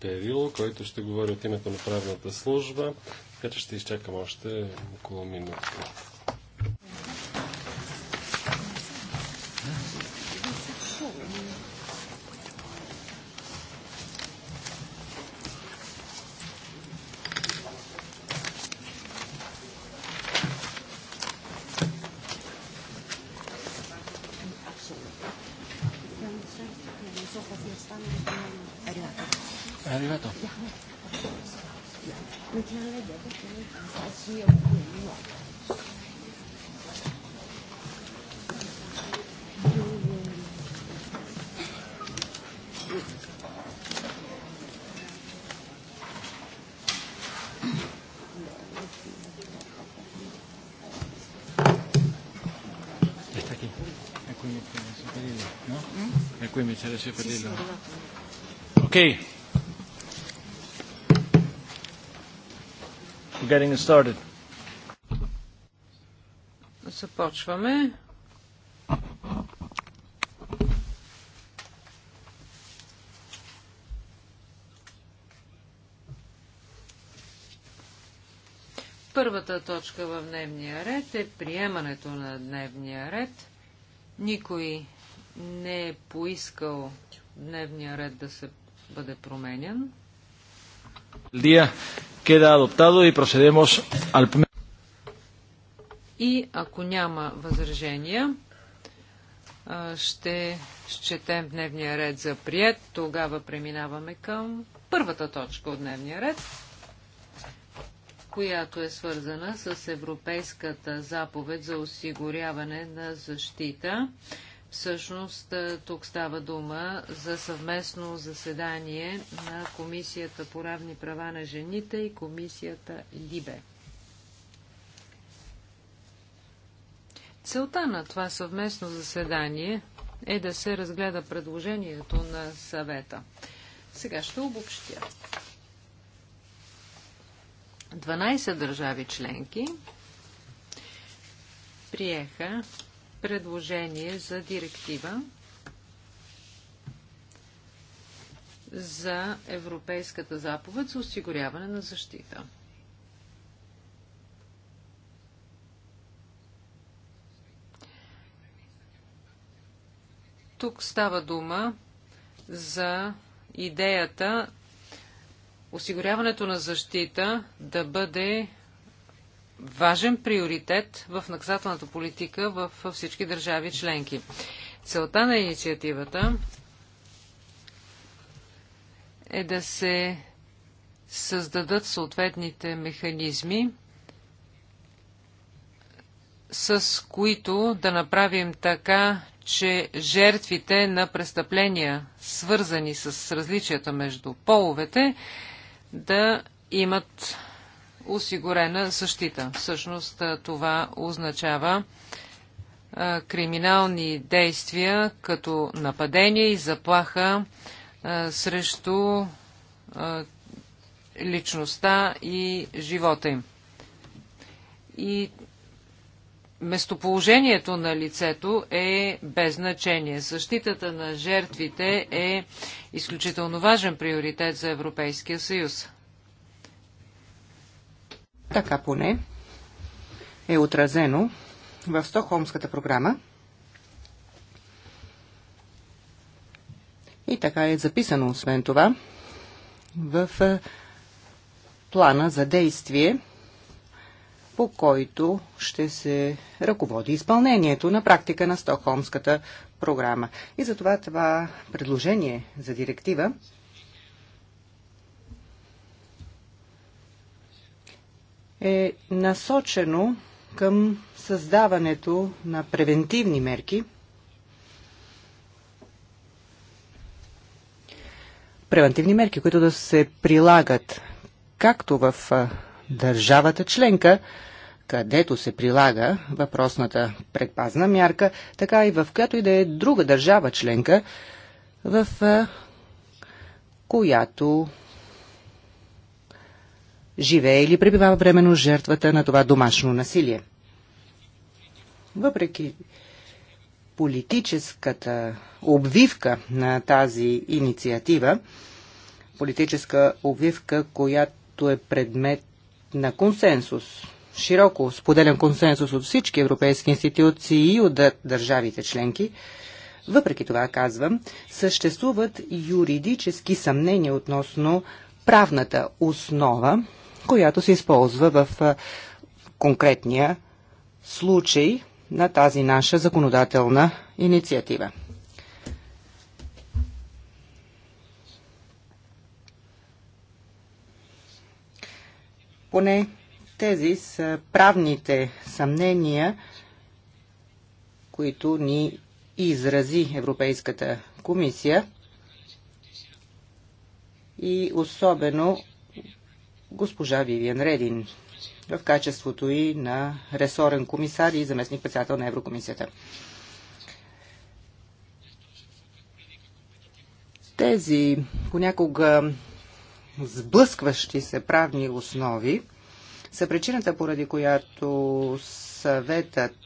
Перило, който ще говори от името на правната служба, така че ще изчакам още около минута. c'era Seferillo. Ok. We're getting started. Започваме. Първата точка в дневния ред е приемането на дневния ред. Никой не е поискал дневния ред да се бъде променен. И ако няма възражения, ще счетем дневния ред за прият. Тогава преминаваме към първата точка от дневния ред, която е свързана с Европейската заповед за осигуряване на защита Всъщност е, тук става дума за съвместно заседание на Комисията по равни права на жените и Комисията Либе. Целта на това съвместно заседание е да се разгледа предложението на съвета. Сега ще обобщя. 12 държави членки приеха предложение за директива за Европейската заповед за осигуряване на защита. Тук става дума за идеята осигуряването на защита да бъде важен приоритет в наказателната политика в всички държави членки. Целта на инициативата е да се създадат съответните механизми, с които да направим така, че жертвите на престъпления, свързани с различията между половете, да имат осигурена защита. Всъщност това означава криминални действия като нападение и заплаха срещу личността и живота им. И местоположението на лицето е без значение. Защитата на жертвите е изключително важен приоритет за Европейския съюз. Така поне е отразено в Стокхолмската програма. И така е записано, освен това, в е, плана за действие, по който ще се ръководи изпълнението на практика на Стокхолмската програма. И затова това предложение за директива е насочено към създаването на превентивни мерки, превентивни мерки, които да се прилагат както в държавата членка, където се прилага въпросната предпазна мярка, така и в която и да е друга държава членка, в която живее или пребивава временно жертвата на това домашно насилие. Въпреки политическата обвивка на тази инициатива, политическа обвивка, която е предмет на консенсус, широко споделен консенсус от всички европейски институции и от държавите членки, въпреки това, казвам, съществуват юридически съмнения относно правната основа която се използва в конкретния случай на тази наша законодателна инициатива. Поне тези са правните съмнения, които ни изрази Европейската комисия и особено госпожа Вивиан Редин в качеството и на ресорен комисар и заместник-председател на Еврокомисията. Тези понякога сблъскващи се правни основи са причината, поради която съветът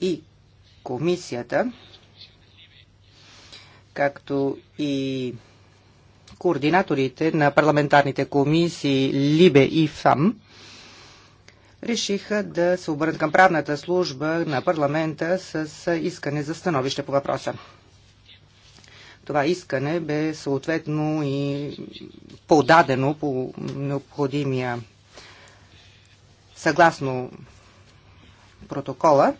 и комисията, както и координаторите на парламентарните комисии Либе и ФАМ решиха да се обърнат към правната служба на парламента с искане за становище по въпроса. Това искане бе съответно и подадено по необходимия съгласно протокола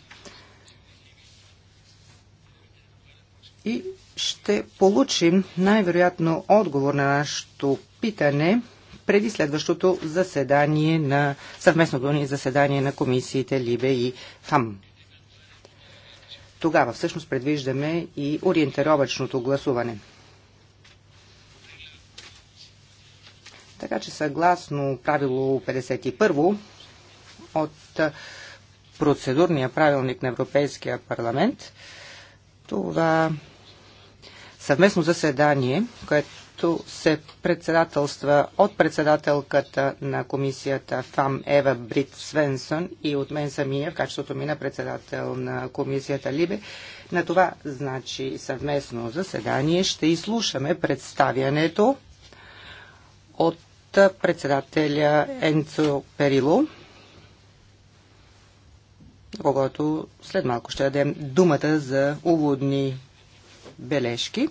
и ще получим най-вероятно отговор на нашето питане преди следващото заседание на съвместното ни заседание на комисиите Либе и ФАМ. Тогава всъщност предвиждаме и ориентировачното гласуване. Така че съгласно правило 51 от процедурния правилник на Европейския парламент, това съвместно заседание, което се председателства от председателката на комисията ФАМ Ева Брит Свенсън и от мен самия в качеството ми на председател на комисията Либе. На това значи съвместно заседание ще изслушаме представянето от председателя Енцо Перило, когато след малко ще дадем думата за уводни бележки.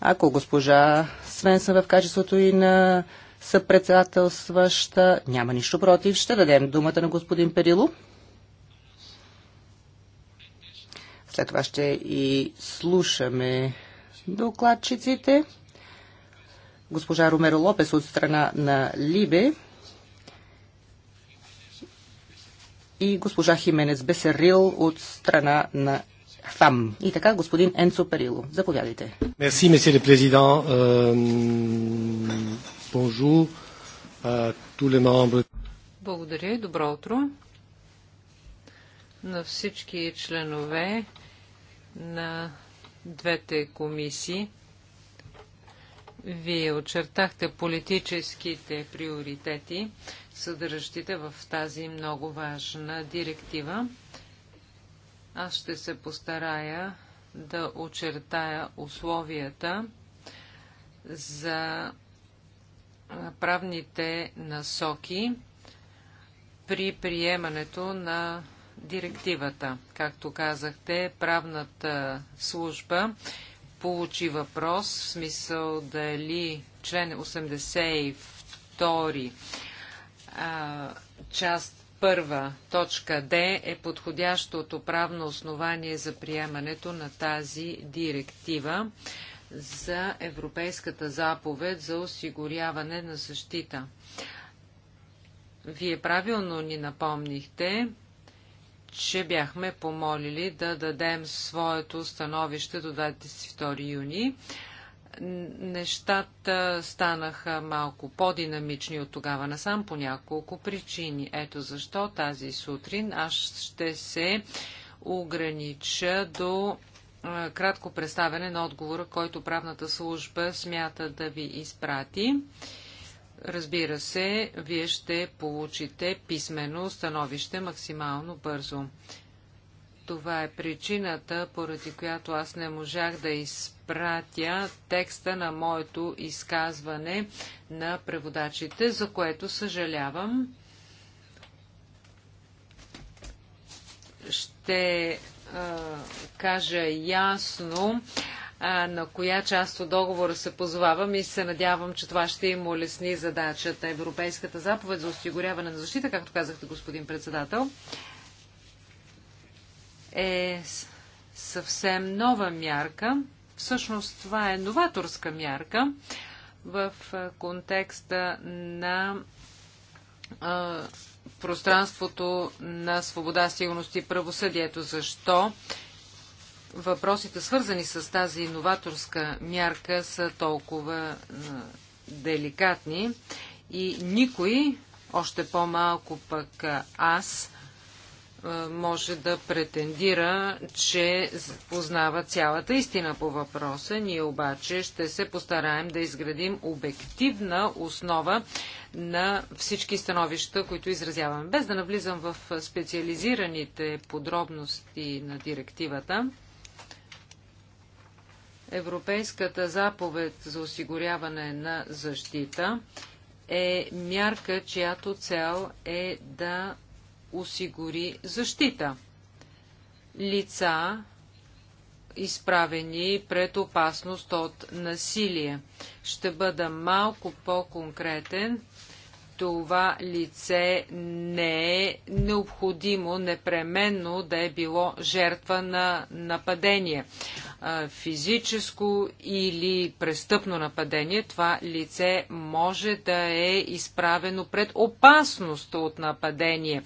Ако госпожа Свенсън в качеството и на съпредседателстваща няма нищо против, ще дадем думата на господин Перило. След това ще и слушаме докладчиците. Госпожа Ромеро Лопес от страна на Либе и госпожа Хименец Бесерил от страна на ФАМ. И така, господин Енцо Перило, заповядайте. Мерси, месье ле президент. Бонжур. Благодаря и добро утро на всички членове на двете комисии. Вие очертахте политическите приоритети, съдържащите в тази много важна директива. Аз ще се постарая да очертая условията за правните насоки при приемането на директивата. Както казахте, правната служба получи въпрос, в смисъл дали член 82 част първа точка Д е подходящото правно основание за приемането на тази директива за Европейската заповед за осигуряване на защита. Вие правилно ни напомнихте, че бяхме помолили да дадем своето становище до 22 юни. Нещата станаха малко по-динамични от тогава насам по няколко причини. Ето защо тази сутрин аз ще се огранича до кратко представяне на отговора, който правната служба смята да ви изпрати. Разбира се, вие ще получите писмено становище максимално бързо. Това е причината, поради която аз не можах да изпратя текста на моето изказване на преводачите, за което съжалявам. Ще а, кажа ясно на коя част от договора се позовавам и се надявам, че това ще им улесни задачата. Европейската заповед за осигуряване на защита, както казахте, господин председател, е съвсем нова мярка. Всъщност това е новаторска мярка в контекста на пространството на свобода, сигурност и правосъдието. Защо въпросите, свързани с тази иноваторска мярка, са толкова деликатни и никой, още по-малко пък аз, може да претендира, че познава цялата истина по въпроса. Ние обаче ще се постараем да изградим обективна основа на всички становища, които изразяваме. Без да навлизам в специализираните подробности на директивата, Европейската заповед за осигуряване на защита е мярка, чиято цел е да осигури защита. Лица, изправени пред опасност от насилие. Ще бъда малко по-конкретен това лице не е необходимо непременно да е било жертва на нападение. Физическо или престъпно нападение, това лице може да е изправено пред опасност от нападение.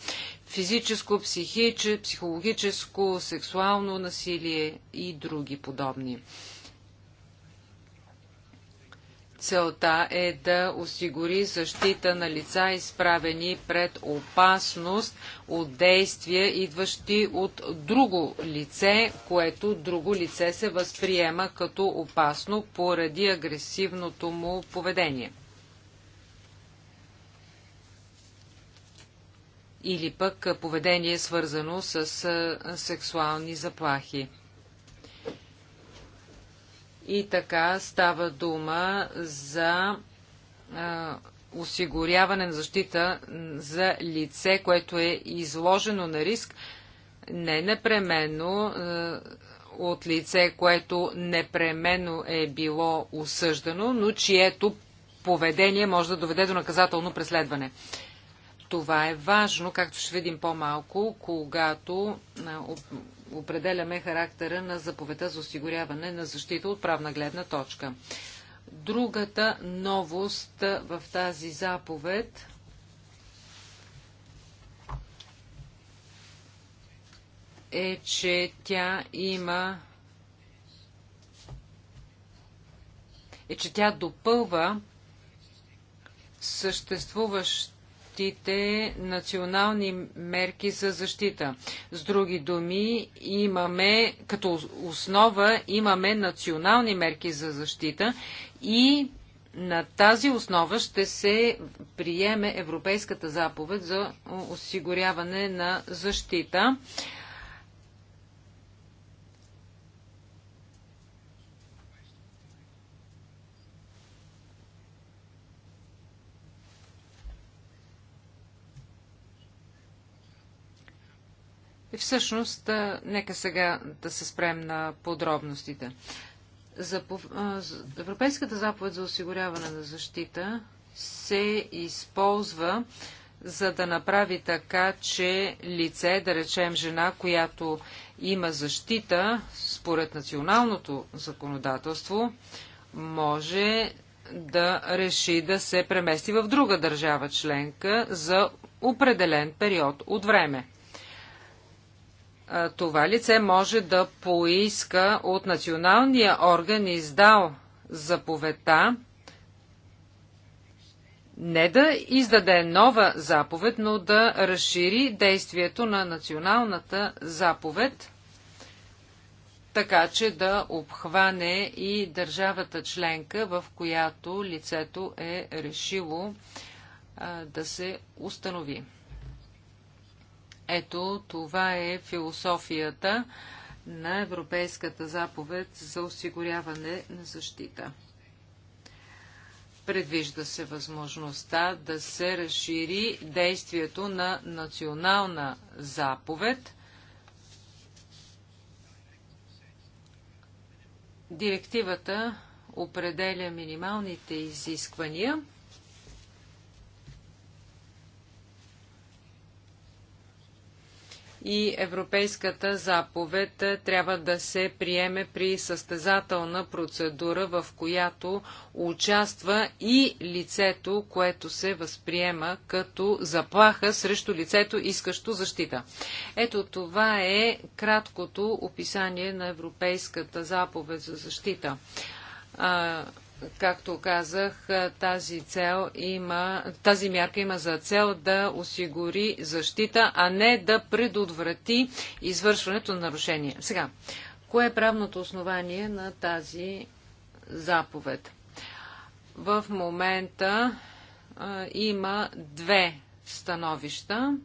Физическо, психическо, психологическо, сексуално насилие и други подобни. Целта е да осигури защита на лица, изправени пред опасност от действия, идващи от друго лице, което друго лице се възприема като опасно поради агресивното му поведение. Или пък поведение свързано с сексуални заплахи. И така става дума за а, осигуряване на защита за лице, което е изложено на риск, не непременно от лице, което непременно е било осъждано, но чието поведение може да доведе до наказателно преследване. Това е важно, както ще видим по-малко, когато определяме характера на заповедта за осигуряване на защита от правна гледна точка. Другата новост в тази заповед е, че тя има е, че тя допълва съществуващ общите национални мерки за защита. С други думи, имаме, като основа имаме национални мерки за защита и на тази основа ще се приеме Европейската заповед за осигуряване на защита. И всъщност, нека сега да се спрем на подробностите. За Европейската заповед за осигуряване на защита се използва за да направи така, че лице, да речем жена, която има защита според националното законодателство, може да реши да се премести в друга държава членка за определен период от време това лице може да поиска от националния орган, издал заповедта, не да издаде нова заповед, но да разшири действието на националната заповед, така че да обхване и държавата членка, в която лицето е решило а, да се установи. Ето, това е философията на Европейската заповед за осигуряване на защита. Предвижда се възможността да се разшири действието на национална заповед. Директивата определя минималните изисквания и Европейската заповед е, трябва да се приеме при състезателна процедура, в която участва и лицето, което се възприема като заплаха срещу лицето, искащо защита. Ето това е краткото описание на Европейската заповед за защита както казах, тази цел има, тази мярка има за цел да осигури защита, а не да предотврати извършването на нарушение. Сега, кое е правното основание на тази заповед? В момента а, има две становища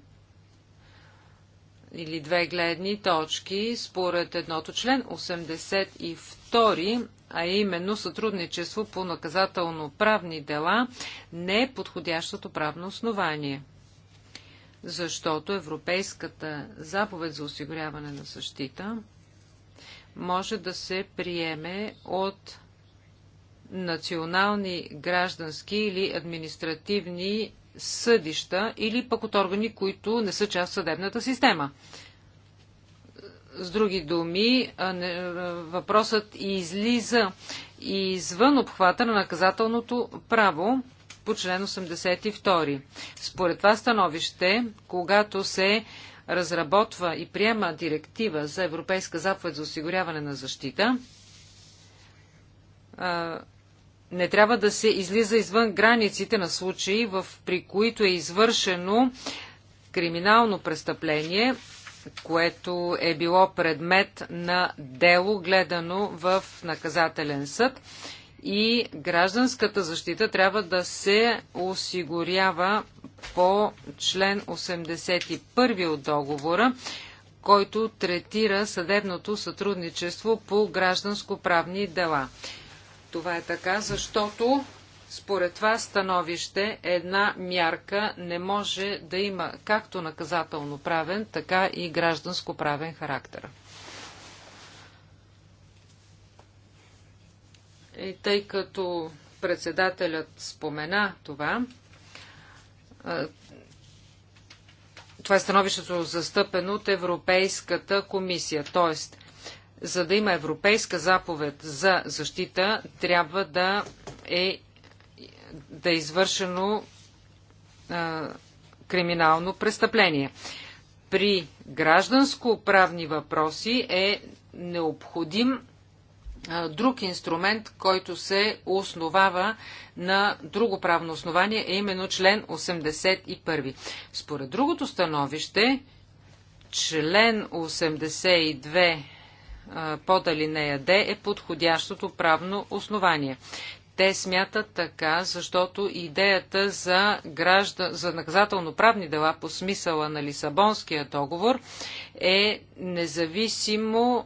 или две гледни точки според едното член 82 а именно сътрудничество по наказателно-правни дела, не е подходящото правно основание. Защото Европейската заповед за осигуряване на защита може да се приеме от национални граждански или административни съдища или пък от органи, които не са част в съдебната система. С други думи, въпросът излиза извън обхвата на наказателното право по член 82. Според това становище, когато се разработва и приема директива за Европейска заповед за осигуряване на защита, не трябва да се излиза извън границите на случаи, в, при които е извършено криминално престъпление което е било предмет на дело, гледано в наказателен съд. И гражданската защита трябва да се осигурява по член 81 от договора, който третира съдебното сътрудничество по гражданско-правни дела. Това е така, защото според това становище една мярка не може да има както наказателно-правен, така и гражданско-правен характер. И тъй като председателят спомена това, това е становището застъпено от Европейската комисия. Тоест, за да има европейска заповед за защита, трябва да е да е извършено а, криминално престъпление. При гражданско-правни въпроси е необходим а, друг инструмент, който се основава на друго правно основание, е именно член 81. Според другото становище, член 82 под алинея Д е подходящото правно основание. Те смятат така, защото идеята за, граждан, за наказателно-правни дела по смисъла на Лисабонския договор е независимо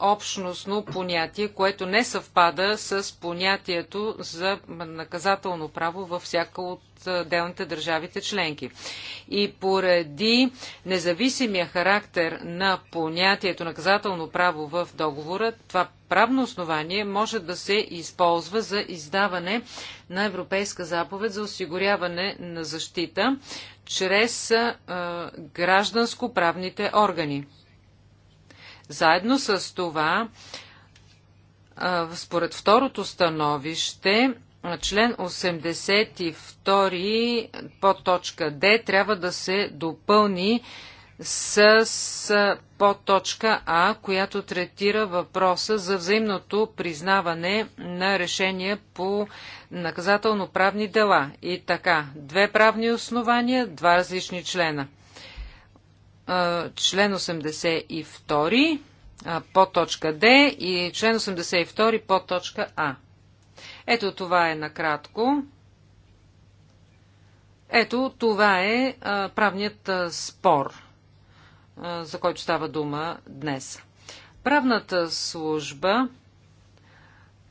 общностно понятие, което не съвпада с понятието за наказателно право във всяка от отделните държавите членки. И поради независимия характер на понятието наказателно право в договора, това правно основание може да се използва за издаване на Европейска заповед за осигуряване на защита чрез гражданско-правните органи. Заедно с това, според второто становище, член 82 по точка Д трябва да се допълни с подточка А, която третира въпроса за взаимното признаване на решения по наказателно-правни дела. И така, две правни основания, два различни члена. Член 82 точка Д и член 82 подточка А. Ето това е накратко. Ето това е правният спор за който става дума днес. Правната служба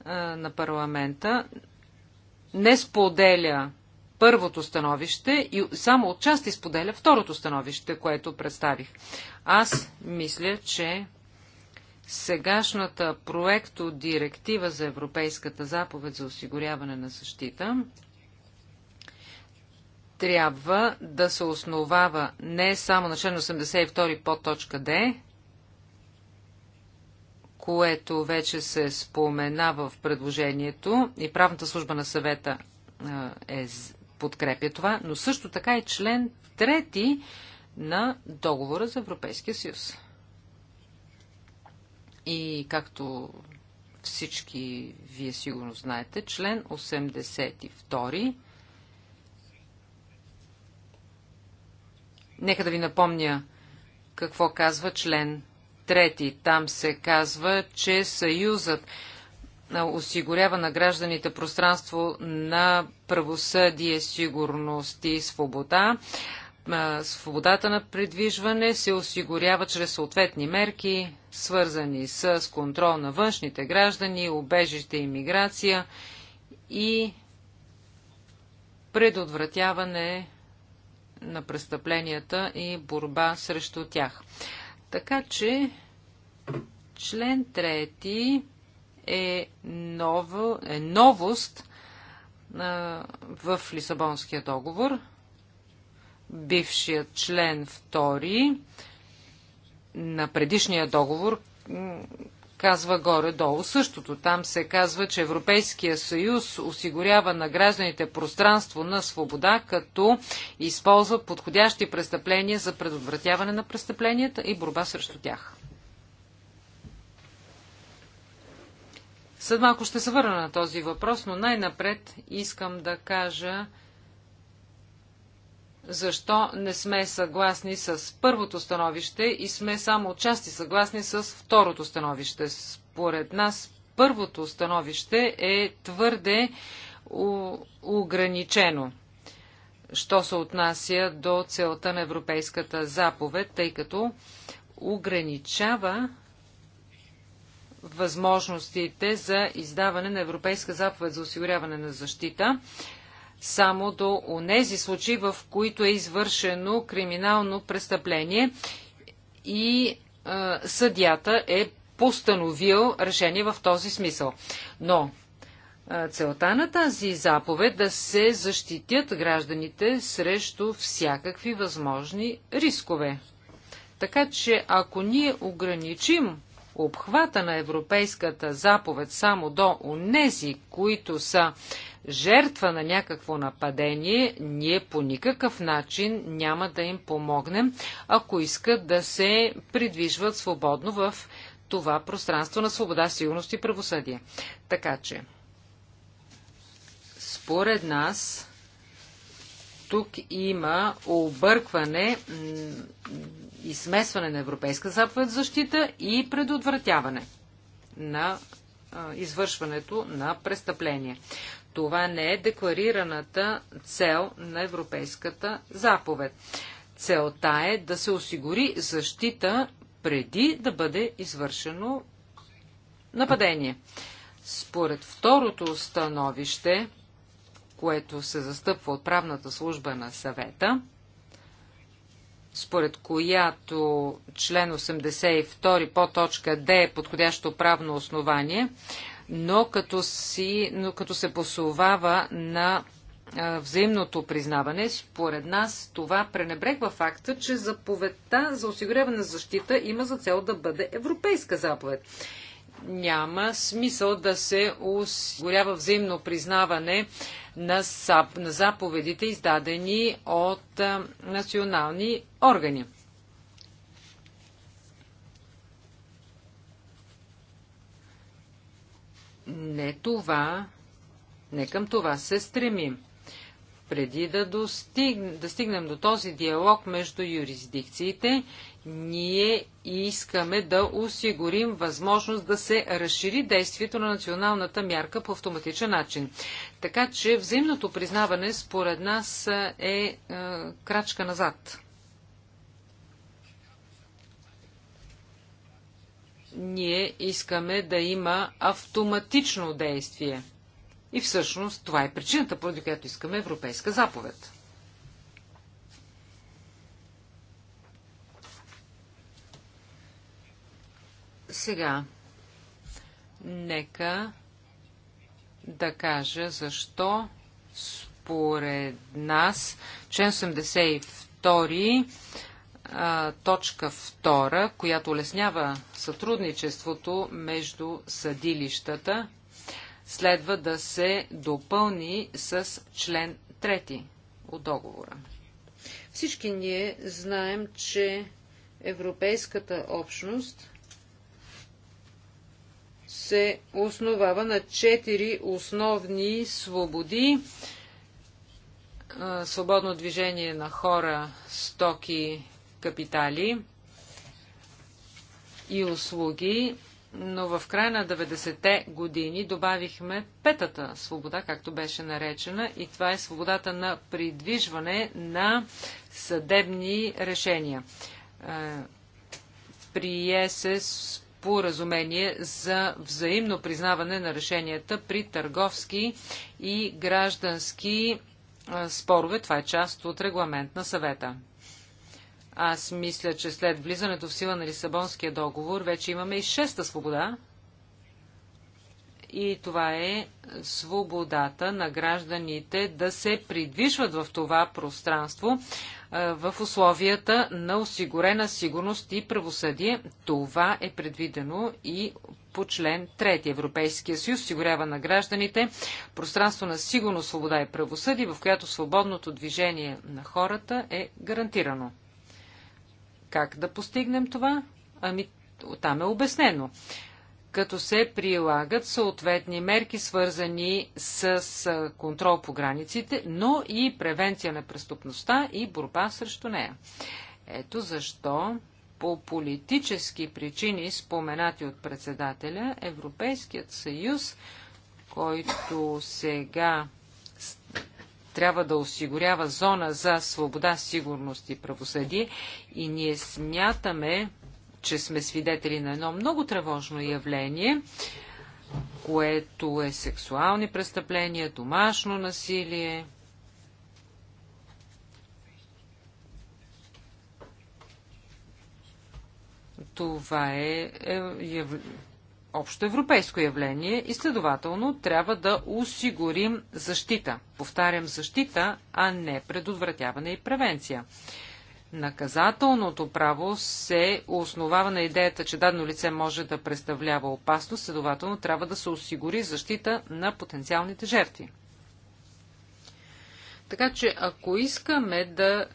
на парламента не споделя първото становище и само отчасти споделя второто становище, което представих. Аз мисля, че сегашната проекто директива за Европейската заповед за осигуряване на защита трябва да се основава не само на член 82 по точка Д, което вече се споменава в предложението и правната служба на съвета е, подкрепя това, но също така и е член 3 на договора за Европейския съюз. И както всички вие сигурно знаете, член 82 Нека да ви напомня какво казва член трети. Там се казва, че Съюзът осигурява на гражданите пространство на правосъдие, сигурност и свобода. Свободата на предвижване се осигурява чрез съответни мерки, свързани с контрол на външните граждани, обежище и миграция и предотвратяване на престъпленията и борба срещу тях. Така че член 3 е, ново, е новост а, в Лисабонския договор. Бившият член 2 на предишния договор, казва горе-долу същото. Там се казва, че Европейския съюз осигурява на гражданите пространство на свобода, като използва подходящи престъпления за предотвратяване на престъпленията и борба срещу тях. След малко ще се върна на този въпрос, но най-напред искам да кажа, защо не сме съгласни с първото становище и сме само отчасти съгласни с второто становище. Според нас първото становище е твърде ограничено, що се отнася до целта на Европейската заповед, тъй като ограничава възможностите за издаване на Европейска заповед за осигуряване на защита само до онези случаи, в които е извършено криминално престъпление и а, съдята е постановил решение в този смисъл. Но целта на тази заповед е да се защитят гражданите срещу всякакви възможни рискове. Така че ако ние ограничим обхвата на Европейската заповед само до унези, които са жертва на някакво нападение, ние по никакъв начин няма да им помогнем, ако искат да се придвижват свободно в това пространство на свобода, сигурност и правосъдие. Така че, според нас, тук има объркване и смесване на Европейска заповед защита и предотвратяване на извършването на престъпления. Това не е декларираната цел на Европейската заповед. Целта е да се осигури защита преди да бъде извършено нападение. Според второто становище, което се застъпва от правната служба на съвета, според която член 82 по точка Д е подходящо правно основание, но като, си, но като се посовава на взаимното признаване, според нас това пренебрегва факта, че заповедта за осигуряване на защита има за цел да бъде европейска заповед няма смисъл да се осигурява взаимно признаване на, заповедите, издадени от национални органи. Не това, не към това се стремим. Преди да, достиг, да стигнем до този диалог между юрисдикциите, ние искаме да осигурим възможност да се разшири действието на националната мярка по автоматичен начин. Така че взаимното признаване според нас е, е крачка назад. Ние искаме да има автоматично действие. И всъщност това е причината, поради която искаме европейска заповед. Сега, нека да кажа защо според нас член 82 точка 2, която улеснява сътрудничеството между съдилищата, следва да се допълни с член 3 от договора. Всички ние знаем, че Европейската общност се основава на четири основни свободи. Свободно движение на хора, стоки, капитали и услуги, но в края на 90-те години добавихме петата свобода, както беше наречена, и това е свободата на придвижване на съдебни решения. Е, прие се споразумение за взаимно признаване на решенията при търговски и граждански спорове. Това е част от регламент на съвета. Аз мисля, че след влизането в сила на Лисабонския договор вече имаме и шеста свобода. И това е свободата на гражданите да се придвижват в това пространство в условията на осигурена сигурност и правосъдие. Това е предвидено и по член 3. Европейския съюз осигурява на гражданите пространство на сигурност, свобода и правосъдие, в която свободното движение на хората е гарантирано. Как да постигнем това? Ами, там е обяснено като се прилагат съответни мерки, свързани с контрол по границите, но и превенция на преступността и борба срещу нея. Ето защо по политически причини, споменати от председателя, Европейският съюз, който сега трябва да осигурява зона за свобода, сигурност и правосъдие, и ние смятаме, че сме свидетели на едно много тревожно явление, което е сексуални престъпления, домашно насилие. Това е, е яв... Е общо европейско явление и следователно трябва да осигурим защита. Повтарям защита, а не предотвратяване и превенция. Наказателното право се основава на идеята, че дадено лице може да представлява опасност, следователно трябва да се осигури защита на потенциалните жертви. Така че, ако искаме да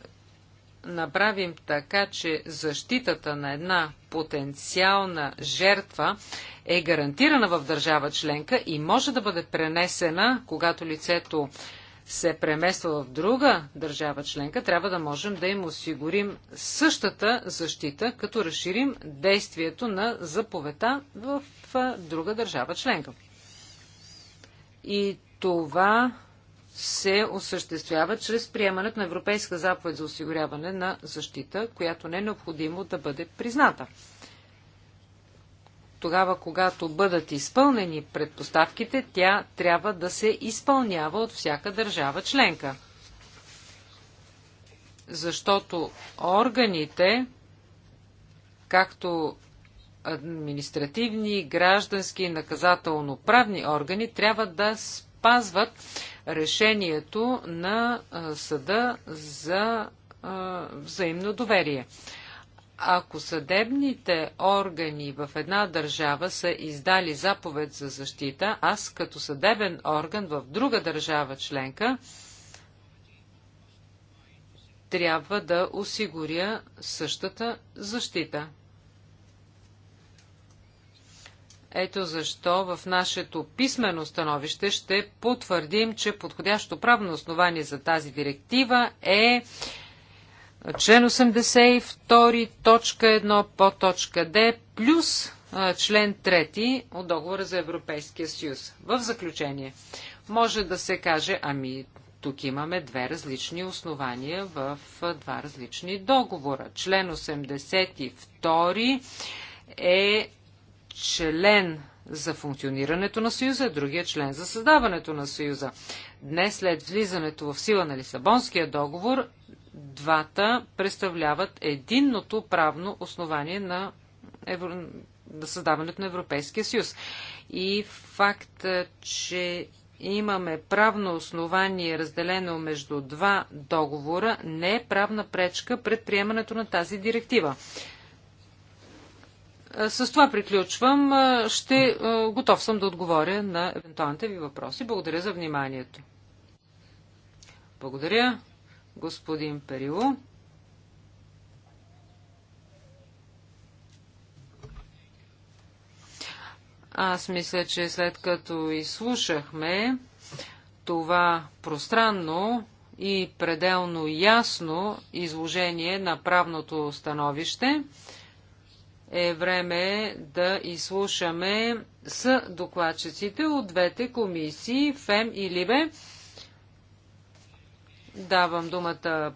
направим така, че защитата на една потенциална жертва е гарантирана в държава членка и може да бъде пренесена, когато лицето се премества в друга държава членка, трябва да можем да им осигурим същата защита, като разширим действието на заповета в друга държава членка. И това се осъществява чрез приемането на Европейска заповед за осигуряване на защита, която не е необходимо да бъде призната тогава, когато бъдат изпълнени предпоставките, тя трябва да се изпълнява от всяка държава членка. Защото органите, както административни, граждански и наказателно-правни органи, трябва да спазват решението на съда за взаимно доверие. Ако съдебните органи в една държава са издали заповед за защита, аз като съдебен орган в друга държава членка трябва да осигуря същата защита. Ето защо в нашето писмено становище ще потвърдим, че подходящо правно основание за тази директива е член 82, точка 1, по точка Д, плюс член 3 от договора за Европейския съюз. В заключение, може да се каже, ами тук имаме две различни основания в два различни договора. Член 82 е член за функционирането на Съюза, другия е член за създаването на Съюза. Днес, след влизането в сила на Лисабонския договор, двата представляват единното правно основание на, евро... на създаването на Европейския съюз. И факт, е, че имаме правно основание разделено между два договора, не е правна пречка пред приемането на тази директива. Е, с това приключвам. Е, ще готов съм да отговоря на евентуалните ви въпроси. Благодаря за вниманието. Благодаря господин Перило. Аз мисля, че след като изслушахме това пространно и пределно ясно изложение на правното становище, е време да изслушаме с докладчиците от двете комисии, ФЕМ и ЛИБЕ, Давам думата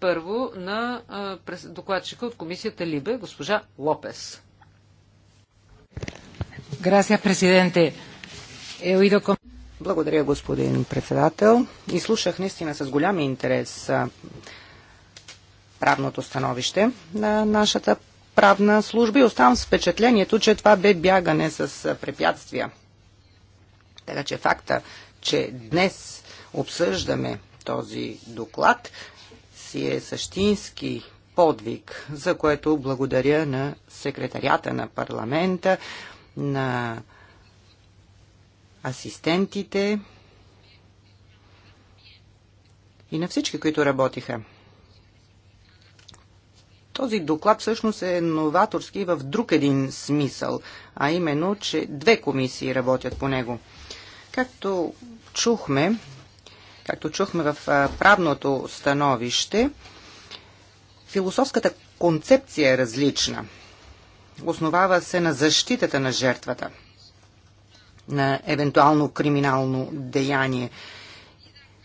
първо на докладчика от комисията Либе, госпожа Лопес. Е, Благодаря, господин председател. И слушах наистина с голям интерес правното становище на нашата правна служба и оставам с впечатлението, че това бе бягане с препятствия. Така че факта, че днес обсъждаме този доклад си е същински подвиг, за което благодаря на секретарията на парламента, на асистентите и на всички, които работиха. Този доклад всъщност е новаторски в друг един смисъл, а именно, че две комисии работят по него. Както чухме, както чухме в правното становище, философската концепция е различна. Основава се на защитата на жертвата, на евентуално криминално деяние.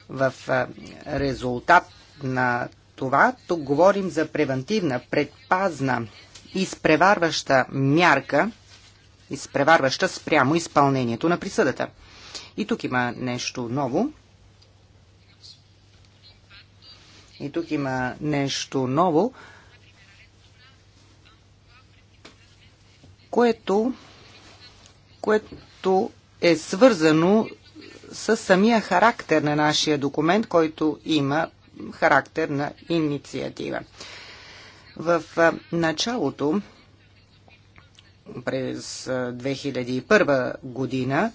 В резултат на това тук говорим за превентивна, предпазна, изпреварваща мярка, изпреварваща спрямо изпълнението на присъдата. И тук има нещо ново, И тук има нещо ново, което, което е свързано с самия характер на нашия документ, който има характер на инициатива. В началото, през 2001 година,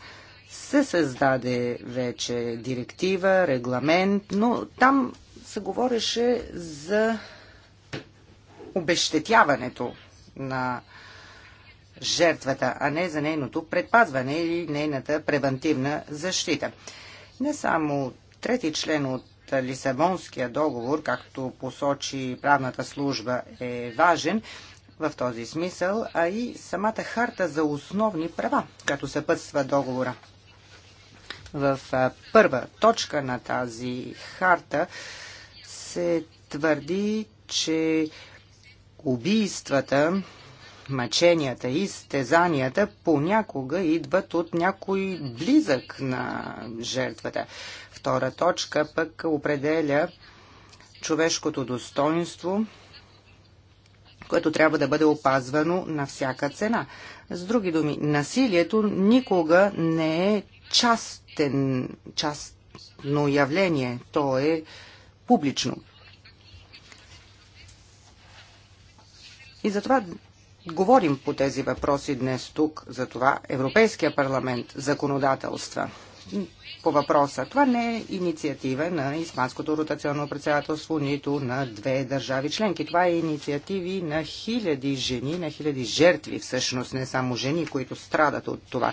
се създаде вече директива, регламент, но там се говореше за обещетяването на жертвата, а не за нейното предпазване или нейната превентивна защита. Не само трети член от Лисабонския договор, както посочи правната служба, е важен в този смисъл, а и самата харта за основни права, като съпътства договора. В първа точка на тази харта се твърди, че убийствата, мъченията и стезанията понякога идват от някой близък на жертвата. Втора точка пък определя човешкото достоинство, което трябва да бъде опазвано на всяка цена. С други думи, насилието никога не е частен, частно явление. То е публично. И затова говорим по тези въпроси днес тук, за това Европейския парламент законодателства по въпроса. Това не е инициатива на Испанското ротационно председателство, нито на две държави членки. Това е инициативи на хиляди жени, на хиляди жертви, всъщност не само жени, които страдат от това.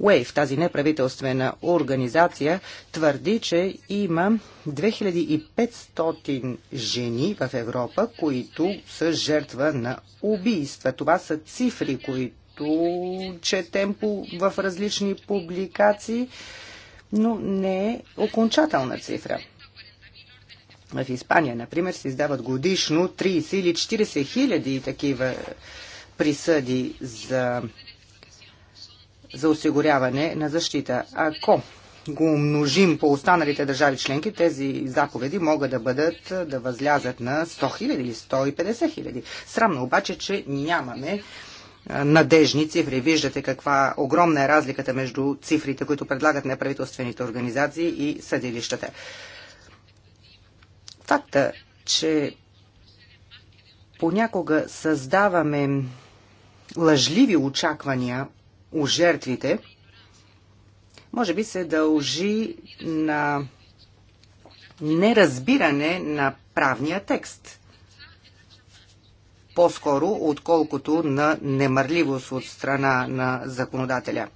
Wave, тази неправителствена организация, твърди, че има 2500 жени в Европа, които са жертва на убийства. Това са цифри, които четем в различни публикации, но не е окончателна цифра. В Испания, например, се издават годишно 30 или 40 хиляди такива присъди за за осигуряване на защита. Ако го умножим по останалите държави членки, тези заповеди могат да бъдат, да възлязат на 100 хиляди или 150 хиляди. Срамно обаче, че нямаме надежни цифри. Виждате каква огромна е разликата между цифрите, които предлагат неправителствените организации и съдилищата. Факта, че понякога създаваме лъжливи очаквания у жертвите, може би се дължи на неразбиране на правния текст. По-скоро, отколкото на немърливост от страна на законодателя.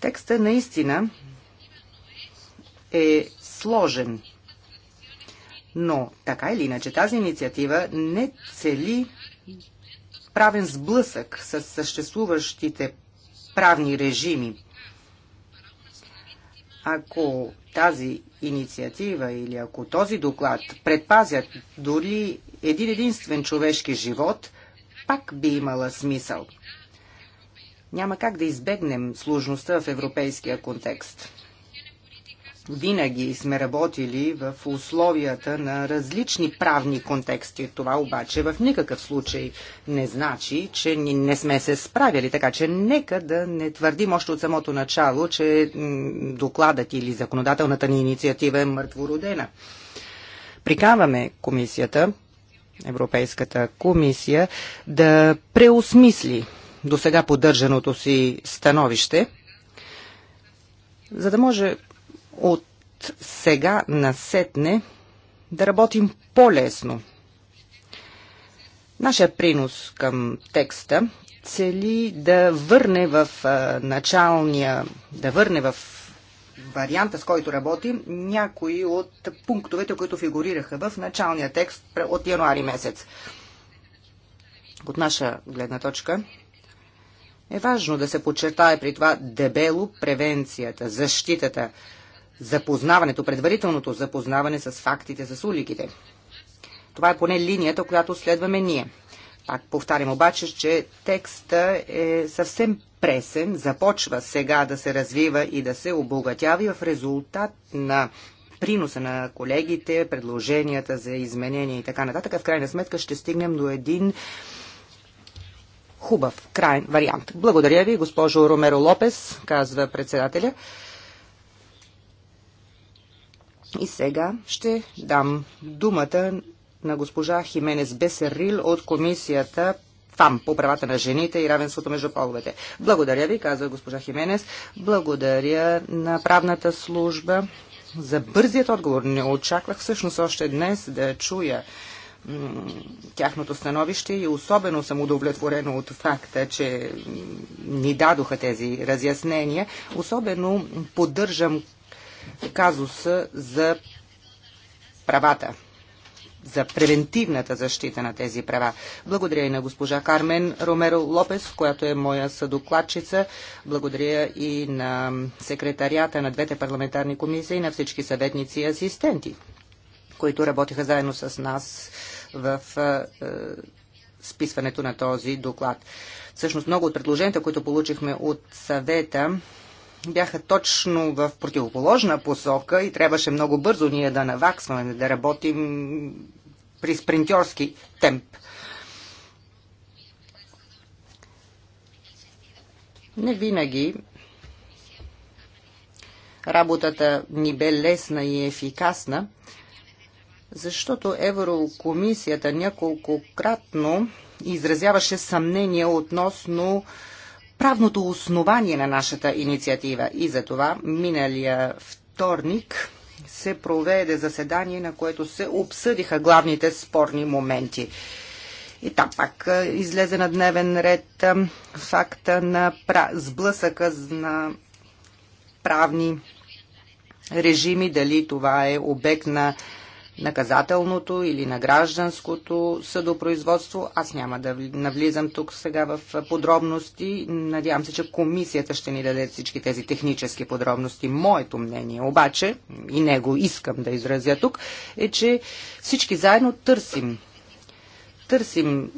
Текста наистина е сложен, но така или иначе тази инициатива не цели правен сблъсък с съществуващите правни режими. Ако тази инициатива или ако този доклад предпазят дори един единствен човешки живот, пак би имала смисъл. Няма как да избегнем сложността в европейския контекст. Винаги сме работили в условията на различни правни контексти. Това обаче в никакъв случай не значи, че ни не сме се справили. Така че нека да не твърдим още от самото начало, че докладът или законодателната ни инициатива е мъртвородена. Прикаваме комисията, Европейската комисия, да преосмисли до сега поддържаното си становище, за да може от сега насетне да работим по-лесно. Нашия принос към текста цели да върне в началния, да върне в варианта, с който работим, някои от пунктовете, които фигурираха в началния текст от януари месец. От наша гледна точка е важно да се подчертае при това дебело превенцията, защитата, запознаването, предварителното запознаване с фактите, с уликите. Това е поне линията, която следваме ние. Пак повтарям обаче, че текста е съвсем пресен, започва сега да се развива и да се обогатява и в резултат на приноса на колегите, предложенията за изменения и така нататък, в крайна сметка ще стигнем до един хубав крайен вариант. Благодаря ви, госпожо Ромеро Лопес, казва председателя. И сега ще дам думата на госпожа Хименес Бесерил от комисията там, по правата на жените и равенството между половете. Благодаря ви, казва госпожа Хименес. Благодаря на правната служба за бързият отговор. Не очаквах всъщност още днес да чуя тяхното становище и особено съм удовлетворена от факта, че ни дадоха тези разяснения. Особено поддържам казуса за правата за превентивната защита на тези права. Благодаря и на госпожа Кармен Ромеро Лопес, която е моя съдокладчица. Благодаря и на секретарията на двете парламентарни комисии и на всички съветници и асистенти, които работиха заедно с нас в е, е списването на този доклад. Всъщност много от предложенията, които получихме от съвета, бяха точно в противоположна посока и трябваше много бързо ние да наваксваме, да работим при спринтьорски темп. Не винаги работата ни бе лесна и ефикасна, защото Еврокомисията няколко кратно изразяваше съмнение относно правното основание на нашата инициатива. И за това миналия вторник се проведе заседание, на което се обсъдиха главните спорни моменти. И там пак е, излезе на дневен ред е, факта на сблъсъка на правни режими, дали това е обект на наказателното или на гражданското съдопроизводство. Аз няма да навлизам тук сега в подробности. Надявам се, че комисията ще ни даде всички тези технически подробности. Моето мнение обаче, и него искам да изразя тук, е, че всички заедно търсим търсим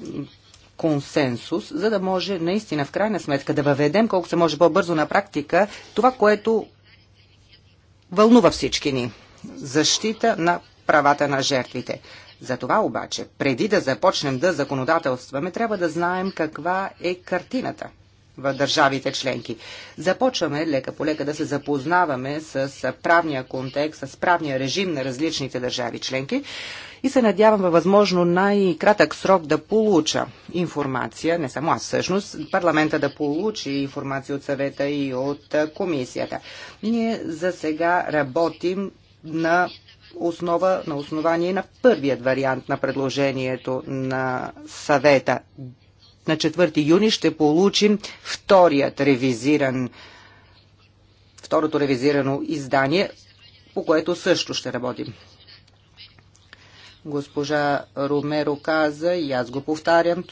консенсус, за да може наистина в крайна сметка да въведем колко се може по-бързо на практика това, което вълнува всички ни защита на правата на жертвите. За това обаче, преди да започнем да законодателстваме, трябва да знаем каква е картината в държавите членки. Започваме лека по лека да се запознаваме с правния контекст, с правния режим на различните държави членки и се надявам във възможно най-кратък срок да получа информация, не само аз всъщност, парламента да получи информация от съвета и от комисията. Ние за сега работим на основа, на основание на първият вариант на предложението на съвета. На 4 юни ще получим вторият ревизиран, второто ревизирано издание, по което също ще работим. Госпожа Ромеро каза, и аз го повтарям,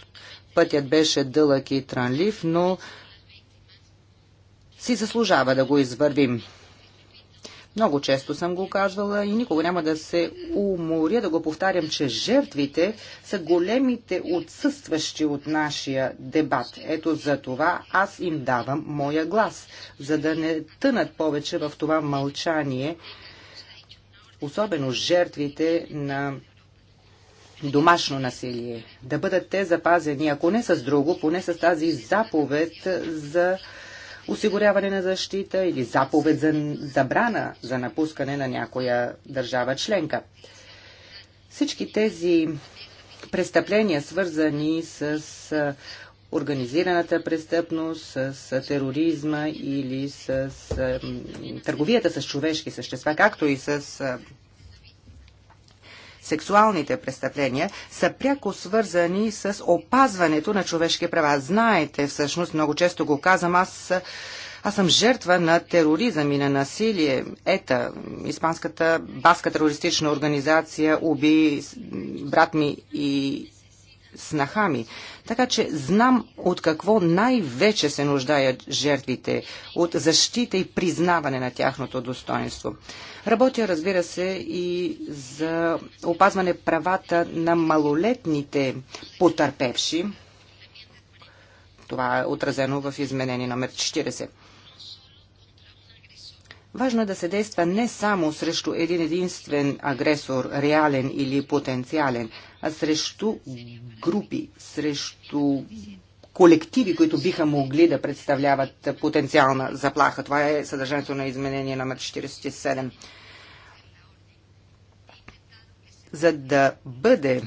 пътят беше дълъг и транлив, но си заслужава да го извървим. Много често съм го казвала и никога няма да се уморя да го повтарям, че жертвите са големите отсъстващи от нашия дебат. Ето за това аз им давам моя глас, за да не тънат повече в това мълчание, особено жертвите на домашно насилие. Да бъдат те запазени, ако не с друго, поне с тази заповед за осигуряване на защита или заповед за забрана за напускане на някоя държава членка. Всички тези престъпления, свързани с организираната престъпност, с тероризма или с търговията с човешки същества, както и с сексуалните престъпления са пряко свързани с опазването на човешки права. Знаете, всъщност, много често го казвам, аз аз съм жертва на тероризъм и на насилие. Ета, испанската баска терористична организация уби брат ми и снаха ми. Така че знам от какво най-вече се нуждаят жертвите, от защита и признаване на тяхното достоинство. Работя, разбира се, и за опазване правата на малолетните потърпевши. Това е отразено в изменение номер 40. Важно е да се действа не само срещу един единствен агресор, реален или потенциален, а срещу групи, срещу колективи, които биха могли да представляват потенциална заплаха. Това е съдържанието на изменение номер 47. За да бъде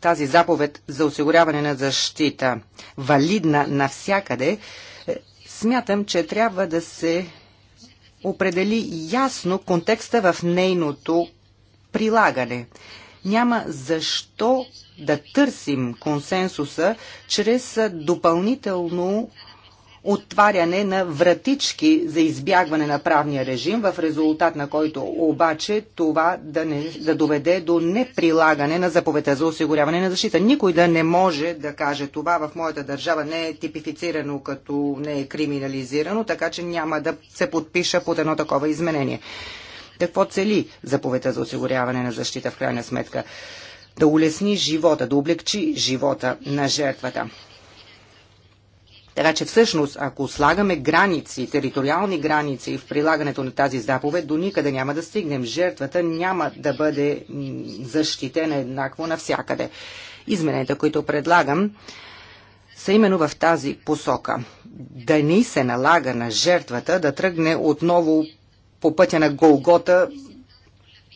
тази заповед за осигуряване на защита валидна навсякъде, е, смятам, че трябва да се определи ясно контекста в нейното прилагане. Няма защо да търсим консенсуса чрез допълнително отваряне на вратички за избягване на правния режим, в резултат на който обаче това да, не, да доведе до неприлагане на заповедта за осигуряване на защита. Никой да не може да каже това в моята държава не е типифицирано като не е криминализирано, така че няма да се подпиша под едно такова изменение. Какво цели заповедта за осигуряване на защита в крайна сметка? Да улесни живота, да облегчи живота на жертвата. Така че всъщност, ако слагаме граници, териториални граници в прилагането на тази заповед, до никъде няма да стигнем. Жертвата няма да бъде защитена еднакво навсякъде. Измененията, които предлагам, са именно в тази посока. Да ни се налага на жертвата да тръгне отново по пътя на Голгота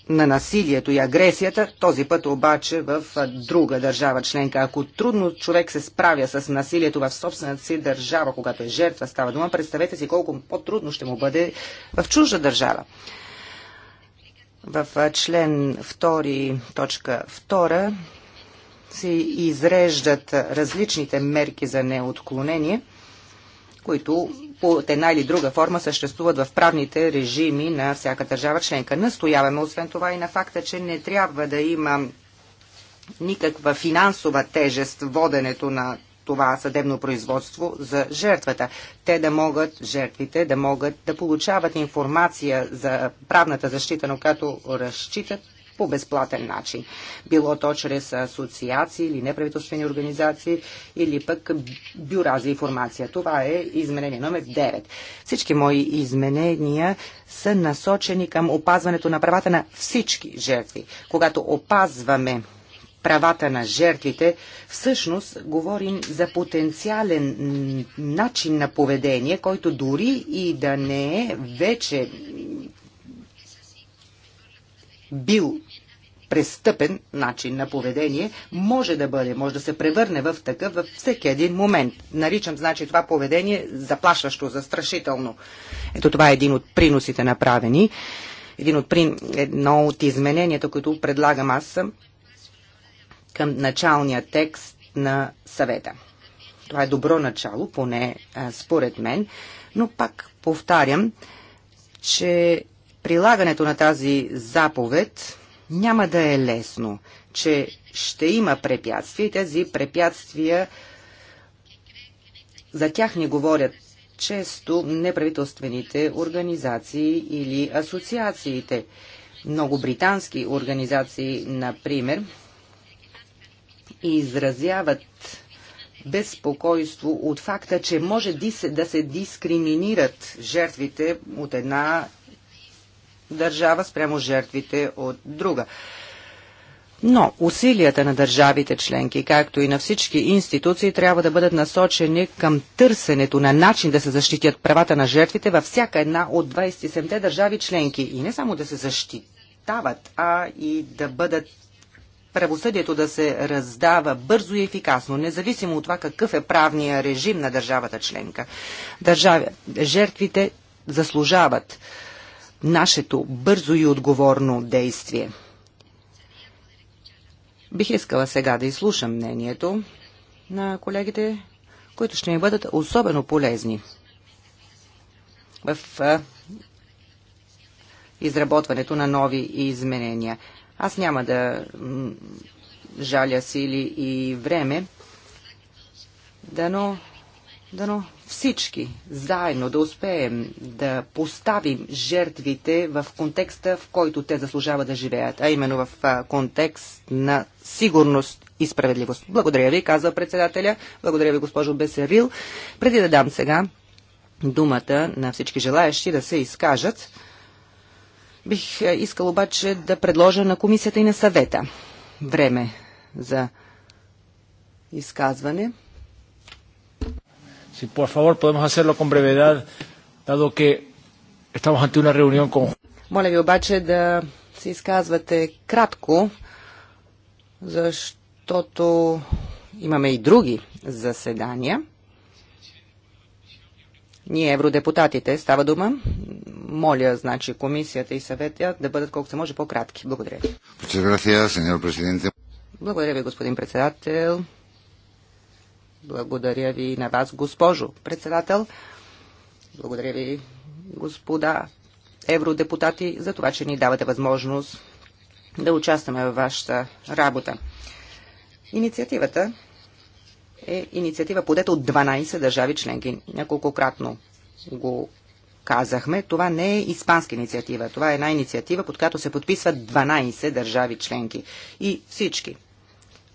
на насилието и агресията, този път обаче в друга държава членка. Ако трудно човек се справя с насилието в собствената си държава, когато е жертва, става дума, представете си колко по-трудно ще му бъде в чужда държава. В член 2, точка 2 се изреждат различните мерки за неотклонение, които по една или друга форма съществуват в правните режими на всяка държава членка. Настояваме освен това и на факта, че не трябва да има никаква финансова тежест в воденето на това съдебно производство за жертвата. Те да могат, жертвите да могат да получават информация за правната защита, на която разчитат по безплатен начин. Било то чрез асоциации или неправителствени организации или пък бюра за информация. Това е изменение номер 9. Всички мои изменения са насочени към опазването на правата на всички жертви. Когато опазваме правата на жертвите, всъщност говорим за потенциален начин на поведение, който дори и да не е вече бил престъпен начин на поведение може да бъде, може да се превърне в такъв във всеки един момент. Наричам, значи, това поведение заплашващо, застрашително. Ето това е един от приносите направени. Един от прин... Едно от измененията, които предлагам аз съм към началния текст на съвета. Това е добро начало, поне а, според мен, но пак повтарям, че прилагането на тази заповед няма да е лесно, че ще има препятствия и тези препятствия за тях не говорят често неправителствените организации или асоциациите. Много британски организации, например, изразяват безпокойство от факта, че може да се дискриминират жертвите от една държава спрямо жертвите от друга. Но усилията на държавите членки, както и на всички институции, трябва да бъдат насочени към търсенето на начин да се защитят правата на жертвите във всяка една от 27-те държави членки. И не само да се защитават, а и да бъдат правосъдието да се раздава бързо и ефикасно, независимо от това какъв е правния режим на държавата членка. Държави, жертвите заслужават нашето бързо и отговорно действие. Бих искала сега да изслушам мнението на колегите, които ще ми бъдат особено полезни в изработването на нови изменения. Аз няма да жаля сили и време, дано Дано всички заедно да успеем да поставим жертвите в контекста, в който те заслужават да живеят, а именно в контекст на сигурност и справедливост. Благодаря ви, казва председателя. Благодаря ви, госпожо Бесерил. Преди да дам сега думата на всички желаящи да се изкажат, бих е, искал обаче да предложа на комисията и на съвета време за изказване. Si por favor podemos hacerlo con brevedad, dado que estamos ante una reunión con... Моля ви обаче да се изказвате кратко, защото имаме и други заседания. Ние, евродепутатите, става дума, моля, значи, комисията и съветя да бъдат колкото се може по-кратки. Благодаря ви. Благодаря ви, господин председател. Благодаря ви и на вас, госпожо председател. Благодаря ви, господа евродепутати, за това, че ни давате възможност да участваме във вашата работа. Инициативата е инициатива подета от 12 държави членки. Няколкократно го казахме. Това не е испанска инициатива. Това е една инициатива, под която се подписват 12 държави членки. И всички,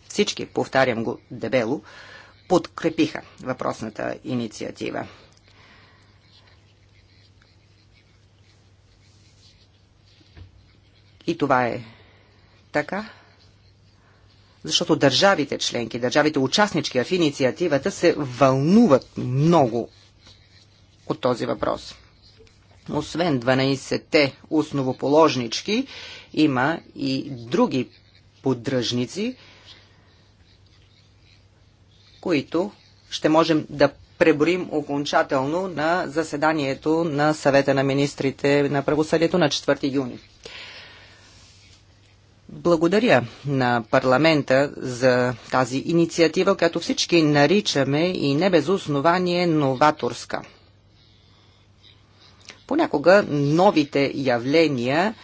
всички, повтарям го дебело, подкрепиха въпросната инициатива. И това е така, защото държавите членки, държавите участнички в инициативата се вълнуват много от този въпрос. Освен 12-те основоположнички, има и други поддръжници, които ще можем да преброим окончателно на заседанието на съвета на министрите на правосъдието на 4 юни. Благодаря на парламента за тази инициатива, която всички наричаме и не без основание новаторска. Понякога новите явления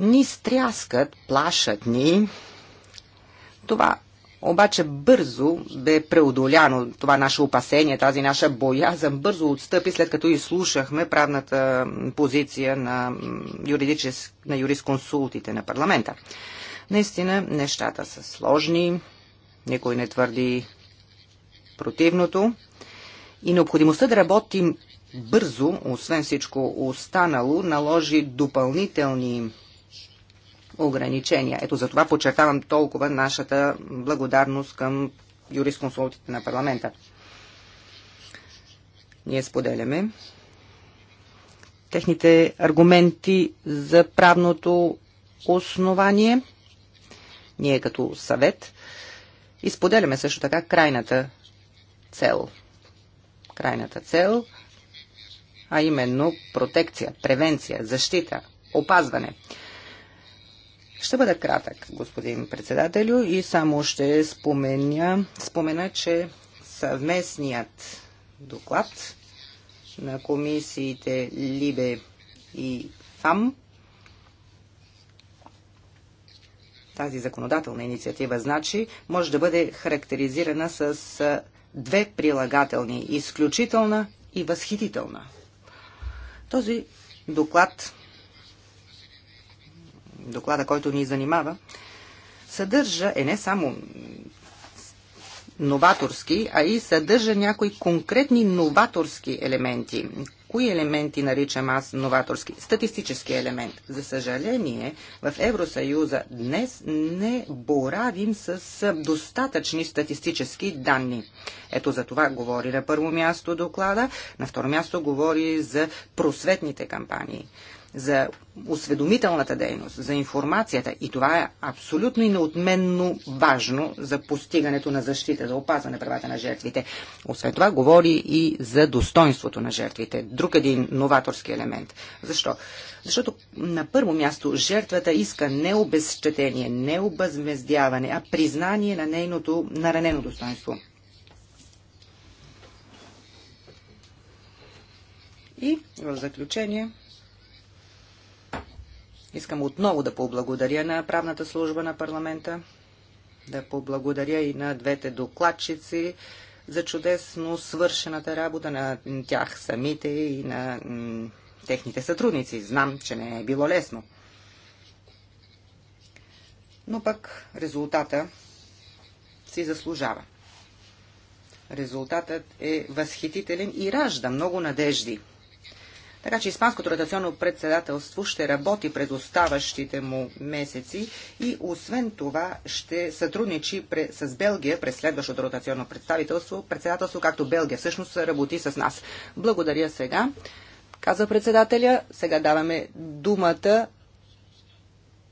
ни стряскат, плашат ни. Това обаче бързо бе преодоляно това наше опасение, тази наша боязъм бързо отстъпи, след като изслушахме правната позиция на, юридичес, на юрисконсултите на парламента. Наистина, нещата са сложни, никой не твърди противното и необходимостта да работим бързо, освен всичко останало, наложи допълнителни ограничения. Ето за това подчертавам толкова нашата благодарност към юрисконсултите на парламента. Ние споделяме техните аргументи за правното основание. Ние като съвет изподеляме също така крайната цел. Крайната цел, а именно протекция, превенция, защита, опазване – ще бъда кратък, господин председателю, и само ще споменя, спомена, че съвместният доклад на комисиите Либе и ФАМ тази законодателна инициатива значи, може да бъде характеризирана с две прилагателни – изключителна и възхитителна. Този доклад доклада, който ни занимава, съдържа е не само новаторски, а и съдържа някои конкретни новаторски елементи. Кои елементи наричам аз новаторски? Статистически елемент. За съжаление, в Евросъюза днес не боравим с достатъчни статистически данни. Ето за това говори на първо място доклада, на второ място говори за просветните кампании за осведомителната дейност, за информацията. И това е абсолютно и неотменно важно за постигането на защита, за опазване правата на жертвите. Освен това, говори и за достоинството на жертвите. Друг един новаторски елемент. Защо? Защото на първо място жертвата иска не обезщетение, не обезмездяване, а признание на нейното наранено достоинство. И в заключение Искам отново да поблагодаря на правната служба на парламента, да поблагодаря и на двете докладчици за чудесно свършената работа на тях самите и на техните сътрудници. Знам, че не е било лесно. Но пък резултата си заслужава. Резултатът е възхитителен и ражда много надежди така че Испанското ротационно председателство ще работи през оставащите му месеци и освен това ще сътрудничи с Белгия през следващото ротационно представителство, председателство, както Белгия всъщност работи с нас. Благодаря сега. Каза председателя, сега даваме думата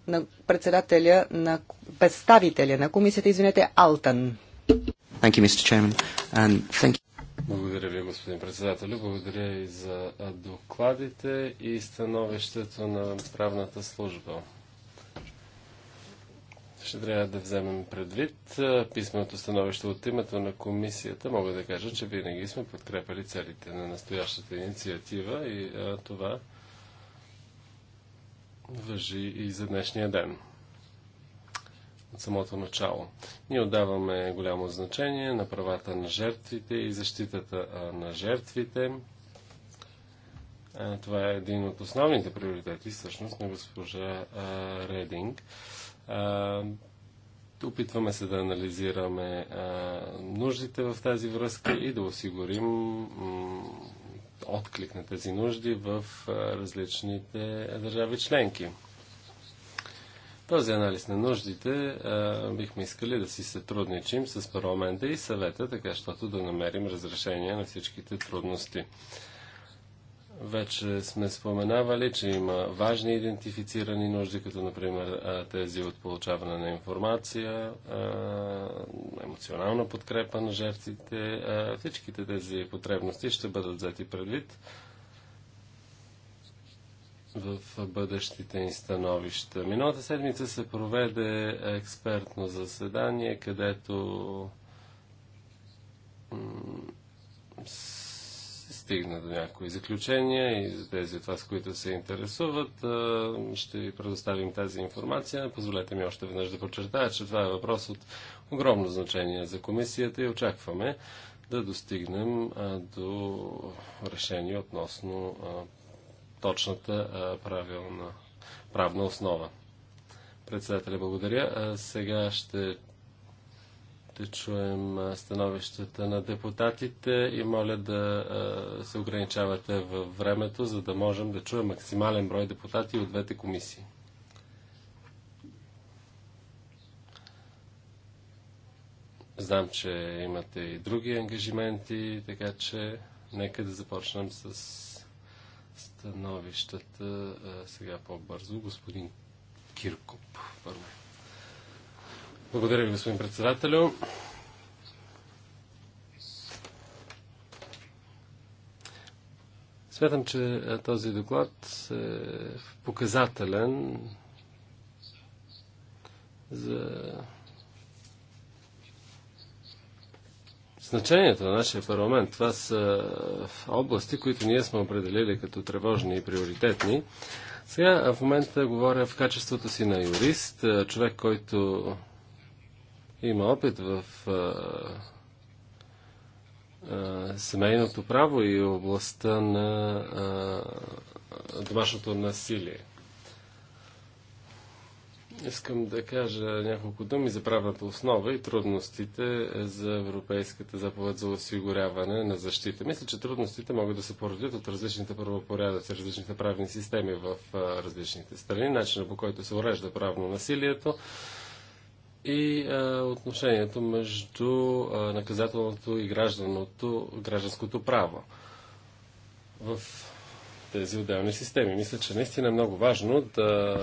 на председателя на представителя на комисията, извинете, Алтан. Thank you, Mr. Chairman, and thank you. Благодаря ви, господин председател. Благодаря и за докладите и становището на правната служба. Ще трябва да вземем предвид писменото становище от името на комисията. Мога да кажа, че винаги сме подкрепали целите на настоящата инициатива и а, това въжи и за днешния ден самото начало. Ние отдаваме голямо значение на правата на жертвите и защитата на жертвите. Това е един от основните приоритети, всъщност, на госпожа Рединг. Опитваме се да анализираме нуждите в тази връзка и да осигурим отклик на тези нужди в различните държави членки този анализ на нуждите а, бихме искали да си сътрудничим с парламента и съвета, така щото да намерим разрешение на всичките трудности. Вече сме споменавали, че има важни идентифицирани нужди, като например тези от получаване на информация, емоционална подкрепа на жертвите. Всичките тези потребности ще бъдат взети предвид в бъдещите ни становища. Миналата седмица се проведе експертно заседание, където стигна до някои заключения и за тези от вас, които се интересуват, ще ви предоставим тази информация. Позволете ми още веднъж да подчертая, че това е въпрос от огромно значение за комисията и очакваме да достигнем до решение относно точната правилна правна основа. Председателя, благодаря. Сега ще ще чуем становищата на депутатите и моля да се ограничавате във времето, за да можем да чуем максимален брой депутати от двете комисии. Знам, че имате и други ангажименти, така че нека да започнем с становищата сега по-бързо. Господин Киркоп, първо. Благодаря ви, господин председателю. Смятам, че този доклад е показателен за значението на нашия парламент. Това са области, които ние сме определили като тревожни и приоритетни. Сега в момента говоря в качеството си на юрист, човек, който има опит в семейното право и областта на домашното насилие. Искам да кажа няколко думи за правната основа и трудностите за Европейската заповед за осигуряване на защита. Мисля, че трудностите могат да се породят от различните правопорядъци, различните правни системи в различните страни, начина по който се урежда правно насилието и отношението между наказателното и гражданото гражданското право. В тези отделни системи. Мисля, че наистина е много важно да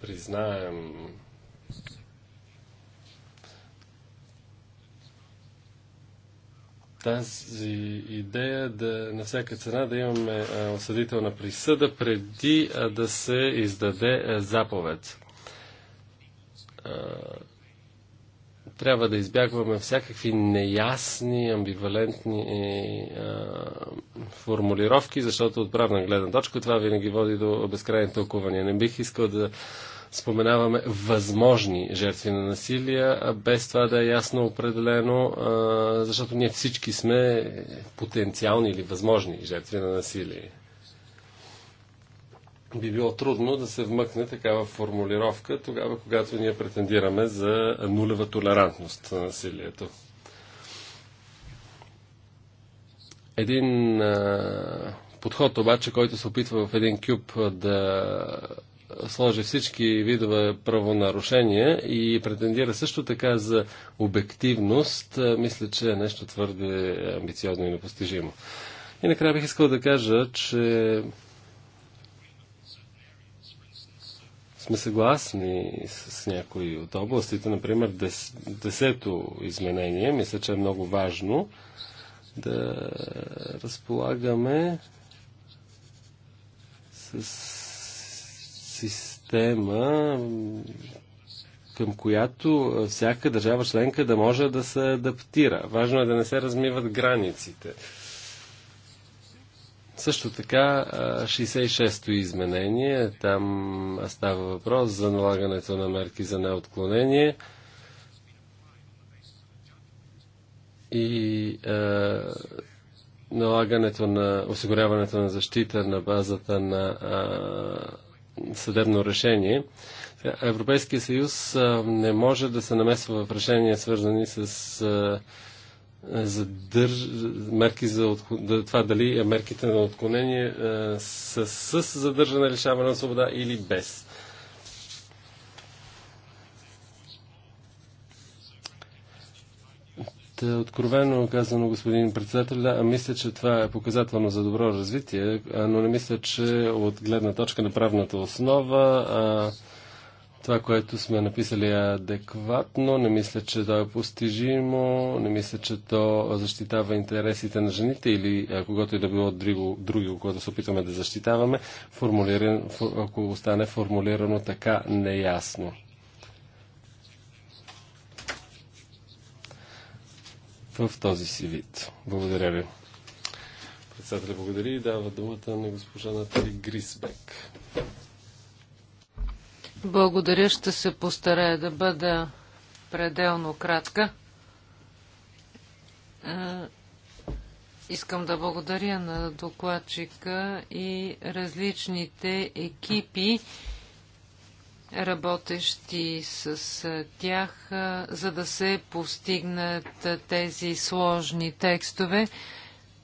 признаем тази идея да на всяка цена да имаме осъдителна присъда преди да се издаде а, заповед трябва да избягваме всякакви неясни, амбивалентни е, формулировки, защото от правна гледна точка това винаги води до безкрайни тълкувания. Не бих искал да споменаваме възможни жертви на насилие, без това да е ясно определено, а, защото ние всички сме потенциални или възможни жертви на насилие би било трудно да се вмъкне такава формулировка тогава, когато ние претендираме за нулева толерантност на насилието. Един а, подход обаче, който се опитва в един кюб да сложи всички видове правонарушения и претендира също така за обективност, мисля, че е нещо твърде амбициозно и непостижимо. И накрая бих искал да кажа, че сме съгласни с някои от областите. Например, дес, десето изменение, мисля, че е много важно да разполагаме с система, към която всяка държава членка да може да се адаптира. Важно е да не се размиват границите също така, 66-то изменение, там става въпрос за налагането на мерки за неотклонение и а, налагането на осигуряването на защита на базата на а, съдебно решение. Европейския съюз а, не може да се намесва в решения, свързани с А, е, задър... мерки за отклон... това дали е мерките на отклонение а, е, с задържане, лишаване на свобода или без. Та, откровено казано, господин председател, да, мисля, че това е показателно за добро развитие, но не мисля, че от гледна точка на правната основа а, това, което сме написали е адекватно, не мисля, че то е постижимо, не мисля, че то защитава интересите на жените или когато и да било друго, други, което се опитваме да защитаваме, ако остане формулирано така неясно. в този си вид. Благодаря ви. Председателя благодаря и дава думата на госпожа Натали Грисбек. Благодаря, ще се постарая да бъда пределно кратка. Е, искам да благодаря на докладчика и различните екипи, работещи с е, тях, е, за да се постигнат тези сложни текстове.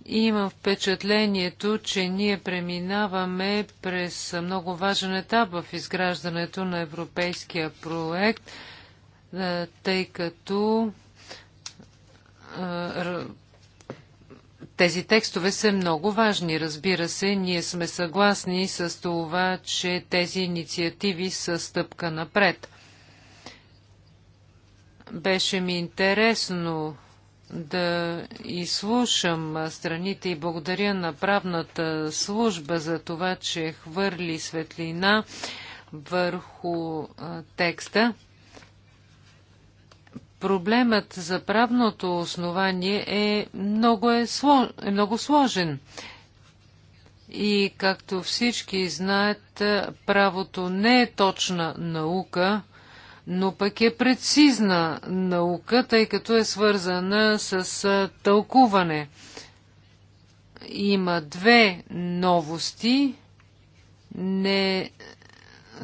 Имам впечатлението, че ние преминаваме през много важен етап в изграждането на европейския проект, тъй като тези текстове са много важни. Разбира се, ние сме съгласни с това, че тези инициативи са стъпка напред. Беше ми интересно да изслушам страните и благодаря на правната служба за това, че хвърли светлина върху текста. Проблемът за правното основание е много, е, сло, е много сложен. И както всички знаят, правото не е точна наука, но пък е прецизна наука, тъй като е свързана с тълкуване. Има две новости, не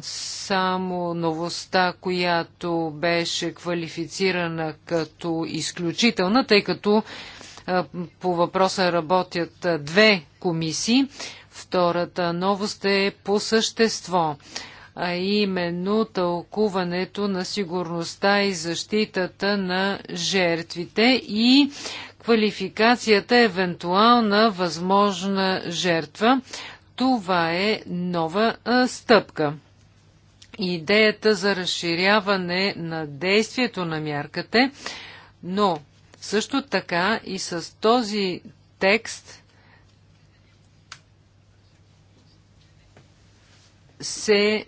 само новостта, която беше квалифицирана като изключителна, тъй като по въпроса работят две комисии. Втората новост е по същество а именно тълкуването на сигурността и защитата на жертвите и квалификацията евентуална възможна жертва. Това е нова стъпка. Идеята за разширяване на действието на мярката, но също така и с този текст се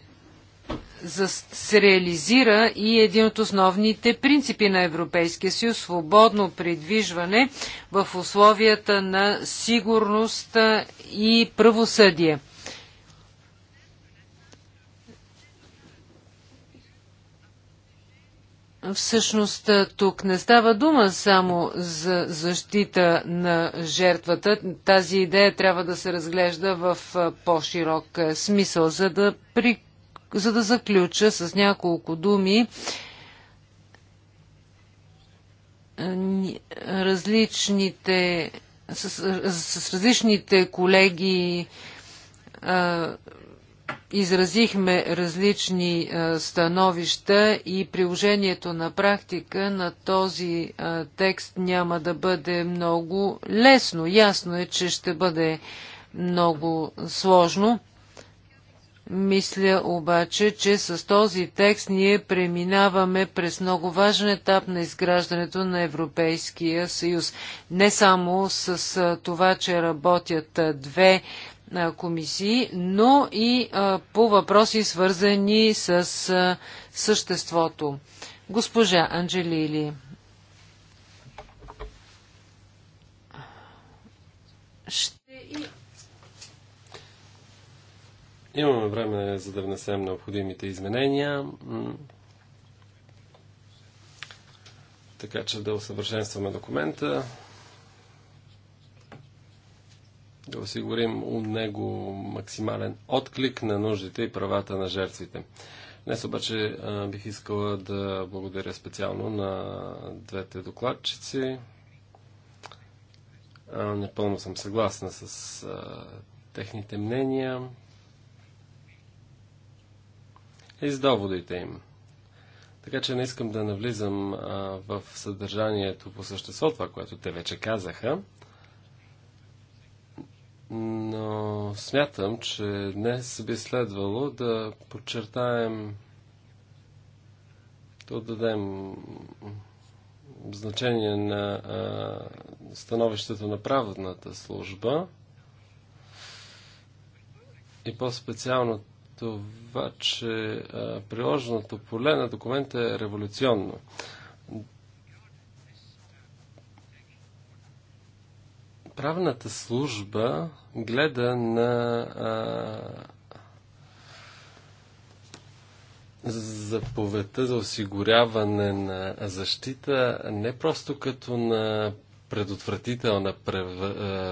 за, се реализира и един от основните принципи на Европейския съюз свободно придвижване в условията на сигурност и правосъдие. Всъщност тук не става дума само за защита на жертвата. Тази идея трябва да се разглежда в по-широк смисъл, за да приключим за да заключа с няколко думи е, различните, с, с, с различните колеги а, е, изразихме различни а, е, становища и приложението на практика на този а, текст няма да бъде много лесно. Ясно е, че ще бъде много сложно. Мисля обаче, че с този текст ние преминаваме през много важен етап на изграждането на Европейския съюз. Не само с това, че работят две комисии, но и по въпроси свързани с съществото. Госпожа Анджелили. Ще Имаме време за да внесем необходимите изменения, така че да усъвършенстваме документа, да осигурим у него максимален отклик на нуждите и правата на жертвите. Днес обаче бих искала да благодаря специално на двете докладчици. Непълно съм съгласна с техните мнения и с доводите им. Така че не искам да навлизам в съдържанието по същество, това, което те вече казаха. Но смятам, че днес би следвало да подчертаем, да отдадем значение на а, становището на правната служба и по-специално това, че приложеното поле на документа е революционно. Правната служба гледа на заповедта за осигуряване на защита не просто като на предотвратителна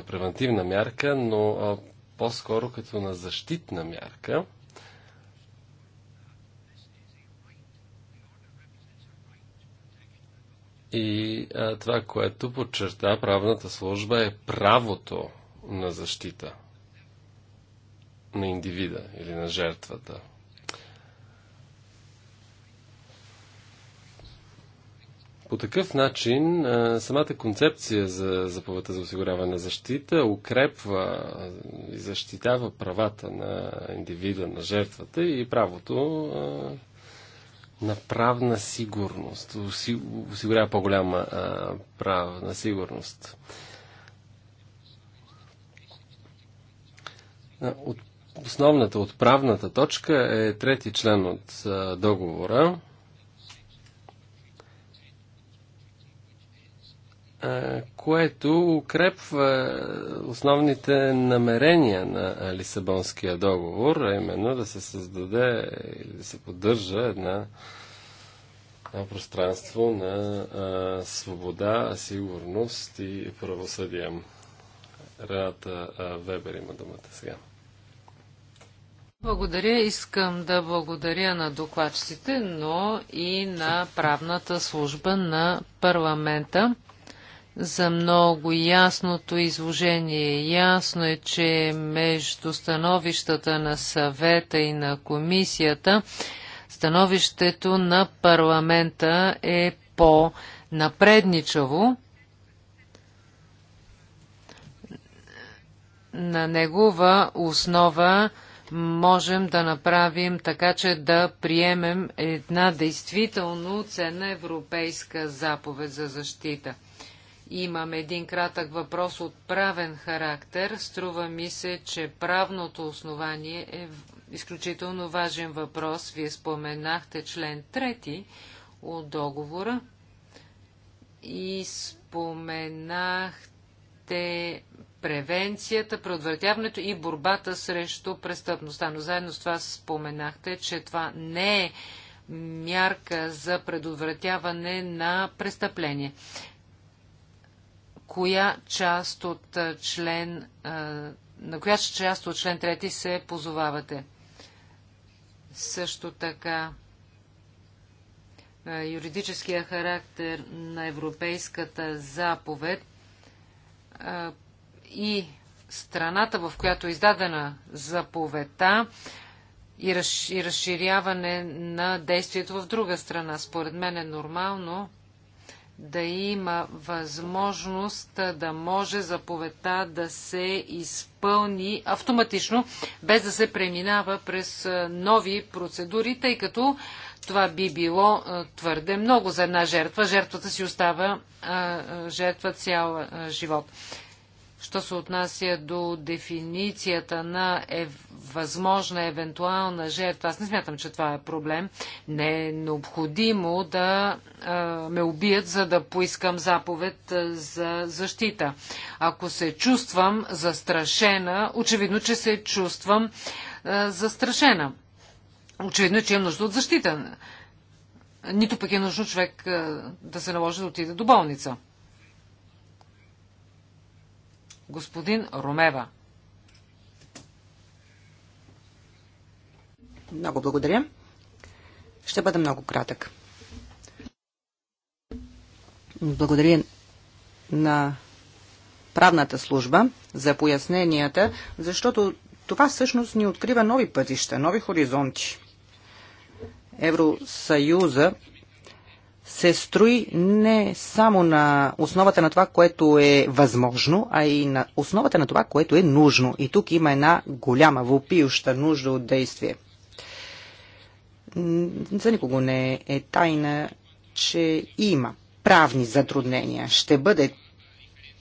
превентивна мярка, но по-скоро като на защитна мярка. И а, това, което подчерта правната служба е правото на защита на индивида или на жертвата. По такъв начин самата концепция за заповедта за осигуряване на защита укрепва и защитава правата на индивида, на жертвата и правото на правна сигурност. Осигурява по-голяма правна сигурност. От основната отправната точка е трети член от договора, което укрепва основните намерения на Лисабонския договор, а именно да се създаде и да се поддържа една, на пространство на а, свобода, сигурност и правосъдие. Рената Вебер има думата сега. Благодаря. Искам да благодаря на докладчиците, но и на правната служба на парламента за много ясното изложение. Ясно е, че между становищата на съвета и на комисията, становището на парламента е по-напредничаво. На негова основа можем да направим така, че да приемем една действително ценна европейска заповед за защита – Имам един кратък въпрос от правен характер. Струва ми се, че правното основание е изключително важен въпрос. Вие споменахте член 3 от договора и споменахте превенцията, предотвратяването и борбата срещу престъпността. Но заедно с това споменахте, че това не е мярка за предотвратяване на престъпление коя част от член, на коя част от член трети се позовавате. Също така юридическия характер на Европейската заповед и страната, в която е издадена заповедта и разширяване на действието в друга страна. Според мен е нормално да има възможност да може заповедта да се изпълни автоматично, без да се преминава през нови процедури, тъй като това би било твърде много за една жертва. Жертвата си остава жертва цял живот. Що се отнася до дефиницията на е възможна евентуална жертва, аз не смятам, че това е проблем. Не е необходимо да а, ме убият, за да поискам заповед а, за защита. Ако се чувствам застрашена, очевидно, че се чувствам а, застрашена. Очевидно, че имам нужда от защита. Нито пък е нужно човек а, да се наложи да отиде до болница. Господин Ромева. Много благодаря. Ще бъда много кратък. Благодаря на правната служба за поясненията, защото това всъщност ни открива нови пътища, нови хоризонти. Евросъюза се строи не само на основата на това, което е възможно, а и на основата на това, което е нужно. И тук има една голяма, вопиюща нужда от действие. За никого не е тайна, че има правни затруднения. Ще бъде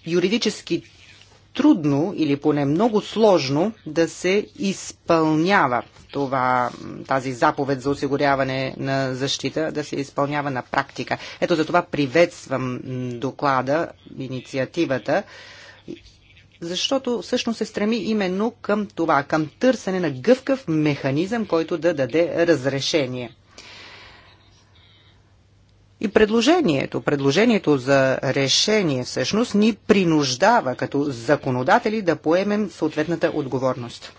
юридически трудно или поне много сложно да се изпълнява това, тази заповед за осигуряване на защита, да се изпълнява на практика. Ето за това приветствам доклада, инициативата, защото всъщност се стреми именно към това, към търсене на гъвкав механизъм, който да даде разрешение. И предложението, предложението за решение всъщност ни принуждава като законодатели да поемем съответната отговорност.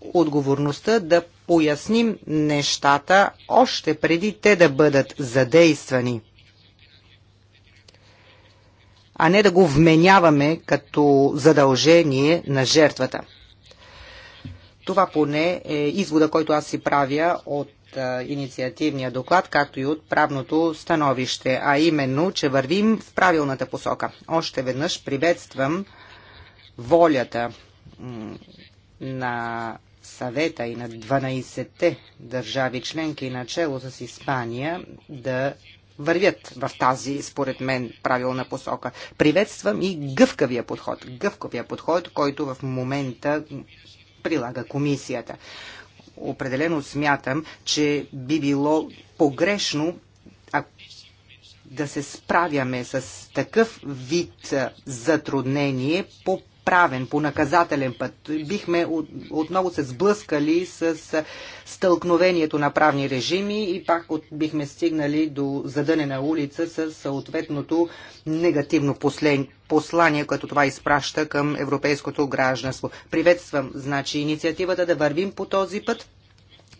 Отговорността да поясним нещата още преди те да бъдат задействани, а не да го вменяваме като задължение на жертвата. Това поне е извода, който аз си правя от е, инициативния доклад, както и от правното становище, а именно, че вървим в правилната посока. Още веднъж приветствам волята на съвета и на 12-те държави членки и начало с Испания да вървят в тази, според мен, правилна посока. Приветствам и гъвкавия подход. Гъвкавия подход, който в момента прилага комисията определено смятам, че би било погрешно да се справяме с такъв вид затруднение по правен, по наказателен път. Бихме отново се сблъскали с стълкновението на правни режими и пак бихме стигнали до задънена улица с съответното негативно послание, което това изпраща към европейското гражданство. Приветствам, значи, инициативата да вървим по този път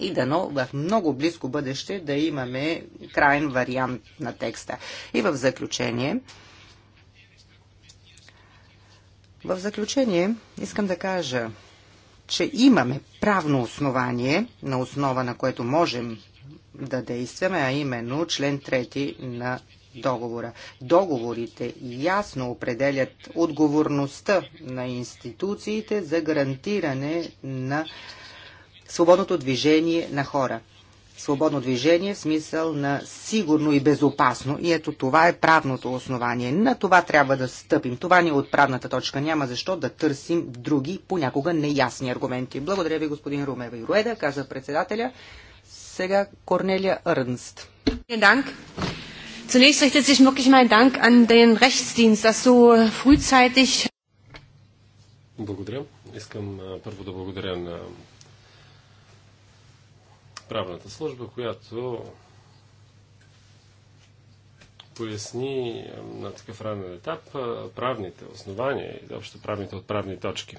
и дано в много близко бъдеще да имаме крайен вариант на текста. И в заключение, в заключение искам да кажа, че имаме правно основание, на основа на което можем да действаме, а именно член 3 на договора. Договорите ясно определят отговорността на институциите за гарантиране на свободното движение на хора. Свободно движение в смисъл на сигурно и безопасно. И ето това е правното основание. На това трябва да стъпим. Това ни е от правната точка. Няма защо да търсим други, понякога неясни аргументи. Благодаря ви, господин Румева и Руеда, каза председателя. Сега Корнелия Рънст. Zunächst richtet sich wirklich mein Dank an den Rechtsdienst, dass so äh, frühzeitig. Благодаря. Искам първо да благодаря на правната служба, която поясни на такъв ранен етап правните основания и общо правните отправни точки.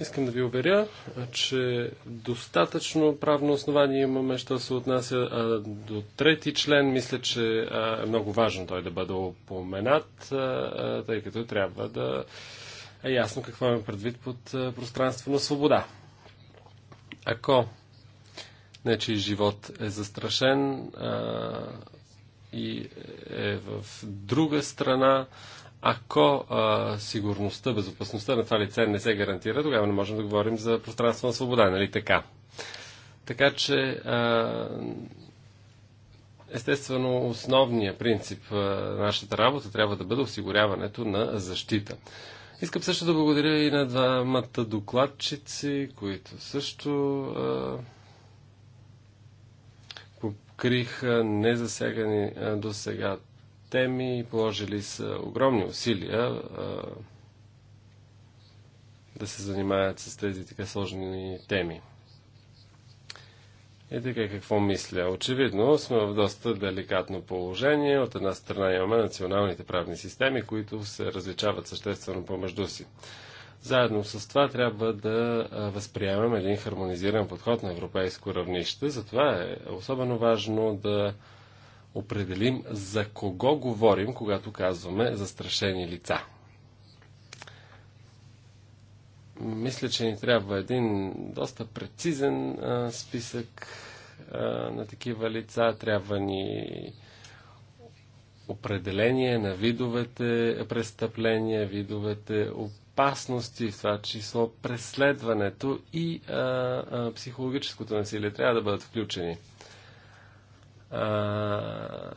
Искам да ви уверя, че достатъчно правно основание имаме, що се отнася а, до трети член. Мисля, че а, е много важно той да бъде упоменат, а, тъй като трябва да е ясно какво имаме предвид под пространство на свобода. Ако нечи живот е застрашен и е в друга страна, ако а, сигурността, безопасността на това лице не се гарантира, тогава не можем да говорим за пространство на свобода, нали така? Така че, а, естествено, основният принцип на нашата работа трябва да бъде осигуряването на защита. Искам също да благодаря и на двамата докладчици, които също а, покриха незасегани до сега теми, положили са огромни усилия да се занимаят с тези така сложни теми. И така какво мисля? Очевидно сме в доста деликатно положение. От една страна имаме националните правни системи, които се различават съществено помежду си. Заедно с това трябва да възприемем един хармонизиран подход на европейско равнище. Затова е особено важно да определим за кого говорим, когато казваме застрашени лица. Мисля, че ни трябва един доста прецизен а, списък а, на такива лица. Трябва ни определение на видовете престъпления, видовете опасности, в това число преследването и а, а, психологическото насилие трябва да бъдат включени трябва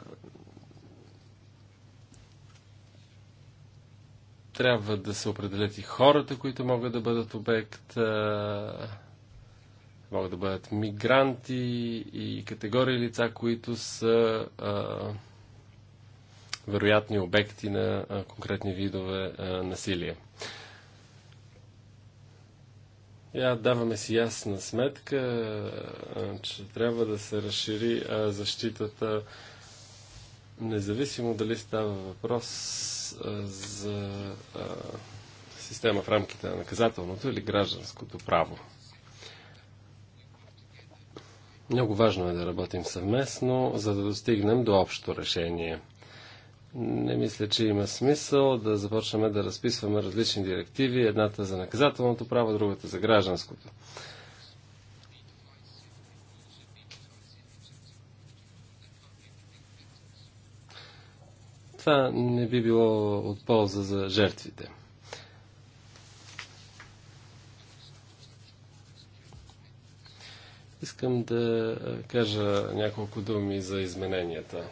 да се определят и хората, които могат да бъдат обект, могат да бъдат мигранти и категории лица, които са вероятни обекти на конкретни видове насилие. Я даваме си ясна сметка, че трябва да се разшири защитата, независимо дали става въпрос за система в рамките на наказателното или гражданското право. Много важно е да работим съвместно, за да достигнем до общо решение – не мисля, че има смисъл да започваме да разписваме различни директиви, едната за наказателното право, другата за гражданското. Това не би било от полза за жертвите. Искам да кажа няколко думи за измененията.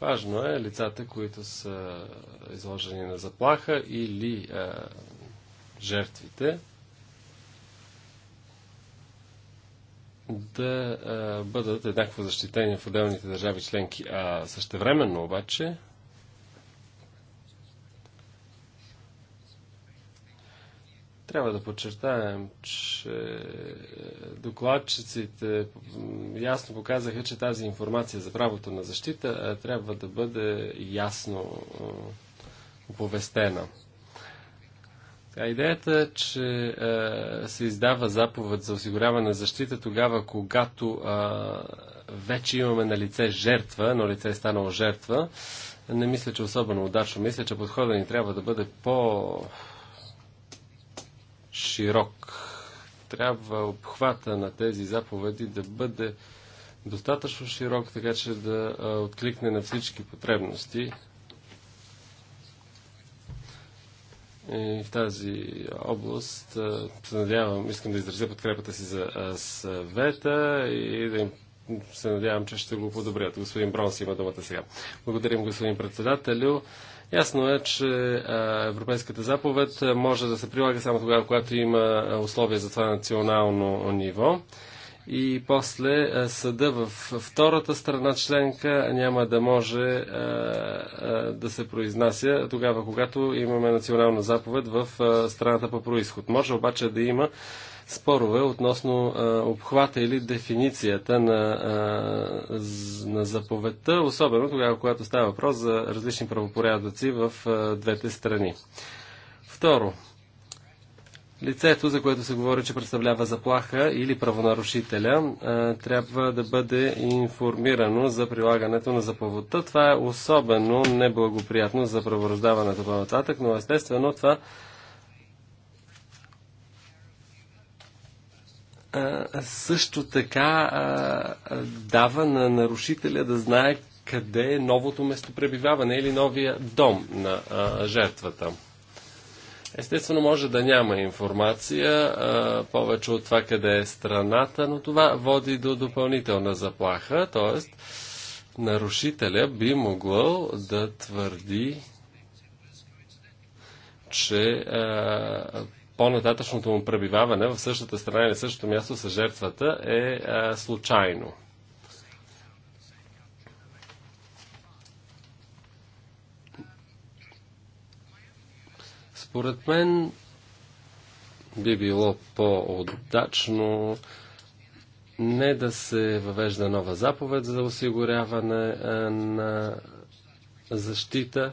Важно е лицата, които са изложени на заплаха или а, жертвите, да а, бъдат еднакво защитени в отделните държави членки. А същевременно обаче Трябва да подчертаем, че е, докладчиците ясно показаха, че тази информация за правото на защита е, трябва да бъде ясно е, оповестена. А идеята е, че се издава заповед за осигуряване на защита тогава, когато вече имаме на лице жертва, но лице е станало жертва. Не мисля, че особено удачно. Мисля, че подходът ни трябва да бъде по- широк. Трябва обхвата на тези заповеди да бъде достатъчно широк, така че да откликне на всички потребности. И в тази област се надявам, искам да изразя подкрепата си за съвета и да им се надявам, че ще го подобрят. Господин Бронс има думата сега. Благодарим, господин председателю. Ясно е, че Европейската заповед може да се прилага само тогава, когато има условия за това национално ниво. И после съда в втората страна членка няма да може да се произнася тогава, когато имаме национална заповед в страната по происход. Може обаче да има спорове относно а, обхвата или дефиницията на, а, на заповедта, особено тогава, когато става въпрос за различни правопорядъци в а, двете страни. Второ, лицето, за което се говори, че представлява заплаха или правонарушителя, а, трябва да бъде информирано за прилагането на заповедта. Това е особено неблагоприятно за правораздаването по-нататък, но естествено това също така дава на нарушителя да знае къде е новото местопребиваване или новия дом на жертвата. Естествено, може да няма информация а, повече от това къде е страната, но това води до допълнителна заплаха, т.е. нарушителя би могъл да твърди, че а, по-нататъчното му пребиваване в същата страна или същото място с жертвата е а, случайно. Според мен би било по-удачно не да се въвежда нова заповед за осигуряване на защита,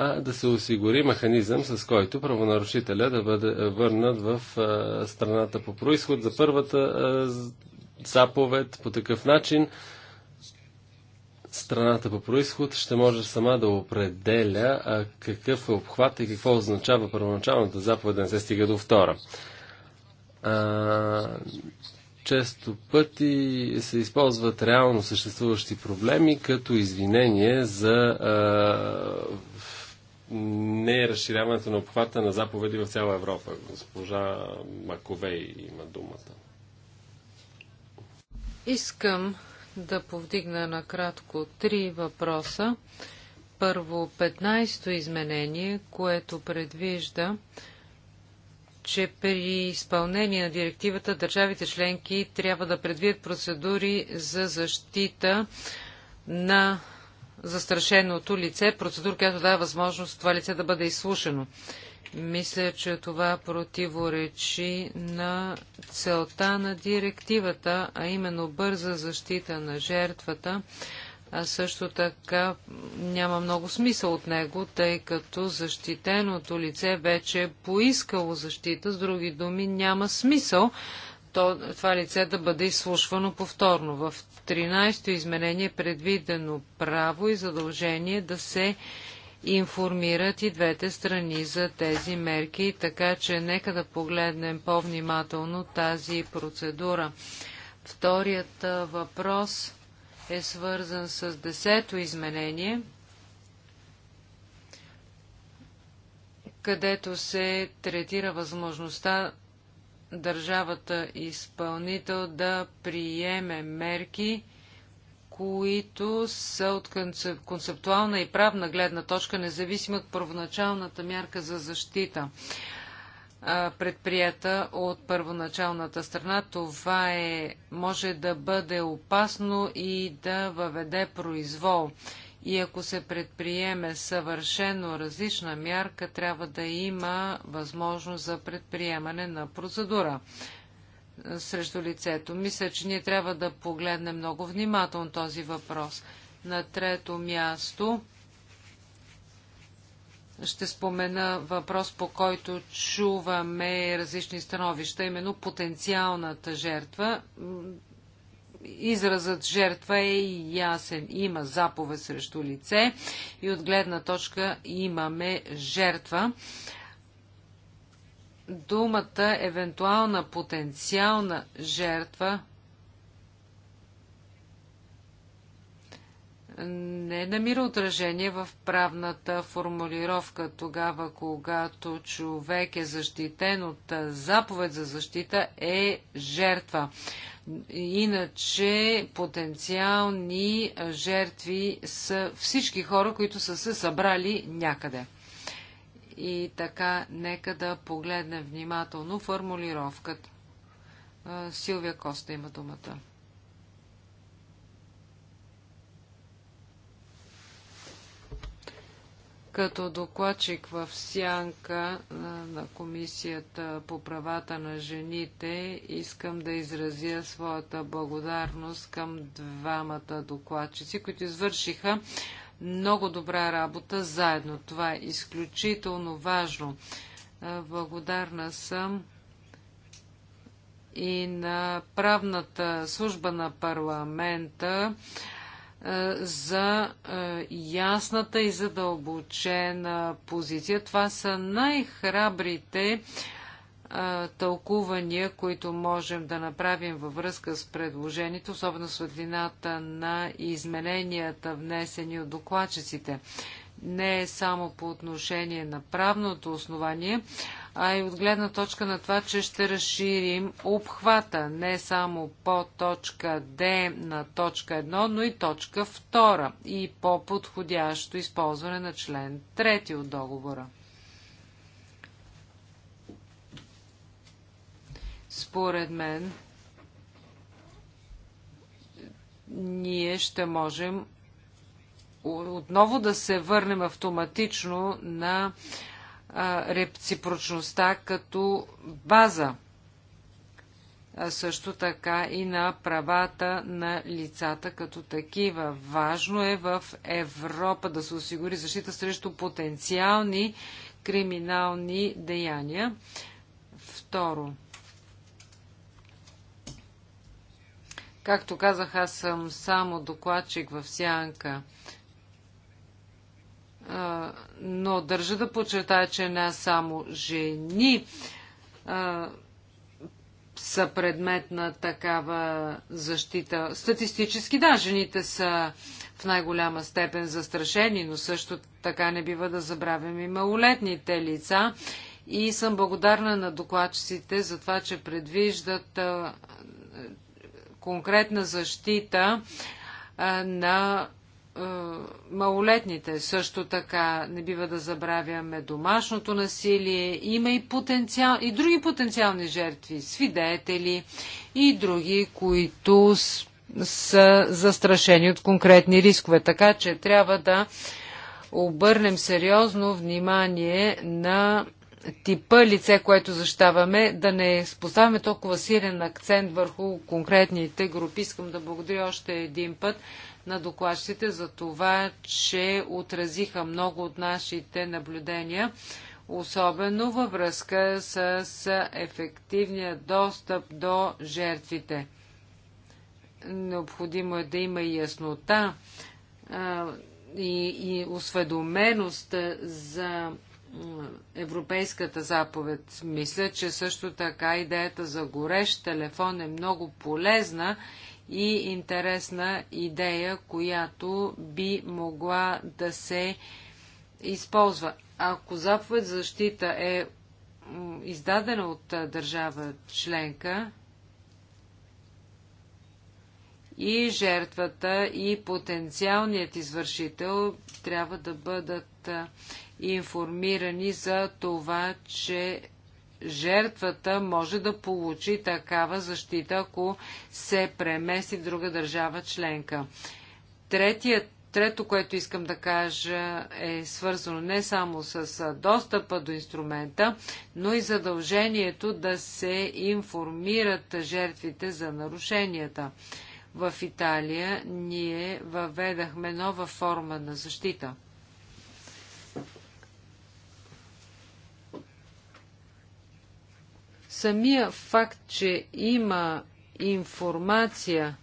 а да се осигури механизъм, с който правонарушителя да бъде върнат в страната по происход за първата заповед по такъв начин. Страната по происход ще може сама да определя какъв е обхват и какво означава първоначалната заповед да не се стига до втора. А, често пъти се използват реално съществуващи проблеми като извинение за а, не е разширяването на обхвата на заповеди в цяла Европа. Госпожа Маковей има думата. Искам да повдигна накратко три въпроса. Първо, 15-то изменение, което предвижда, че при изпълнение на директивата държавите членки трябва да предвидят процедури за защита на застрашеното лице, процедура, която дава възможност това лице да бъде изслушано. Мисля, че това противоречи на целта на директивата, а именно бърза защита на жертвата, а също така няма много смисъл от него, тъй като защитеното лице вече е поискало защита, с други думи няма смисъл то, това лице да бъде изслушвано повторно. В 13-то изменение е предвидено право и задължение да се информират и двете страни за тези мерки, така че нека да погледнем по-внимателно тази процедура. Вторият въпрос е свързан с десето изменение, където се третира възможността държавата изпълнител да приеме мерки, които са от концептуална и правна гледна точка, независимо от първоначалната мярка за защита, Предприета от първоначалната страна. Това е, може да бъде опасно и да въведе произвол. И ако се предприеме съвършено различна мярка, трябва да има възможност за предприемане на процедура срещу лицето. Мисля, че ние трябва да погледнем много внимателно този въпрос. На трето място ще спомена въпрос, по който чуваме различни становища, именно потенциалната жертва изразът жертва е ясен. Има заповед срещу лице и от гледна точка имаме жертва. Думата евентуална потенциална жертва не намира отражение в правната формулировка тогава, когато човек е защитен от заповед за защита, е жертва. Иначе потенциални жертви са всички хора, които са се събрали някъде. И така, нека да погледнем внимателно формулировката. Силвия Коста има думата. Като докладчик в сянка на Комисията по правата на жените, искам да изразя своята благодарност към двамата докладчици, които извършиха много добра работа заедно. Това е изключително важно. Благодарна съм и на правната служба на парламента, е, за е, ясната и задълбочена позиция. Това са най-храбрите е, тълкувания, които можем да направим във връзка с предложението, особено светлината на измененията, внесени от докладчиците. Не само по отношение на правното основание, а и от гледна точка на това, че ще разширим обхвата не само по точка Д на точка 1, но и точка 2 и по подходящо използване на член 3 от договора. Според мен, ние ще можем отново да се върнем автоматично на реципрочността като база. А също така и на правата на лицата като такива. Важно е в Европа да се осигури защита срещу потенциални криминални деяния. Второ. Както казах, аз съм само докладчик в Сянка но държа да подчертая, че не само жени а, са предмет на такава защита. Статистически, да, жените са в най-голяма степен застрашени, но също така не бива да забравяме и малолетните лица. И съм благодарна на докладчиците за това, че предвиждат конкретна защита на е, малолетните. Също така не бива да забравяме домашното насилие. Има и, потенциал, и други потенциални жертви, свидетели и други, които са застрашени от конкретни рискове. Така че трябва да обърнем сериозно внимание на типа лице, което защаваме. да не поставяме толкова силен акцент върху конкретните групи. Искам да благодаря още един път на докладчите за това, че отразиха много от нашите наблюдения, особено във връзка с ефективния достъп до жертвите. Необходимо е да има и яснота и, и осведоменост за Европейската заповед. Мисля, че също така идеята за горещ телефон е много полезна и интересна идея, която би могла да се използва. Ако заповед за защита е издадена от държава членка и жертвата и потенциалният извършител трябва да бъдат информирани за това, че жертвата може да получи такава защита, ако се премести в друга държава членка. Третият Трето, което искам да кажа, е свързано не само с достъпа до инструмента, но и задължението да се информират жертвите за нарушенията. В Италия ние въведахме нова форма на защита – самия факт, че има информация,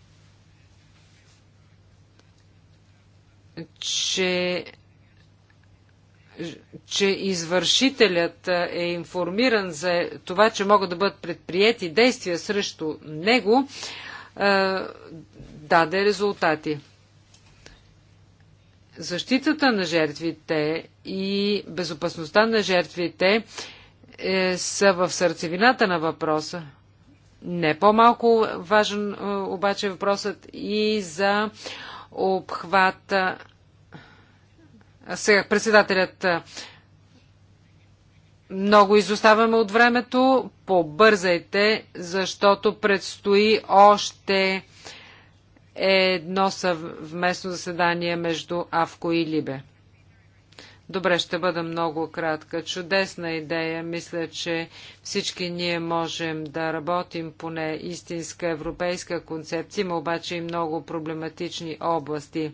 че че извършителят е информиран за това, че могат да бъдат предприяти действия срещу него, е, даде резултати. Защитата на жертвите и безопасността на жертвите е, са в сърцевината на въпроса. Не по-малко важен е, обаче въпросът и за обхвата. Сега председателят е, много изоставаме от времето. Побързайте, защото предстои още едно съвместно заседание между Авко и Либе. Добре, ще бъда много кратка. Чудесна идея. Мисля, че всички ние можем да работим поне истинска европейска концепция, има обаче и много проблематични области.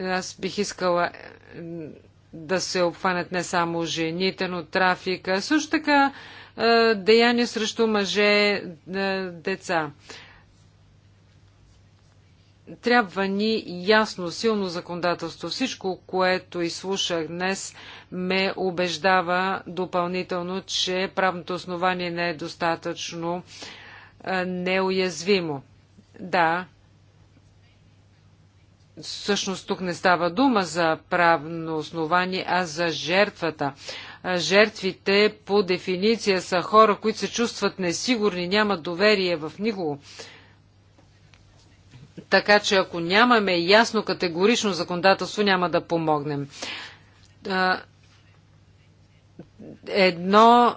Аз бих искала е, да се обхванат не само жените, но трафика, също така е, деяния срещу мъже, е, деца трябва ни ясно, силно законодателство. Всичко, което изслушах днес, ме убеждава допълнително, че правното основание не е достатъчно неуязвимо. Да, всъщност тук не става дума за правно основание, а за жертвата. Жертвите по дефиниция са хора, които се чувстват несигурни, нямат доверие в никого. Така че ако нямаме ясно категорично законодателство, няма да помогнем. Едно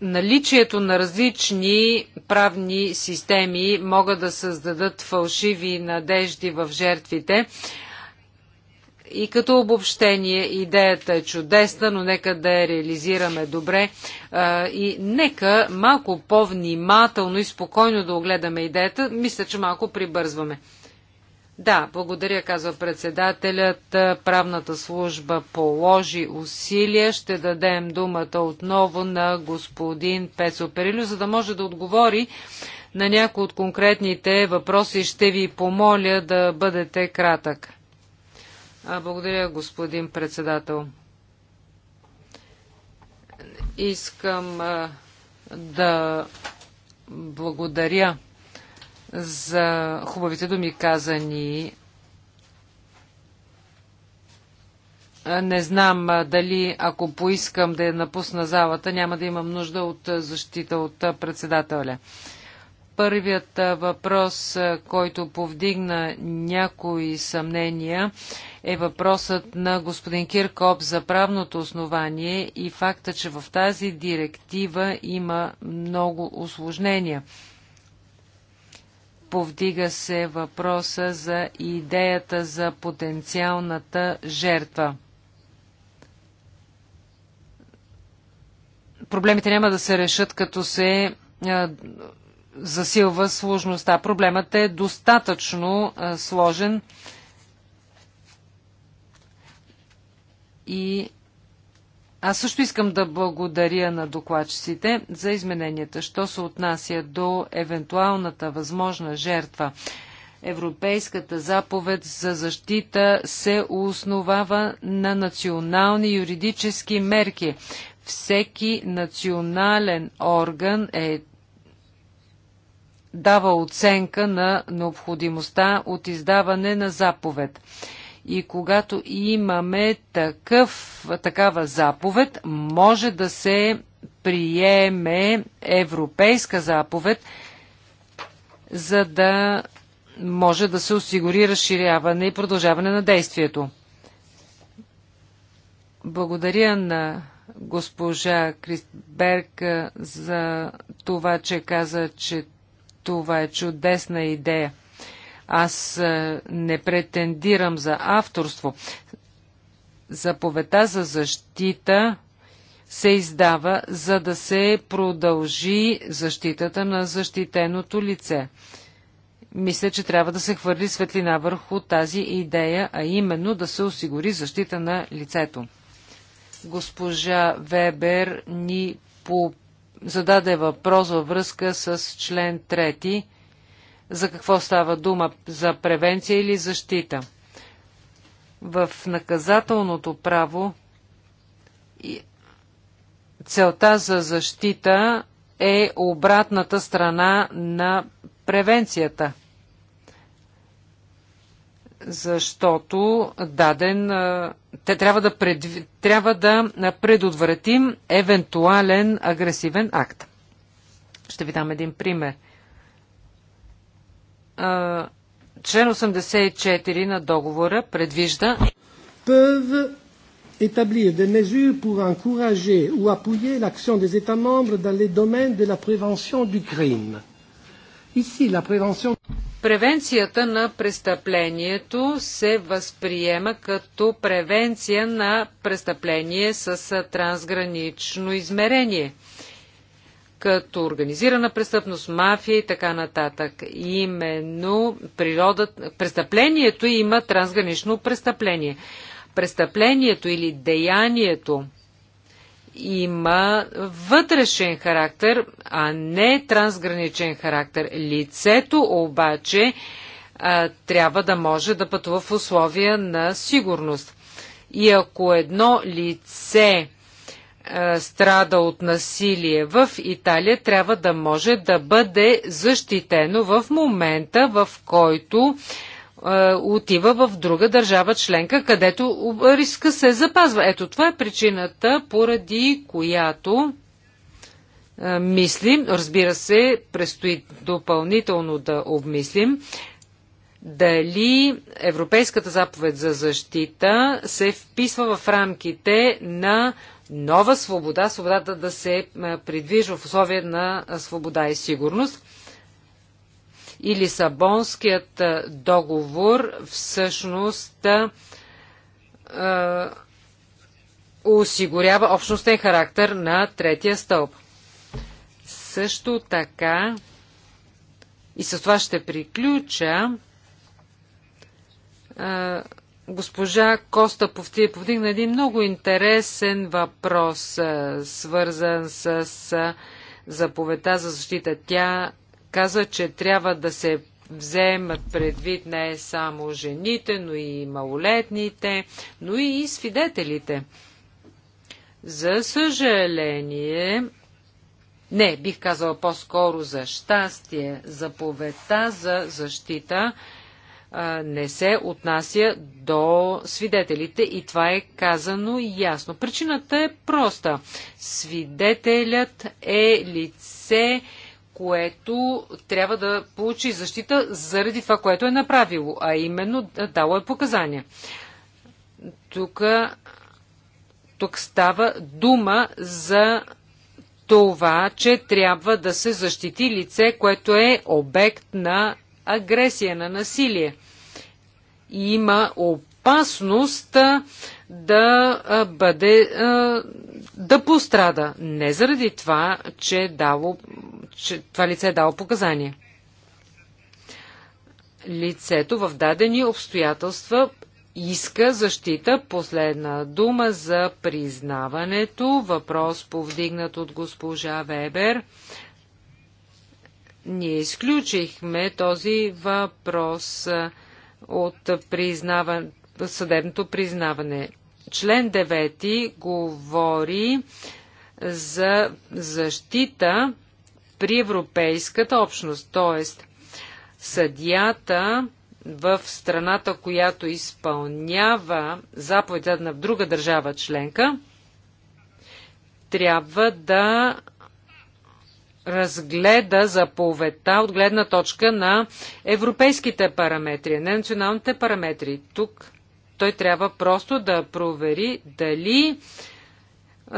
наличието на различни правни системи могат да създадат фалшиви надежди в жертвите и като обобщение, идеята е чудесна, но нека да я реализираме добре и нека малко по-внимателно и спокойно да огледаме идеята. Мисля, че малко прибързваме. Да, благодаря, казва председателят. Правната служба положи усилия. Ще дадем думата отново на господин Пецо Перилю, за да може да отговори на някои от конкретните въпроси. Ще ви помоля да бъдете кратък. Благодаря, господин председател. Искам да благодаря за хубавите думи казани. Не знам дали ако поискам да я напусна залата, няма да имам нужда от защита от председателя. Първият въпрос, който повдигна някои съмнения, е въпросът на господин Киркоп за правното основание и факта, че в тази директива има много осложнения. Повдига се въпроса за идеята за потенциалната жертва. Проблемите няма да се решат, като се засилва сложността. Проблемът е достатъчно сложен и аз също искам да благодаря на докладчиците за измененията, що се отнася до евентуалната възможна жертва. Европейската заповед за защита се основава на национални юридически мерки. Всеки национален орган е дава оценка на необходимостта от издаване на заповед. И когато имаме такъв, такава заповед, може да се приеме европейска заповед, за да може да се осигури разширяване и продължаване на действието. Благодаря на госпожа Крисберг за това, че каза, че това е чудесна идея. Аз е, не претендирам за авторство. Заповета за защита се издава, за да се продължи защитата на защитеното лице. Мисля, че трябва да се хвърли светлина върху тази идея, а именно да се осигури защита на лицето. Госпожа Вебер ни попита зададе въпрос във връзка с член 3. За какво става дума? За превенция или защита? В наказателното право целта за защита е обратната страна на превенцията – защото даден, те трябва да, пред, трябва да предотвратим евентуален агресивен акт. Ще ви дам един пример. Член 84 на договора предвижда établir des mesures pour encourager ou appuyer l'action des États membres dans les domaines de la prévention du crime Превенцията на престъплението се възприема като превенция на престъпление с трансгранично измерение, като организирана престъпност, мафия и така нататък. Именно природът, престъплението има трансгранично престъпление. Престъплението или деянието има вътрешен характер, а не трансграничен характер. Лицето обаче а, трябва да може да пътува в условия на сигурност. И ако едно лице а, страда от насилие в Италия, трябва да може да бъде защитено в момента, в който е, отива в друга държава членка, където риска се запазва. Ето това е причината, поради която е, мислим, разбира се, предстои допълнително да обмислим, дали Европейската заповед за защита се вписва в рамките на нова свобода, свободата да се е, придвижва в условия на свобода и сигурност и Лисабонският договор всъщност е, осигурява общностен характер на третия стълб. Също така, и с това ще приключа, госпожа Коста повдигна един много интересен въпрос, свързан с заповедта за защита. Тя каза, че трябва да се вземат предвид не само жените, но и малолетните, но и свидетелите. За съжаление, не, бих казала по-скоро за щастие, заповедта за защита не се отнася до свидетелите и това е казано ясно. Причината е проста. Свидетелят е лице, което трябва да получи защита заради това, което е направило, а именно дало е показания. Тук, тук става дума за това, че трябва да се защити лице, което е обект на агресия, на насилие. И има опасност да бъде да пострада. Не заради това, че, дало, че това лице е дало показания. Лицето в дадени обстоятелства иска защита. Последна дума за признаването. Въпрос повдигнат от госпожа Вебер. Ние изключихме този въпрос от признаване съдебното признаване. Член 9 говори за защита при Европейската общност, т.е. съдията в страната, която изпълнява заповедта на друга държава членка, трябва да разгледа заповедта от гледна точка на европейските параметри, не националните параметри. Тук той трябва просто да провери дали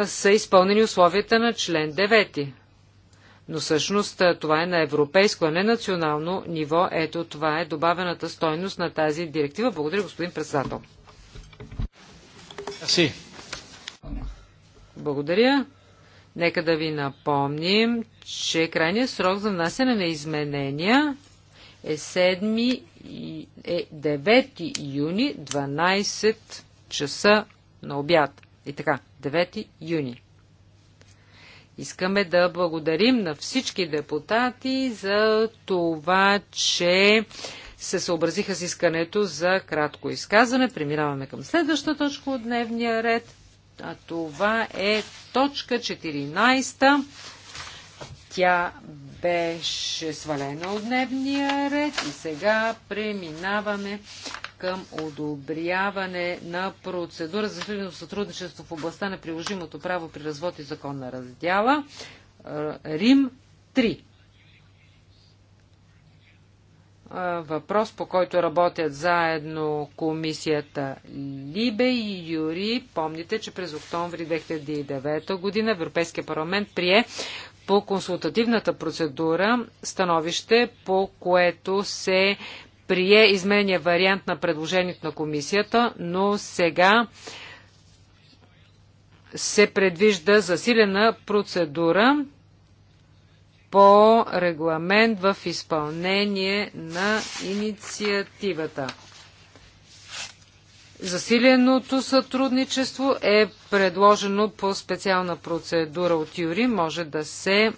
са изпълнени условията на член 9. Но всъщност това е на европейско, а не национално ниво. Ето това е добавената стойност на тази директива. Благодаря, господин председател. Си. Благодаря. Нека да ви напомним, че крайният срок за внасяне на изменения е 7 е 9 юни, 12 часа на обяд. И така, 9 юни. Искаме да благодарим на всички депутати за това, че се съобразиха с искането за кратко изказване. Преминаваме към следващата точка от дневния ред. А това е точка 14. Тя беше свалена от дневния ред и сега преминаваме към одобряване на процедура за силно сътрудничество в областта на приложимото право при развод и закон на раздяла. Е, Рим 3. Е, въпрос, по който работят заедно комисията Либе и Юри. Помните, че през октомври 2009 година Европейския парламент прие по консултативната процедура становище, по което се прие изменя вариант на предложението на комисията, но сега се предвижда засилена процедура по регламент в изпълнение на инициативата. Засиленото сътрудничество е предложено по специална процедура от Юри. Може да се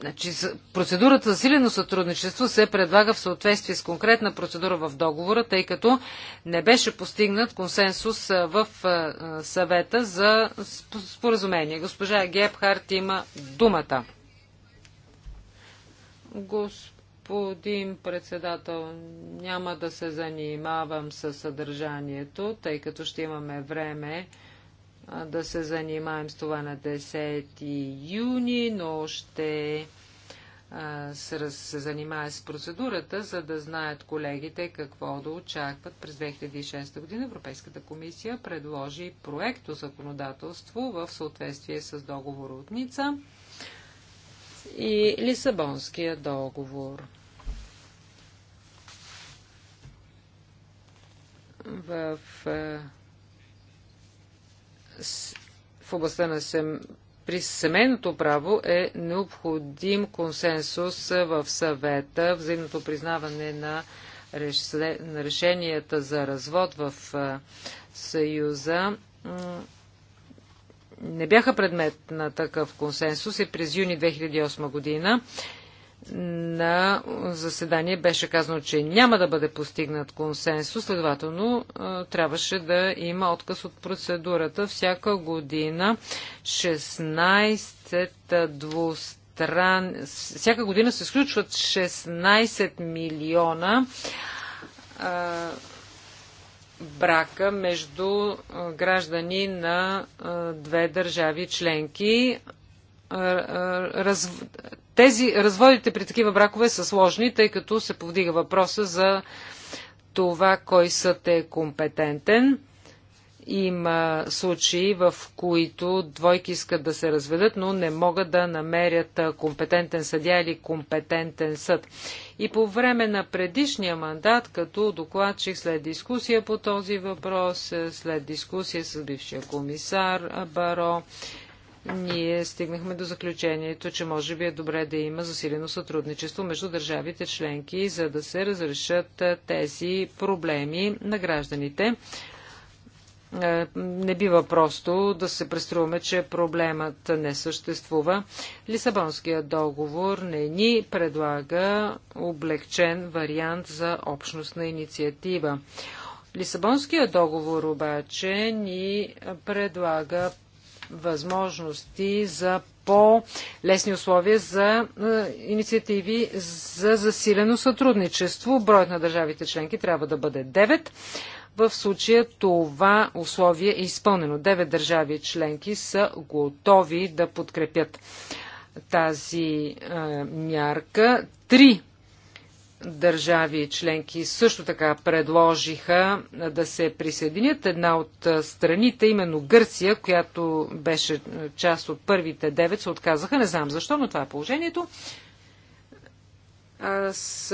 значи, процедурата за силено сътрудничество се предлага в съответствие с конкретна процедура в договора, тъй като не беше постигнат консенсус в съвета за споразумение. Госпожа Гебхарт има думата. Гос... Господин председател, няма да се занимавам с съдържанието, тъй като ще имаме време да се занимаем с това на 10 юни, но ще се занимая с процедурата, за да знаят колегите какво да очакват през 2006 година. Европейската комисия предложи проекто законодателство в съответствие с договора от Ница и Лисабонския договор. в, в областта на сем... при семейното право е необходим консенсус в съвета, взаимното признаване на, реш... на решенията за развод в Съюза не бяха предмет на такъв консенсус и през юни 2008 година на заседание беше казано, че няма да бъде постигнат консенсус, следователно трябваше да има отказ от процедурата. Всяка година 16 двустран... Всяка година се сключват 16 милиона а, брака между граждани на две държави членки раз, тези разводите при такива бракове са сложни, тъй като се повдига въпроса за това кой съд е компетентен. Има случаи, в които двойки искат да се разведат, но не могат да намерят компетентен съдя или компетентен съд. И по време на предишния мандат, като докладчих след дискусия по този въпрос, след дискусия с бившия комисар Баро ние стигнахме до заключението, че може би е добре да има засилено сътрудничество между държавите членки, за да се разрешат тези проблеми на гражданите. Не бива просто да се преструваме, че проблемът не съществува. Лисабонският договор не ни предлага облегчен вариант за общностна инициатива. Лисабонският договор обаче ни предлага възможности за по-лесни условия за е, инициативи за засилено сътрудничество. Броят на държавите членки трябва да бъде 9. В случая това условие е изпълнено. 9 държави членки са готови да подкрепят тази е, мярка. Три държави членки също така предложиха да се присъединят. Една от страните, именно Гърция, която беше част от първите девет, се отказаха. Не знам защо, но това е положението. Аз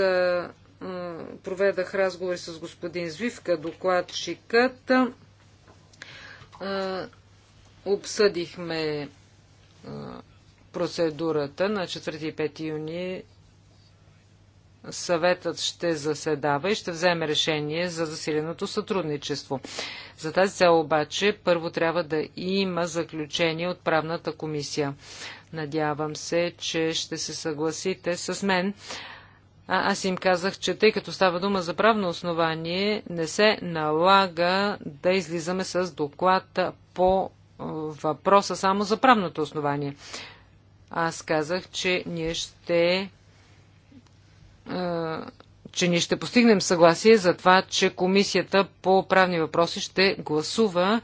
проведах разговори с господин Звивка, докладчикът. Обсъдихме процедурата на 4 и 5 юни съветът ще заседава и ще вземе решение за засиленото сътрудничество. За тази цел обаче първо трябва да има заключение от правната комисия. Надявам се, че ще се съгласите с мен. А, аз им казах, че тъй като става дума за правно основание, не се налага да излизаме с доклад по въпроса само за правното основание. Аз казах, че ние ще че ние ще постигнем съгласие за това, че комисията по правни въпроси ще гласува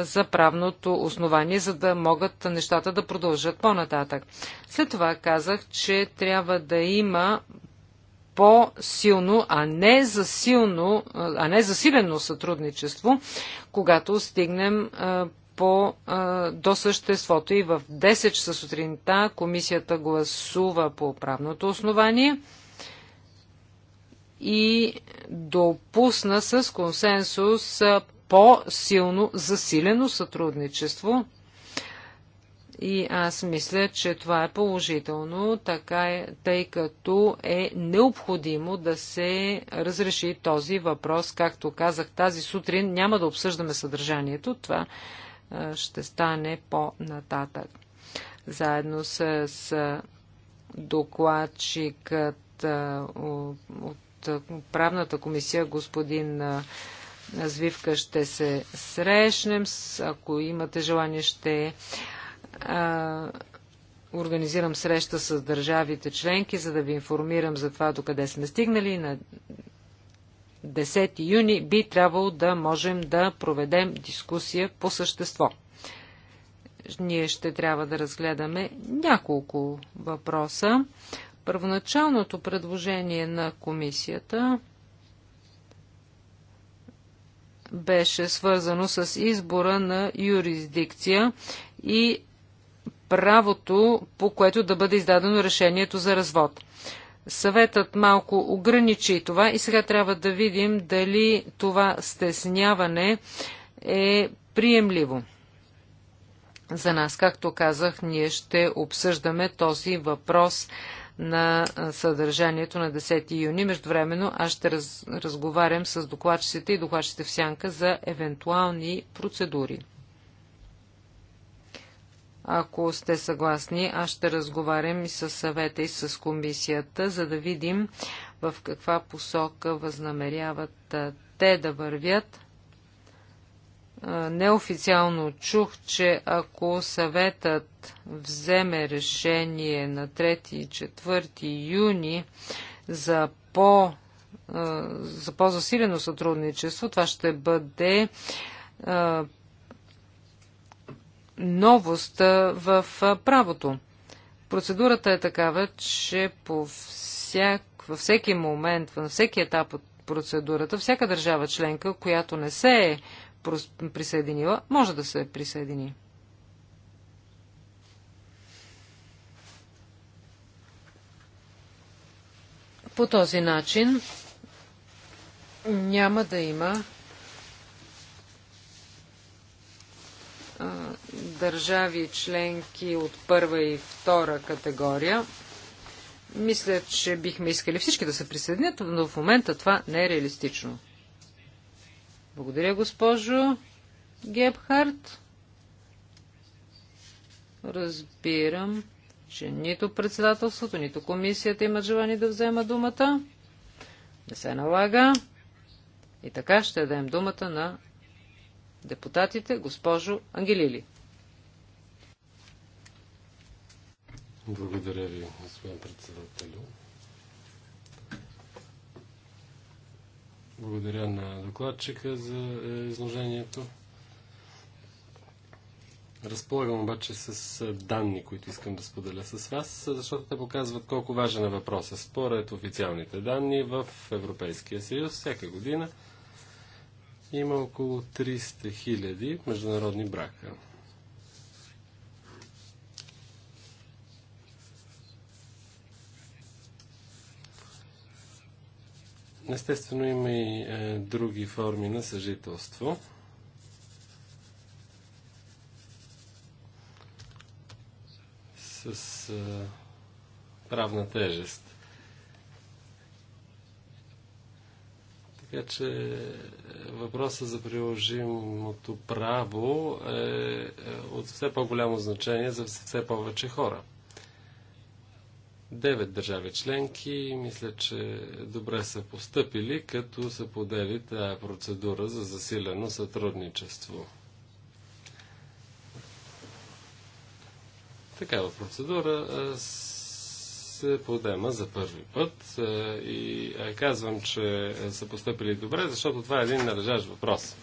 за правното основание, за да могат нещата да продължат по-нататък. След това казах, че трябва да има по-силно, а не за а не за силено сътрудничество, когато стигнем по, до съществото и в 10 часа сутринта комисията гласува по правното основание и допусна с консенсус по-силно засилено сътрудничество. И аз мисля, че това е положително, така е, тъй като е необходимо да се разреши този въпрос. Както казах тази сутрин, няма да обсъждаме съдържанието, това ще стане по-нататък. Заедно с докладчикът от правната комисия господин Звивка ще се срещнем. Ако имате желание, ще организирам среща с държавите членки, за да ви информирам за това до къде сме стигнали. На 10 юни би трябвало да можем да проведем дискусия по същество. Ние ще трябва да разгледаме няколко въпроса. Първоначалното предложение на комисията беше свързано с избора на юрисдикция и правото, по което да бъде издадено решението за развод. Съветът малко ограничи това и сега трябва да видим дали това стесняване е приемливо. За нас, както казах, ние ще обсъждаме този въпрос на съдържанието на 10 юни. Междувременно аз ще раз, разговарям с докладчиците и докладчиците в сянка за евентуални процедури. Ако сте съгласни, аз ще разговарям и с съвета и с комисията, за да видим в каква посока възнамеряват те да вървят неофициално чух, че ако съветът вземе решение на 3 и 4 юни за по за по-засилено сътрудничество. Това ще бъде а, новост в правото. Процедурата е такава, че по всяк, във всеки момент, на всеки етап от процедурата, всяка държава членка, която не се е присъединила, може да се присъедини. По този начин няма да има държави членки от първа и втора категория. Мисля, че бихме искали всички да се присъединят, но в момента това не е реалистично. Благодаря, госпожо Гебхарт. Разбирам, че нито председателството, нито комисията имат желание да взема думата. Не се налага. И така ще дадем думата на депутатите, госпожо Ангелили. Благодаря ви, господин председател. Благодаря на докладчика за е, изложението. Разполагам обаче с е, данни, които искам да споделя с вас, защото те показват колко важен е въпросът. Според официалните данни в Европейския съюз всяка година има около 300 000 международни брака. Естествено има и е, други форми на съжителство. С е, правна тежест. Така че е, въпроса за приложимото право е, е от все по-голямо значение за все повече хора. Девет държави членки мисля, че добре са поступили, като се подели тази процедура за засилено сътрудничество. Такава процедура се подема за първи път и казвам, че са поступили добре, защото това е един належащ въпрос.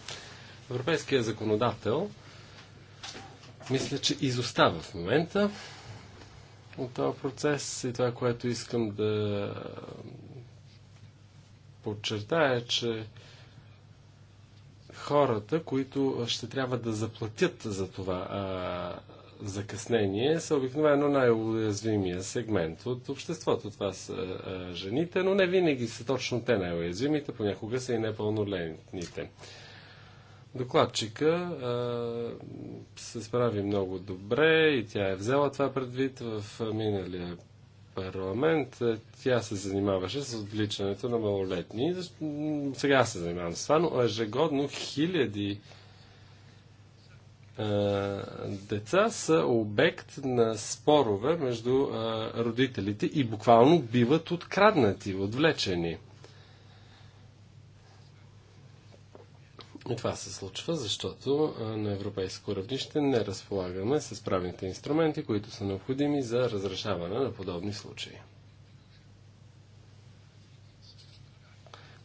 Европейският законодател мисля, че изостава в момента на този процес и това, което искам да подчертая, е, че хората, които ще трябва да заплатят за това а, закъснение, са обикновено най-уязвимия сегмент от обществото. Това са а, жените, но не винаги са точно те най-уязвимите, понякога са и непълнолетните. Докладчика се справи много добре и тя е взела това предвид в миналия парламент. Е, тя се занимаваше с отвличането на малолетни. Сега се занимавам с това, но ежегодно хиляди деца са обект на спорове между родителите и буквално биват откраднати, отвлечени. И това се случва, защото на европейско равнище не разполагаме с правните инструменти, които са необходими за разрешаване на подобни случаи.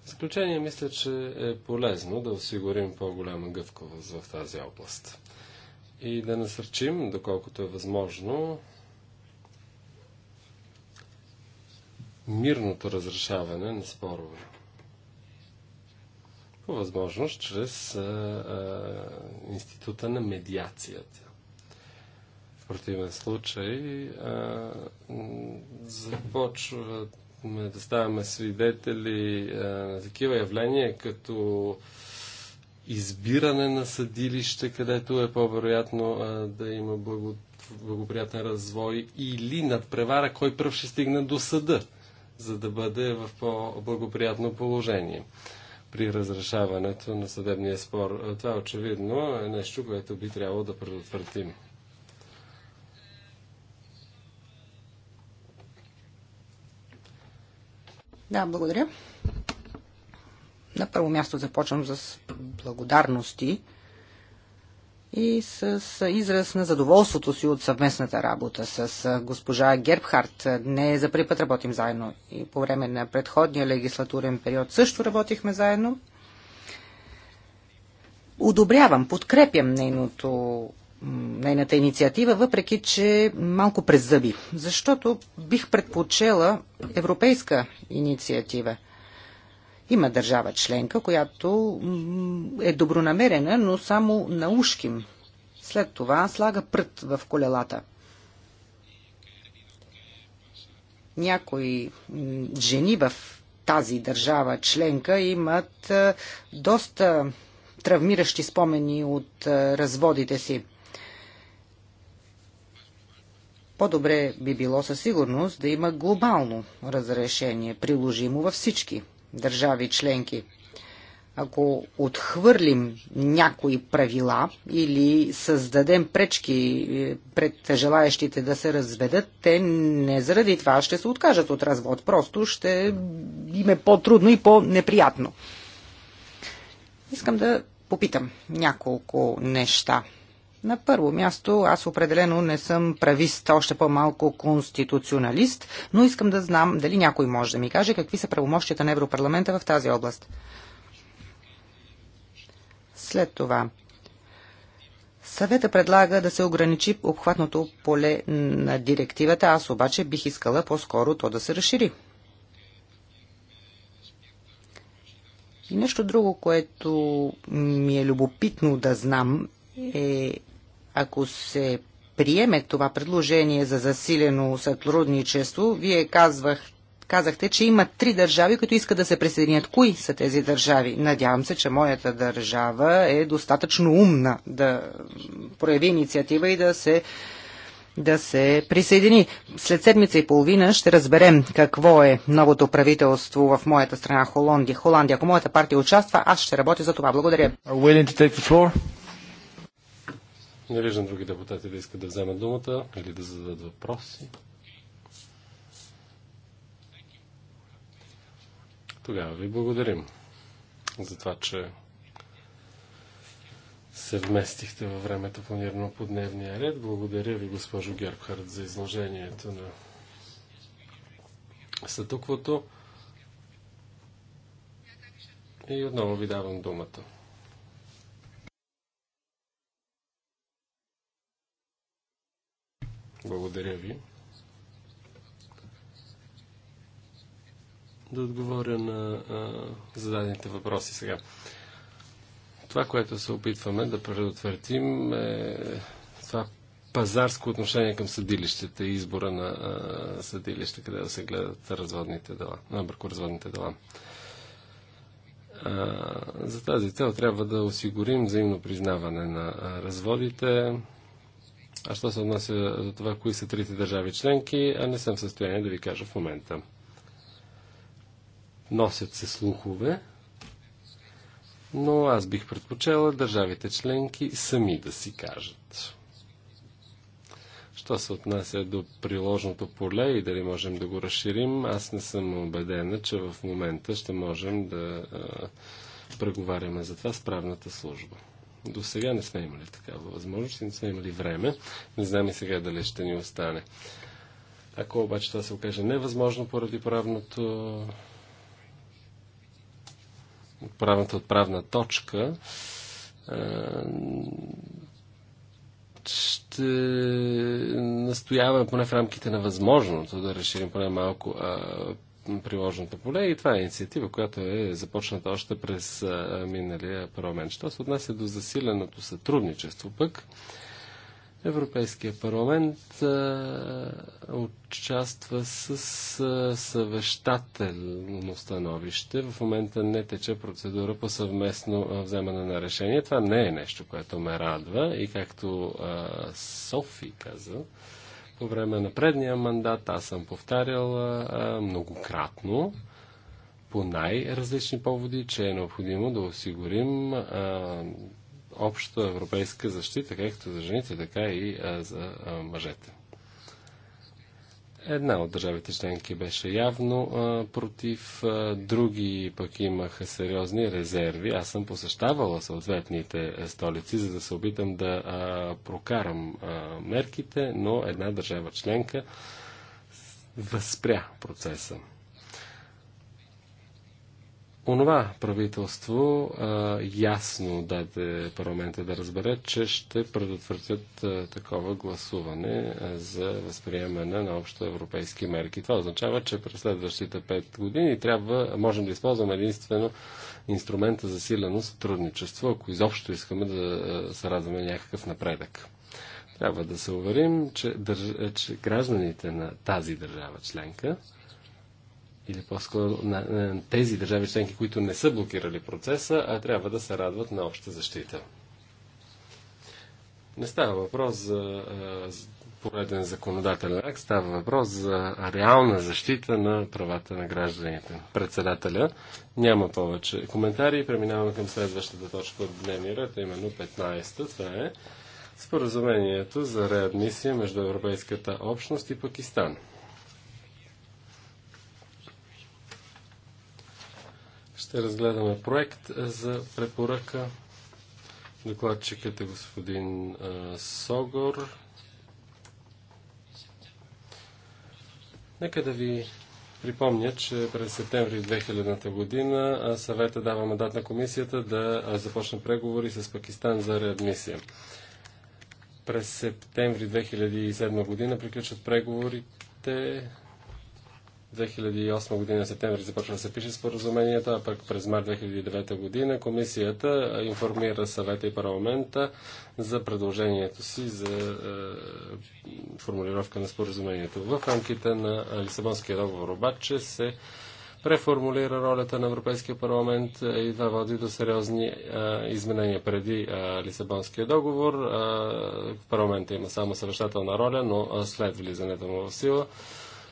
В заключение, мисля, че е полезно да осигурим по-голяма гъвковост в тази област и да насърчим, доколкото е възможно, мирното разрешаване на спорове по възможност чрез а, а, института на медиацията. В противен случай а, започваме да ставаме свидетели а, на такива явления, като избиране на съдилище, където е по-вероятно да има благо, благоприятен развой или надпревара, кой пръв ще стигне до съда, за да бъде в по-благоприятно положение при разрешаването на съдебния спор. Това очевидно е нещо, което би трябвало да предотвратим. Да, благодаря. На първо място започвам с благодарности и с израз на задоволството си от съвместната работа с госпожа Гербхарт. Не за първи път работим заедно и по време на предходния легислатурен период също работихме заедно. Одобрявам, подкрепям нейното, нейната инициатива, въпреки че малко през зъби, защото бих предпочела европейска инициатива – има държава членка, която е добронамерена, но само наушким. След това слага прът в колелата. Някои жени в тази държава членка имат доста травмиращи спомени от разводите си. По-добре би било със сигурност да има глобално разрешение, приложимо във всички държави членки. Ако отхвърлим някои правила или създадем пречки е, пред желаящите да се разведат, те не заради това ще се откажат от развод. Просто ще им е по-трудно и по-неприятно. Искам да попитам няколко неща на първо място, аз определено не съм правист, още по-малко конституционалист, но искам да знам дали някой може да ми каже какви са правомощията на Европарламента в тази област. След това, Съвета предлага да се ограничи обхватното поле на директивата, аз обаче бих искала по-скоро то да се разшири. И нещо друго, което ми е любопитно да знам е ако се приеме това предложение за засилено сътрудничество, вие казвах, казахте, че има три държави, които искат да се присъединят. Кои са тези държави? Надявам се, че моята държава е достатъчно умна да прояви инициатива и да се да се присъедини. След седмица и половина ще разберем какво е новото правителство в моята страна Холандия. Холандия, ако моята партия участва, аз ще работя за това. Благодаря. Не виждам други депутати да искат да вземат думата или да зададат въпроси. Тогава ви благодарим за това, че се вместихте във времето планирано по дневния ред. Благодаря ви, госпожо Герхард, за изложението на статуквото. И отново ви давам думата. Благодаря ви. Да отговоря на а, зададените въпроси сега. Това, което се опитваме да предотвратим е това пазарско отношение към съдилищата и избора на а, съдилища, къде да се гледат разводните дела, бракоразводните дела. А, за тази цел трябва да осигурим взаимно признаване на разводите, а що се отнася за това, кои са трите държави членки, а не съм в състояние да ви кажа в момента. Носят се слухове, но аз бих предпочела държавите членки сами да си кажат. Що се отнася до приложното поле и дали можем да го разширим, аз не съм убедена, че в момента ще можем да преговаряме за това с правната служба. До сега не сме имали такава възможност и не сме имали време. Не знам и сега дали ще ни остане. Ако обаче това се окаже невъзможно поради правното правната отправна точка, ще настояваме поне в рамките на възможното да разширим поне малко приложното поле и това е инициатива, която е започната още през миналия парламент. Що се отнася до засиленото сътрудничество пък, Европейския парламент а, участва с а, съвещателно становище. В момента не тече процедура по съвместно а, вземане на решение. Това не е нещо, което ме радва. И както а, Софи каза, по време на предния мандат аз съм повтарял а, многократно по най-различни поводи, че е необходимо да осигурим а, обща европейска защита, както за жените, така и а, за а, мъжете. Една от държавите членки беше явно а, против, а, други пък имаха сериозни резерви. Аз съм посещавала съответните е, столици, за да се опитам да а, прокарам мерките, но една държава членка възпря процеса. Онова правителство а, ясно даде парламента да разбере, че ще предотвратят а, такова гласуване а, за възприемане на общо европейски мерки. Това означава, че през следващите пет години трябва, можем да използваме единствено инструмента за силено сътрудничество, ако изобщо искаме да се радваме някакъв напредък. Трябва да се уверим, че, държ... че гражданите на тази държава членка или по-скоро на, на тези държави членки, които не са блокирали процеса, а трябва да се радват на обща защита. Не става въпрос за пореден законодателен акт, става въпрос за реална защита на правата на гражданите. Председателя няма повече коментари. Преминаваме към следващата точка от дневния ред, именно 15-та. Това е споразумението за реадмисия между Европейската общност и Пакистан. ще разгледаме проект е, за препоръка. Докладчикът е господин е, Согор. Нека да ви припомня, че през септември 2000 година е, съвета дава мандат на комисията да започне преговори с Пакистан за реадмисия. През септември 2007 година приключват преговорите 2008 година септември започва да се пише споразуменията, а пък през март 2009 година комисията информира съвета и парламента за предложението си за е, формулировка на споразумението. В рамките на Лисабонския договор обаче се преформулира ролята на Европейския парламент и това води до сериозни а, изменения. Преди а, Лисабонския договор а, парламента има само съвещателна роля, но а след влизането му в сила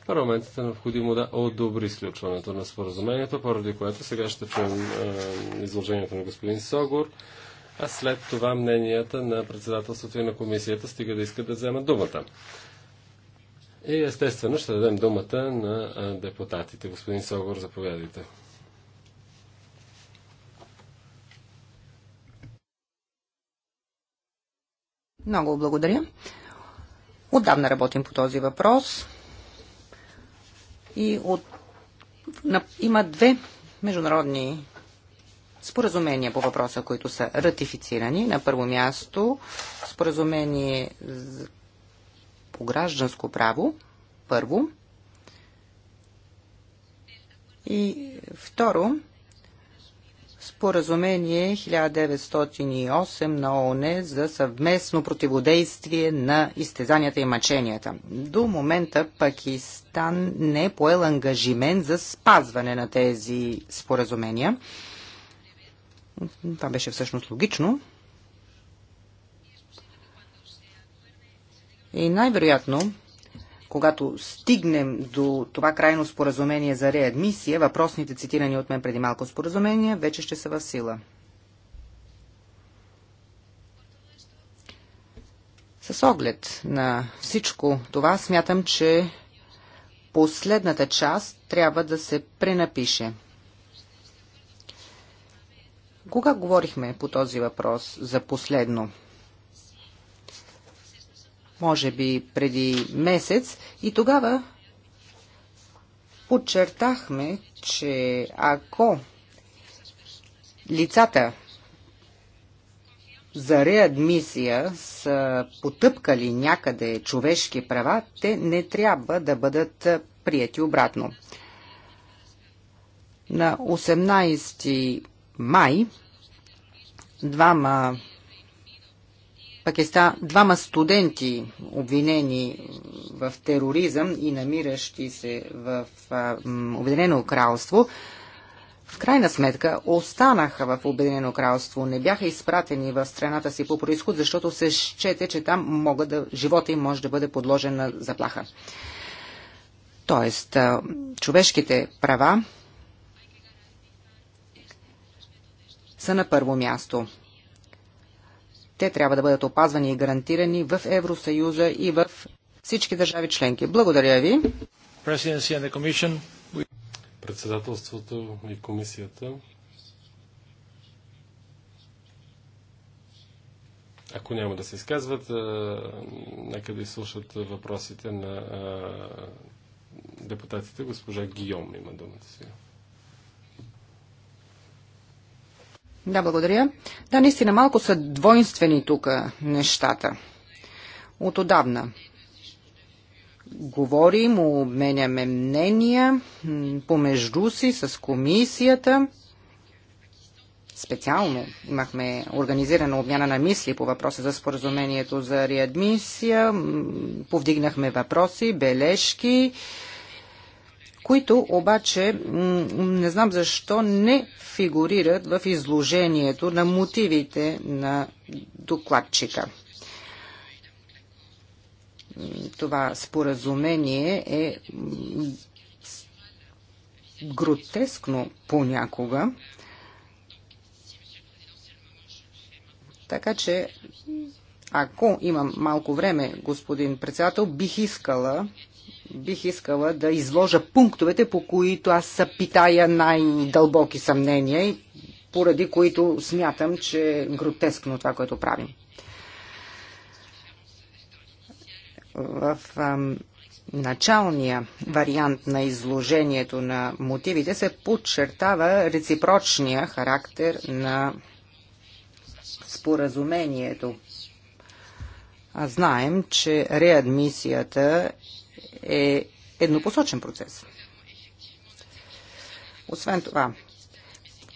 Парламентът е необходимо да одобри сключването на споразумението, поради което сега ще чуем изложението на господин Согор, а след това мненията на председателството и на комисията стига да искат да вземат думата. И естествено ще дадем думата на депутатите. Господин Согор, заповядайте. Много благодаря. Отдавна работим по този въпрос. И от, на, има две международни споразумения по въпроса, които са ратифицирани. На първо място споразумение по гражданско право, първо. И второ, споразумение 1908 на ООН за съвместно противодействие на изтезанията и мъченията. До момента Пакистан не е поел ангажимент за спазване на тези споразумения. Това беше всъщност логично. И най-вероятно когато стигнем до това крайно споразумение за реадмисия, въпросните цитирани от мен преди малко споразумения вече ще са в сила. С оглед на всичко това, смятам, че последната част трябва да се пренапише. Кога говорихме по този въпрос за последно? може би преди месец, и тогава подчертахме, че ако лицата за реадмисия са потъпкали някъде човешки права, те не трябва да бъдат прияти обратно. На 18 май двама Пакистан, двама студенти, обвинени в тероризъм и намиращи се в а, Обединено кралство, в крайна сметка останаха в Обединено кралство, не бяха изпратени в страната си по происход, защото се счете, че там мога да, живота им може да бъде подложен на заплаха. Тоест, човешките права са на първо място. Те трябва да бъдат опазвани и гарантирани в Евросъюза и в всички държави членки. Благодаря ви. Председателството и комисията. Ако няма да се изказват, нека да изслушат въпросите на депутатите. Госпожа Гийом има думата сега. Да, благодаря. Да, наистина малко са двойствени тук нещата. От отдавна говорим, обменяме мнения помежду си с комисията. Специално имахме организирана обмяна на мисли по въпроса за споразумението за реадмисия. Повдигнахме въпроси, бележки които обаче не знам защо не фигурират в изложението на мотивите на докладчика. Това споразумение е гротескно понякога. Така че, ако имам малко време, господин председател, бих искала бих искала да изложа пунктовете, по които аз питая най-дълбоки съмнения и поради които смятам, че е гротескно това, което правим. В а, началния вариант на изложението на мотивите се подчертава реципрочния характер на споразумението. А знаем, че реадмисията е еднопосочен процес. Освен това,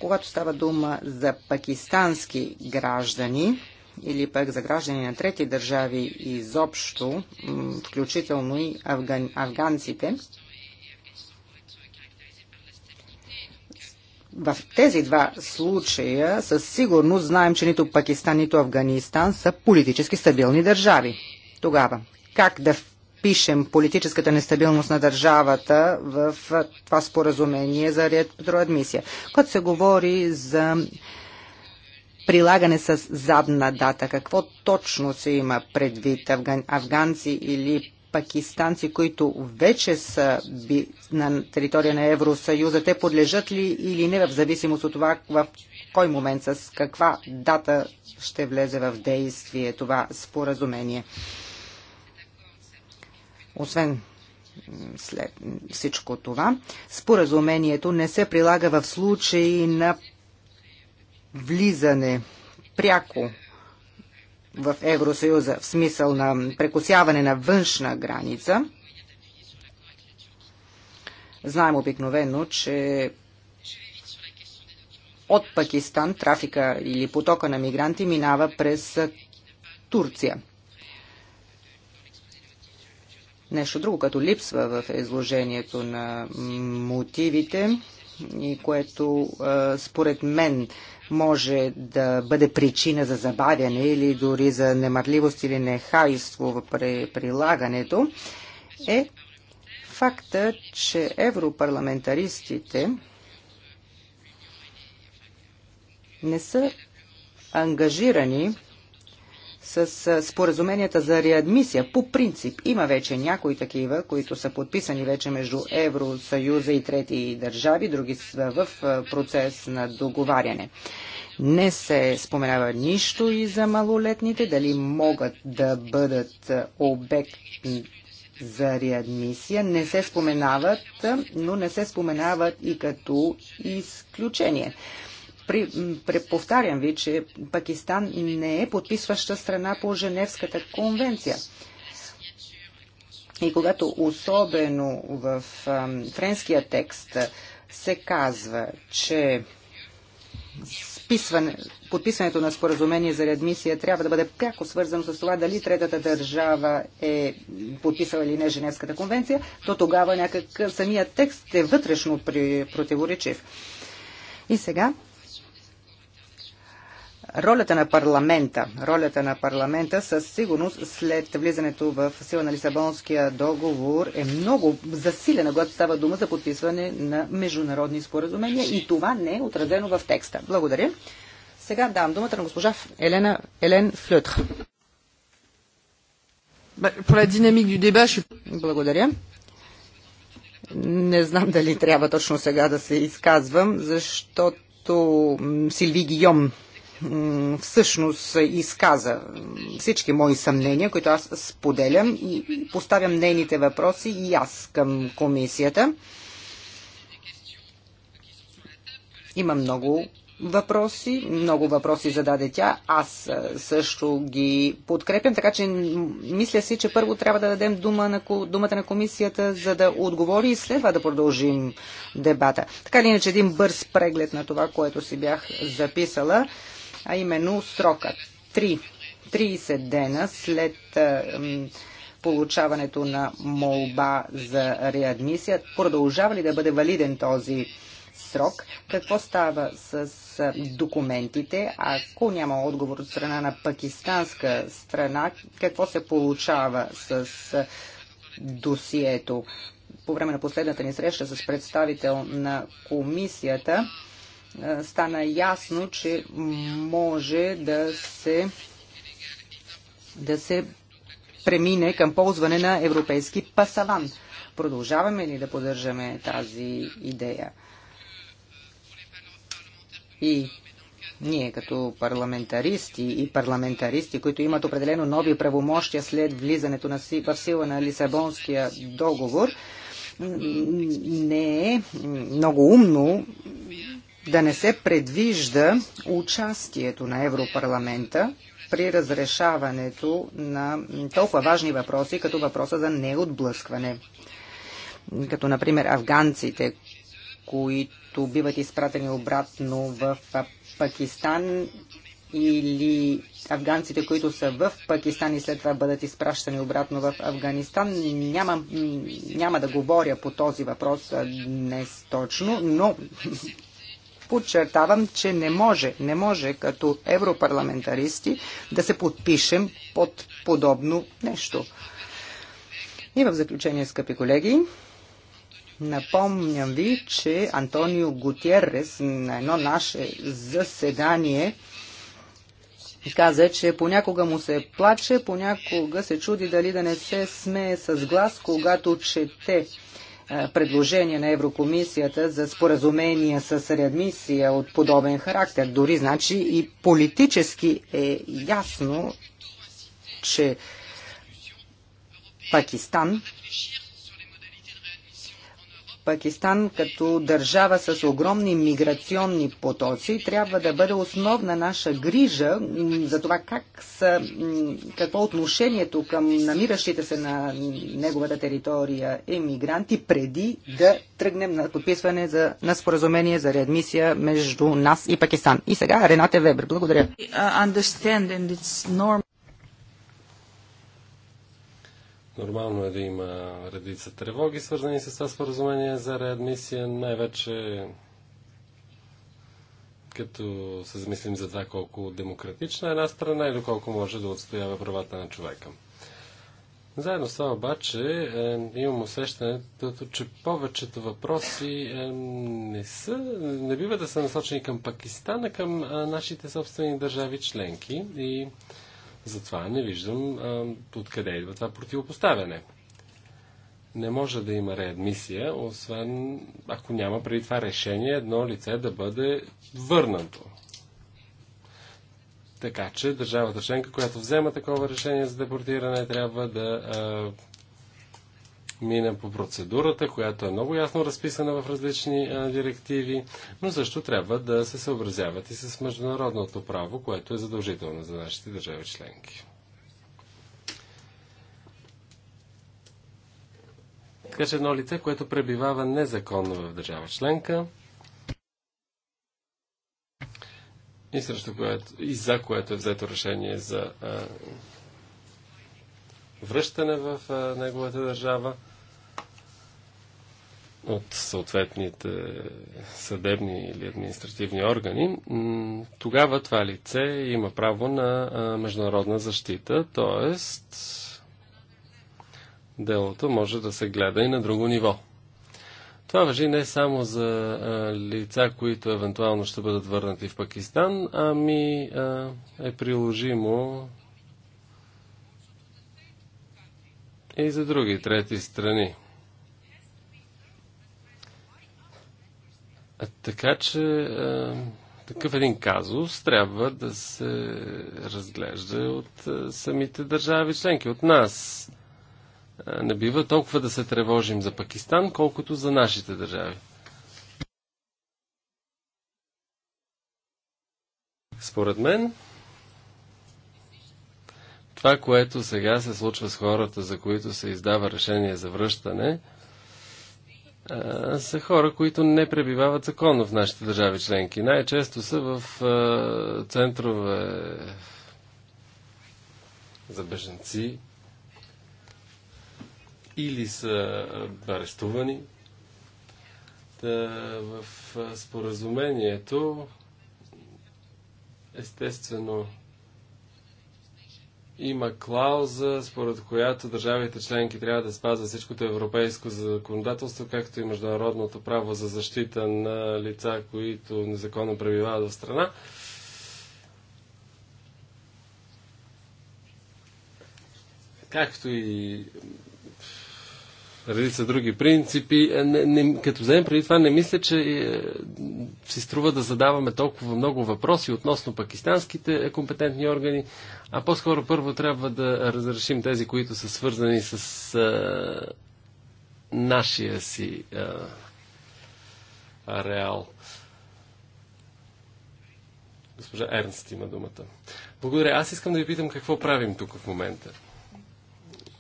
когато става дума за пакистански граждани или пък за граждани на трети държави изобщо, включително и афган, афганците, в тези два случая със сигурност знаем, че нито Пакистан, нито Афганистан са политически стабилни държави. Тогава, как да впишем политическата нестабилност на държавата в това споразумение за ретроадмисия. Когато се говори за прилагане с задна дата, какво точно се има предвид афган... афганци или пакистанци, които вече са би, на територия на Евросъюза, те подлежат ли или не, в зависимост от това в кой момент, с каква дата ще влезе в действие това споразумение. Освен след всичко това, споразумението не се прилага в случаи на влизане пряко в Евросъюза в смисъл на прекусяване на външна граница. Знаем обикновено, че от Пакистан трафика или потока на мигранти минава през Турция. Нещо друго, като липсва в изложението на мотивите и което според мен може да бъде причина за забавяне или дори за немарливост или нехайство в прилагането, е факта, че европарламентаристите не са ангажирани с споразуменията за реадмисия. По принцип има вече някои такива, които са подписани вече между Евросъюза и трети държави, други са в процес на договаряне. Не се споменава нищо и за малолетните, дали могат да бъдат обект за реадмисия. Не се споменават, но не се споменават и като изключение. Преповтарям ви, че Пакистан не е подписваща страна по Женевската конвенция. И когато особено в френския текст се казва, че списване, подписването на споразумение за реадмисия трябва да бъде пряко свързано с това дали третата държава е подписала или не Женевската конвенция, то тогава някак самият текст е вътрешно противоречив. И сега Ролята на парламента, ролята на парламента със сигурност след влизането в сила на Лисабонския договор е много засилена, когато става дума за подписване на международни споразумения и това не е отразено в текста. Благодаря. Сега давам думата на госпожа Елена, Елен Флютх. Благодаря. Не знам дали трябва точно сега да се изказвам, защото Силви Гийом всъщност изказа всички мои съмнения, които аз споделям и поставям нейните въпроси и аз към комисията. Има много въпроси, много въпроси зададе тя. Аз също ги подкрепям, така че мисля си, че първо трябва да дадем дума на, думата на комисията, за да отговори и следва да продължим дебата. Така ли иначе един бърз преглед на това, което си бях записала а именно срока 3, 30 дена след получаването на молба за реадмисия. Продължава ли да бъде валиден този срок? Какво става с документите? Ако няма отговор от страна на пакистанска страна, какво се получава с досието? По време на последната ни среща с представител на комисията, е, стана ясно, че може да се, да се премине към ползване на европейски пасаван. Продължаваме ли да поддържаме тази идея? И ние като парламентаристи и парламентаристи, които имат определено нови правомощия след влизането на си, в сила на Лисабонския договор, не е много умно да не се предвижда участието на Европарламента при разрешаването на толкова важни въпроси, като въпроса за неотблъскване. Като, например, афганците, които биват изпратени обратно в Пакистан или афганците, които са в Пакистан и след това бъдат изпращани обратно в Афганистан. Няма, няма да говоря по този въпрос днес точно, но подчертавам, че не може, не може като европарламентаристи да се подпишем под подобно нещо. И в заключение, скъпи колеги, напомням ви, че Антонио Гутиеррес на едно наше заседание каза, че понякога му се плаче, понякога се чуди дали да не се смее с глас, когато чете е, предложение на Еврокомисията за споразумение с реадмисия от подобен характер. Дори значи и политически е ясно, че Пакистан Пакистан като държава с огромни миграционни потоци трябва да бъде основна наша грижа за това как са, какво отношението към намиращите се на неговата територия емигранти преди да тръгнем на подписване за, на споразумение за реадмисия между нас и Пакистан. И сега Рената Вебер. Благодаря. Нормално е да има редица тревоги, свързани с това споразумение за реадмисия, най-вече като се замислим за това колко демократична е една страна и доколко може да отстоява правата на човека. Заедно с това обаче е, имам усещането, че повечето въпроси е, не са, не бива да са насочени към Пакистана, към нашите собствени държави членки и затова не виждам а, откъде идва това противопоставяне. Не може да има реадмисия, освен ако няма преди това решение едно лице да бъде върнато. Така че държавата членка, която взема такова решение за депортиране, трябва да а, мина по процедурата, която е много ясно разписана в различни а, директиви, но също трябва да се съобразяват и с международното право, което е задължително за нашите държави членки. Така че едно лице, което пребивава незаконно в държава членка и, срещу което, и за което е взето решение за а, връщане в а, неговата държава, от съответните съдебни или административни органи, тогава това лице има право на международна защита, т.е. делото може да се гледа и на друго ниво. Това въжи не само за лица, които евентуално ще бъдат върнати в Пакистан, ами е приложимо и за други трети страни. така че а, такъв един казус трябва да се разглежда от а, самите държави членки, от нас. А, не бива толкова да се тревожим за Пакистан, колкото за нашите държави. Според мен, това, което сега се случва с хората, за които се издава решение за връщане, са хора, които не пребивават законно в нашите държави членки. Най-често са в центрове за беженци или са арестувани. Та, в споразумението естествено има клауза, според която държавите членки трябва да спазват всичкото европейско законодателство, както и международното право за защита на лица, които незаконно пребивават в страна. Както и редица други принципи. Е, не, не, като вземем преди това, не мисля, че е, си струва да задаваме толкова много въпроси относно пакистанските е, компетентни органи, а по-скоро първо трябва да разрешим тези, които са свързани с е, нашия си е, ареал. Госпожа Ернст има думата. Благодаря. Аз искам да ви питам какво правим тук в момента.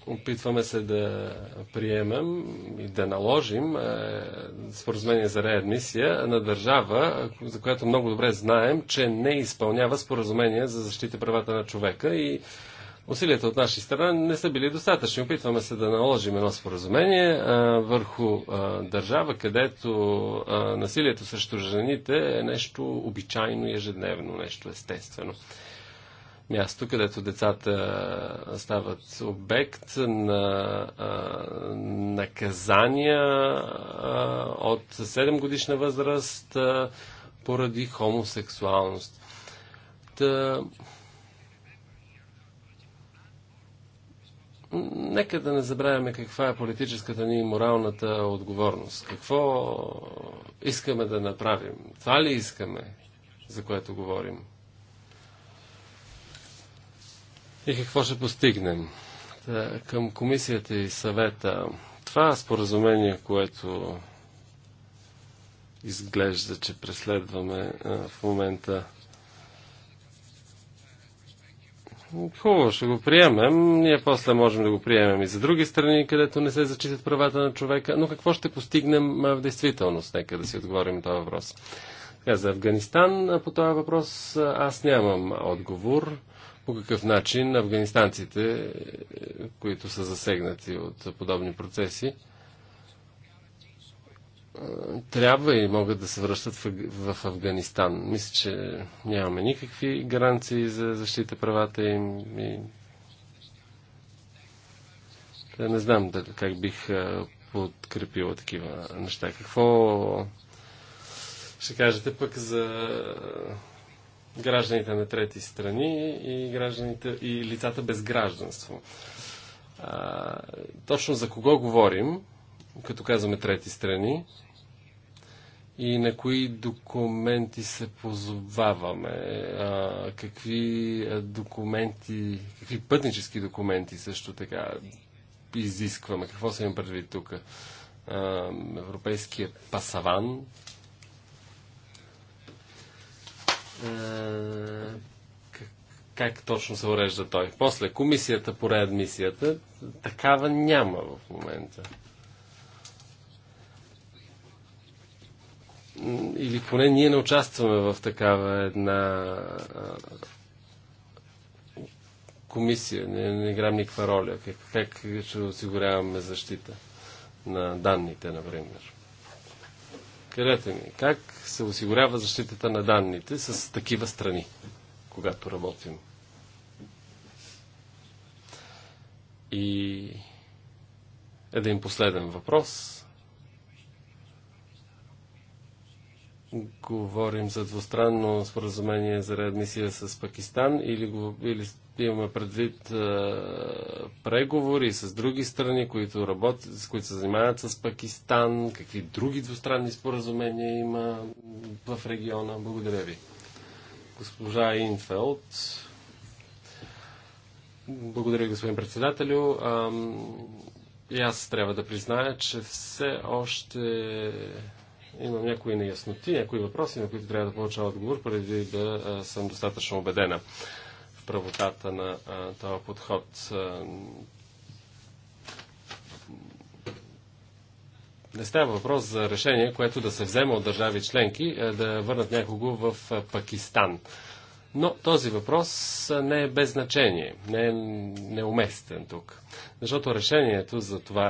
Опитваме се да приемем и да наложим е, споразумение за реадмисия на държава, за която много добре знаем, че не изпълнява споразумение за защита правата на човека и усилията от наша страна не са били достатъчни. Опитваме се да наложим едно споразумение е, върху е, държава, където е, насилието срещу жените е нещо обичайно и ежедневно, нещо естествено място, където децата стават обект на наказания от 7 годишна възраст поради хомосексуалност. Та... Нека да не забравяме каква е политическата ни и моралната отговорност. Какво искаме да направим? Това ли искаме, за което говорим? и какво ще постигнем. Та, към комисията и съвета. Това е споразумение, което изглежда, че преследваме а, в момента. Хубаво, ще го приемем. Ние после можем да го приемем и за други страни, където не се зачитат правата на човека. Но какво ще постигнем а, в действителност? Нека да си отговорим този въпрос. Така, за Афганистан а, по този въпрос аз нямам отговор по какъв начин афганистанците, които са засегнати от подобни процеси, трябва и могат да се връщат в Афганистан. Мисля, че нямаме никакви гаранции за защита правата им. И... Да, не знам да, как бих подкрепила такива неща. Какво ще кажете пък за гражданите на трети страни и, гражданите, и лицата без гражданство. А, точно за кого говорим, като казваме трети страни и на кои документи се позоваваме, а, какви документи, какви пътнически документи също така изискваме, какво се им предвид тук. Европейския пасаван, Е, как, точно се урежда той. После, комисията по реадмисията, такава няма в момента. Или поне ние не участваме в такава една е, комисия, не, не играем никаква роля. Как, как ще осигуряваме защита на данните, например? Кажете ми, как се осигурява защитата на данните с такива страни, когато работим. И един последен въпрос. говорим за двустранно споразумение за реадмисия с Пакистан или, го, или имаме предвид а, преговори с други страни, които, работят, с които се занимават с Пакистан, какви други двустранни споразумения има в региона. Благодаря ви. Госпожа Инфелд. Благодаря, господин председателю. Ам, и аз трябва да призная, че все още имам някои неясноти, някои въпроси, на които трябва да получа отговор, преди да съм достатъчно убедена в правотата на този подход. не става въпрос за решение, което да се взема от държави членки, да върнат някого в Пакистан. Но този въпрос не е без значение, не е неуместен тук. Защото решението за това,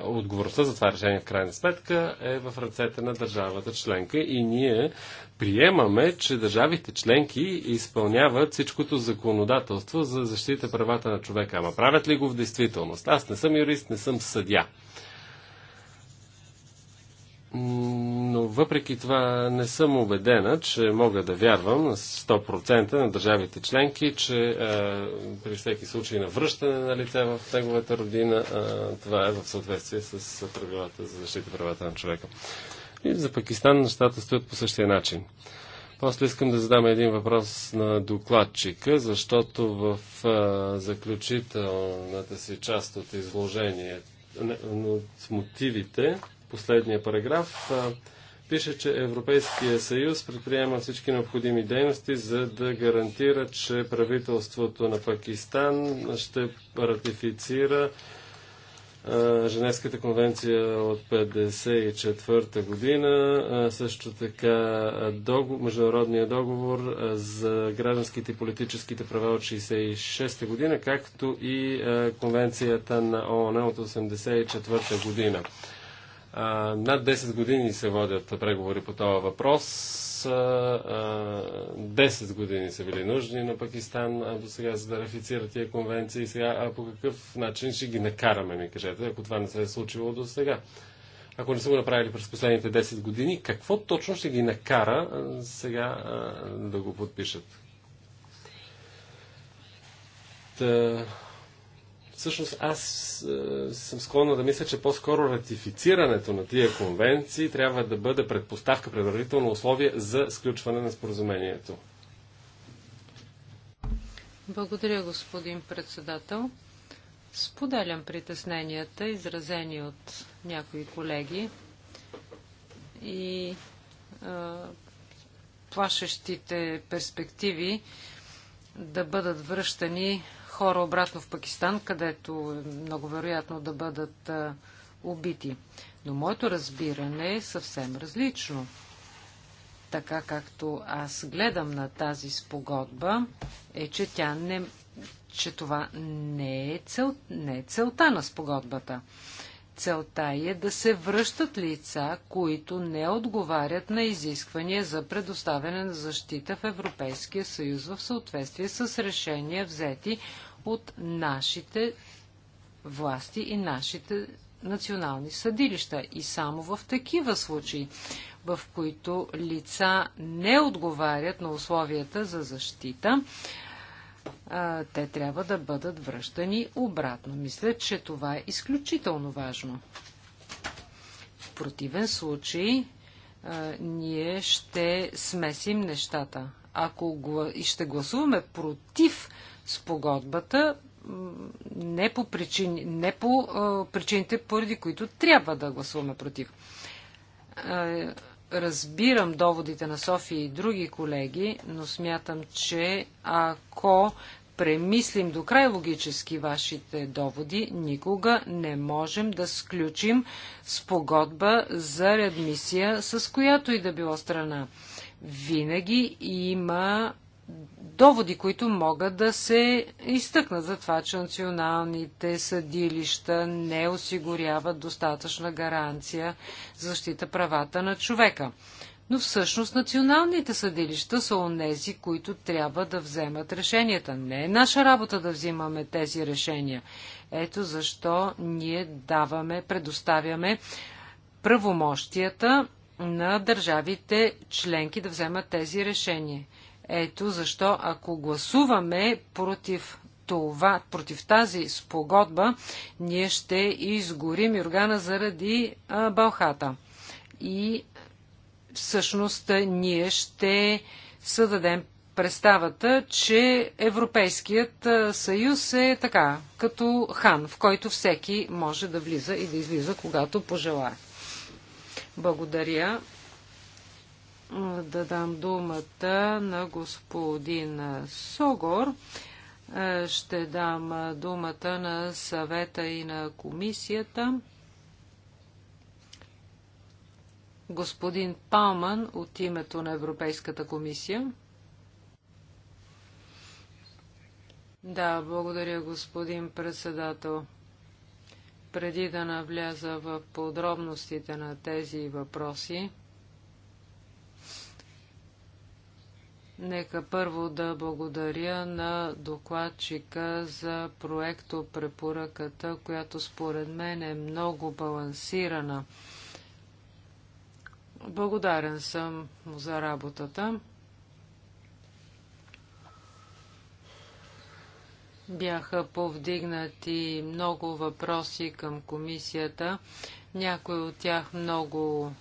е, отговорността за това решение в крайна сметка е в ръцете на държавата членка и ние приемаме, че държавите членки изпълняват всичкото законодателство за защита правата на човека. Ама правят ли го в действителност? Аз не съм юрист, не съм съдя но въпреки това не съм убедена, че мога да вярвам на 100% на държавите членки, че а, е, при всеки случай на връщане на лице в неговата родина, а, е, това е в съответствие с правилата за защита правата на човека. И за Пакистан нещата стоят по същия начин. После искам да задам един въпрос на докладчика, защото в а, е, заключителната си част от изложението, от мотивите, последния параграф пише, че Европейския съюз предприема всички необходими дейности, за да гарантира, че правителството на Пакистан ще ратифицира Женевската конвенция от 1954 година, също така договор, Международния договор за гражданските и политическите права от 1966 година, както и Конвенцията на ООН от 1984 година над 10 години се водят преговори по този въпрос. 10 години са били нужни на Пакистан до сега, за да рафицира тия конвенции. Сега, а по какъв начин ще ги накараме, ми кажете, ако това не се е случило до сега? Ако не са го направили през последните 10 години, какво точно ще ги накара сега да го подпишат? Всъщност аз е, съм склонна да мисля, че по-скоро ратифицирането на тия конвенции трябва да бъде предпоставка, предварително условие за сключване на споразумението. Благодаря, господин председател. Споделям притесненията, изразени от някои колеги и е, плашещите перспективи да бъдат връщани хора обратно в Пакистан, където е много вероятно да бъдат а, убити. Но моето разбиране е съвсем различно. Така както аз гледам на тази спогодба, е, че тя не, че това не е, цел, не е целта на спогодбата. Целта е да се връщат лица, които не отговарят на изисквания за предоставяне на защита в Европейския съюз в съответствие с решения взети от нашите власти и нашите национални съдилища. И само в такива случаи, в които лица не отговарят на условията за защита, те трябва да бъдат връщани обратно. Мисля, че това е изключително важно. В противен случай ние ще смесим нещата. Ако и ще гласуваме против спогодбата не по, причини, не по а, причините, поради които трябва да гласуваме против. А, разбирам доводите на София и други колеги, но смятам, че ако премислим до край логически вашите доводи, никога не можем да сключим спогодба за редмисия с която и да било страна. Винаги има доводи, които могат да се изтъкнат за това, че националните съдилища не осигуряват достатъчна гаранция за защита правата на човека. Но всъщност националните съдилища са онези, които трябва да вземат решенията. Не е наша работа да взимаме тези решения. Ето защо ние даваме, предоставяме правомощията на държавите членки да вземат тези решения. Ето защо, ако гласуваме против това, против тази спогодба, ние ще изгорим Юргана заради а, Балхата. И всъщност ние ще създадем представата, че Европейският съюз е така, като хан, в който всеки може да влиза и да излиза, когато пожелая. Благодаря да дам думата на господин Согор. Е, ще дам е, думата на съвета и на комисията. Господин Палман от името на Европейската комисия. Да, благодаря, господин председател. Преди да навляза в подробностите на тези въпроси, Нека първо да благодаря на докладчика за проекто препоръката, която според мен е много балансирана. Благодарен съм за работата. Бяха повдигнати много въпроси към комисията, някои от тях много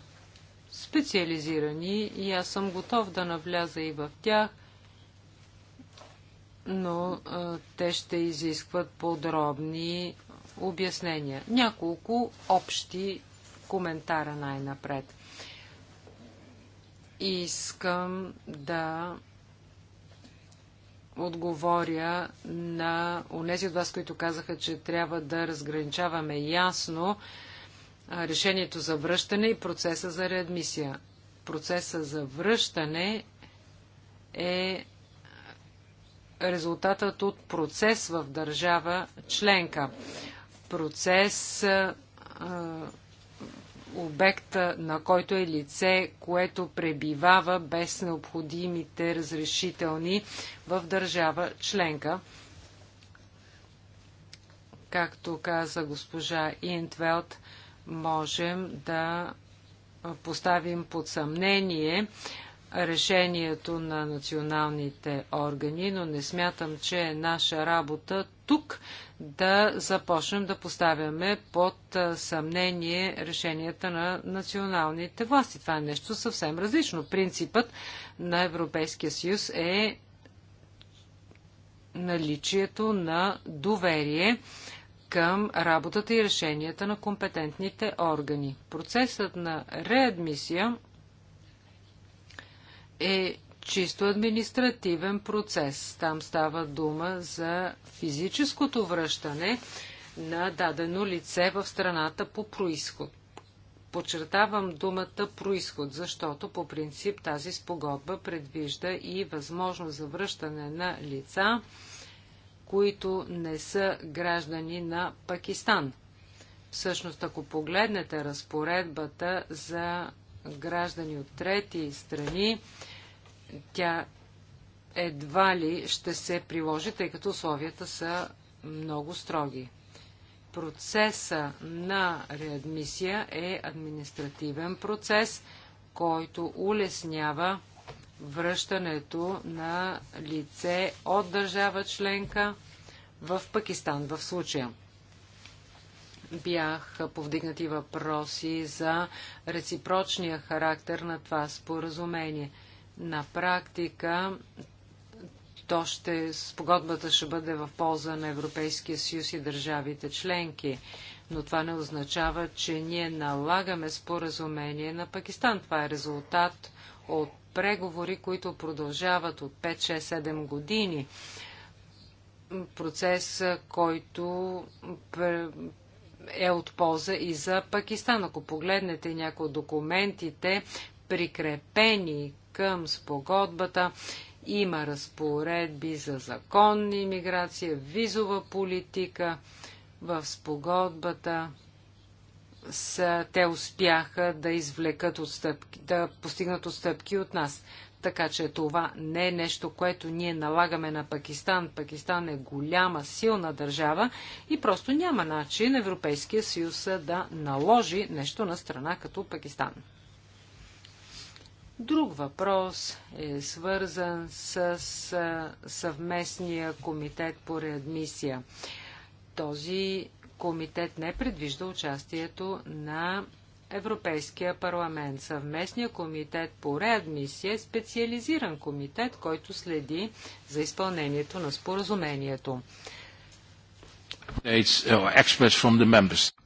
специализирани и аз съм готов да навляза и в тях, но а, те ще изискват подробни обяснения. Няколко общи коментара най-напред. Искам да отговоря на онези от вас, които казаха, че трябва да разграничаваме ясно решението за връщане и процеса за реадмисия. Процеса за връщане е резултатът от процес в държава членка. Процес а, обекта, на който е лице, което пребивава без необходимите разрешителни в държава членка. Както каза госпожа Интвелт, можем да поставим под съмнение решението на националните органи, но не смятам, че е наша работа тук да започнем да поставяме под съмнение решенията на националните власти. Това е нещо съвсем различно. Принципът на Европейския съюз е наличието на доверие към работата и решенията на компетентните органи. Процесът на реадмисия е чисто административен процес. Там става дума за физическото връщане на дадено лице в страната по происход. Подчертавам думата происход, защото по принцип тази спогодба предвижда и възможност за връщане на лица, които не са граждани на Пакистан. Всъщност, ако погледнете разпоредбата за граждани от трети страни, тя едва ли ще се приложи, тъй като условията са много строги. Процеса на реадмисия е административен процес, който улеснява връщането на лице от държава членка в Пакистан в случая. Бяха повдигнати въпроси за реципрочния характер на това споразумение. На практика то ще, спогодбата ще бъде в полза на Европейския съюз и държавите членки. Но това не означава, че ние налагаме споразумение на Пакистан. Това е резултат от преговори, които продължават от 5-6-7 години. Процес, който е от полза и за Пакистан. Ако погледнете някои от документите, прикрепени към спогодбата, има разпоредби за законна иммиграция, визова политика в спогодбата са, те успяха да извлекат отстъпки, да постигнат отстъпки от нас. Така че това не е нещо, което ние налагаме на Пакистан. Пакистан е голяма, силна държава и просто няма начин Европейския съюз да наложи нещо на страна като Пакистан. Друг въпрос е свързан с съвместния комитет по реадмисия. Този комитет не предвижда участието на Европейския парламент. Съвместния комитет по реадмисия е специализиран комитет, който следи за изпълнението на споразумението. Uh,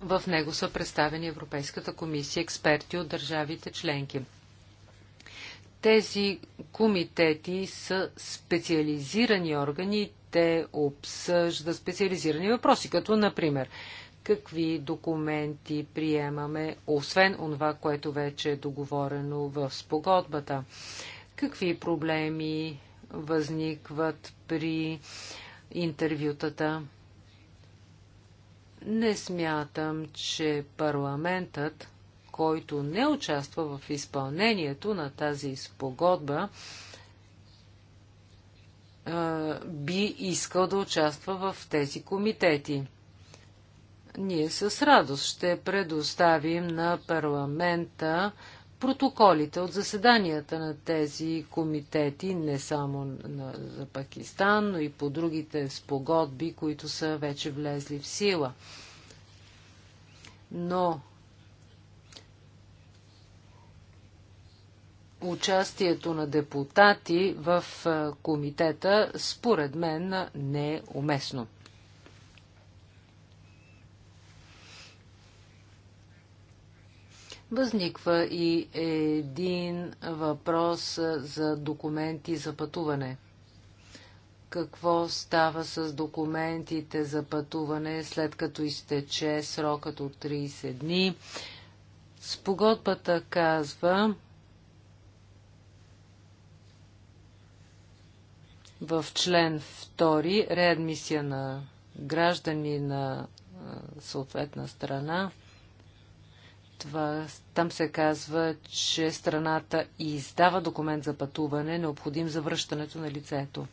В него са представени Европейската комисия, експерти от държавите членки. Тези комитети са специализирани органи и те обсъжда специализирани въпроси, като например какви документи приемаме, освен онова, което вече е договорено в спогодбата, какви проблеми възникват при интервютата. Не смятам, че парламентът, който не участва в изпълнението на тази спогодба, би искал да участва в тези комитети. Ние с радост ще предоставим на парламента протоколите от заседанията на тези комитети, не само на, за Пакистан, но и по другите спогодби, които са вече влезли в сила. Но участието на депутати в комитета, според мен, не е уместно. Възниква и един въпрос за документи за пътуване. Какво става с документите за пътуване след като изтече срокът от 30 дни? Спогодбата казва, в член 2 реадмисия на граждани на съответна страна. Това, там се казва, че страната издава документ за пътуване, необходим за връщането на лицето.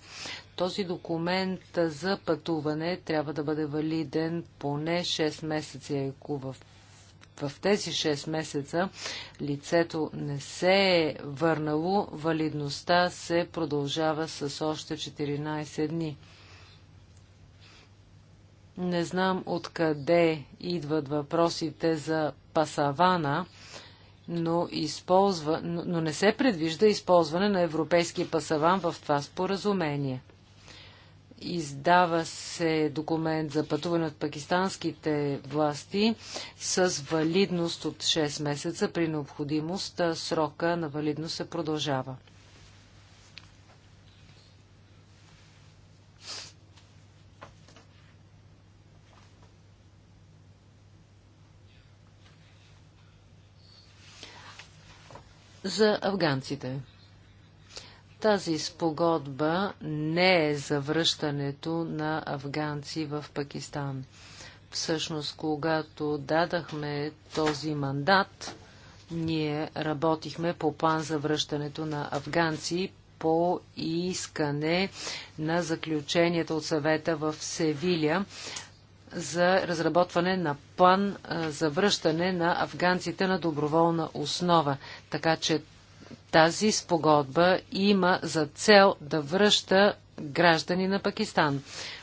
Този документ за пътуване трябва да бъде валиден поне 6 месеца, ако в в тези 6 месеца лицето не се е върнало, валидността се продължава с още 14 дни. Не знам откъде идват въпросите за пасавана, но, използва, но не се предвижда използване на европейски пасаван в това споразумение. Издава се документ за пътуване от пакистанските власти с валидност от 6 месеца. При необходимост срока на валидност се продължава. за афганците. Тази спогодба не е за връщането на афганци в Пакистан. Всъщност, когато дадахме този мандат, ние работихме по план за връщането на афганци по искане на заключенията от съвета в Севиля за разработване на план за връщане на афганците на доброволна основа. Така че тази спогодба има за цел да връща граждани на Пакистан.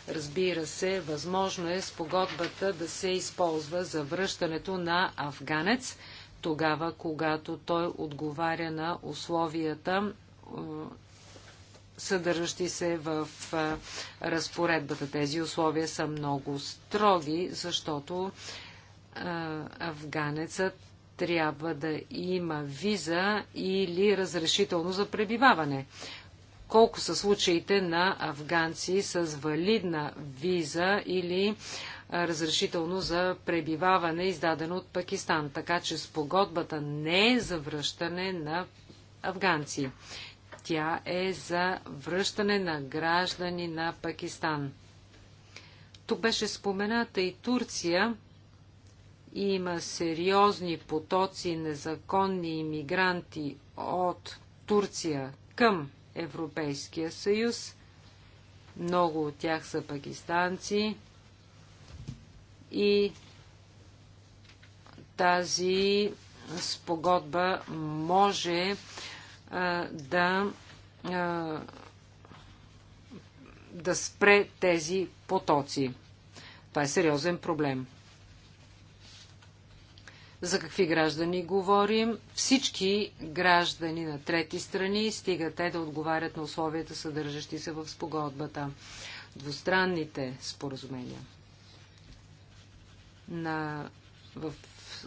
Разбира се, възможно е спогодбата да се използва за връщането на афганец, тогава когато той отговаря на условията, съдържащи се в разпоредбата. Тези условия са много строги, защото афганецът трябва да има виза или разрешително за пребиваване. Колко са случаите на афганци с валидна виза или разрешително за пребиваване, издадено от Пакистан. Така че спогодбата не е за връщане на афганци. Тя е за връщане на граждани на Пакистан. Тук беше спомената и Турция. Има сериозни потоци незаконни иммигранти от Турция към Европейския съюз. Много от тях са пакистанци и тази спогодба може а, да а, да спре тези потоци. Това е сериозен проблем. За какви граждани говорим? Всички граждани на трети страни стигат те да отговарят на условията, съдържащи се в спогодбата. Двустранните споразумения. На, в,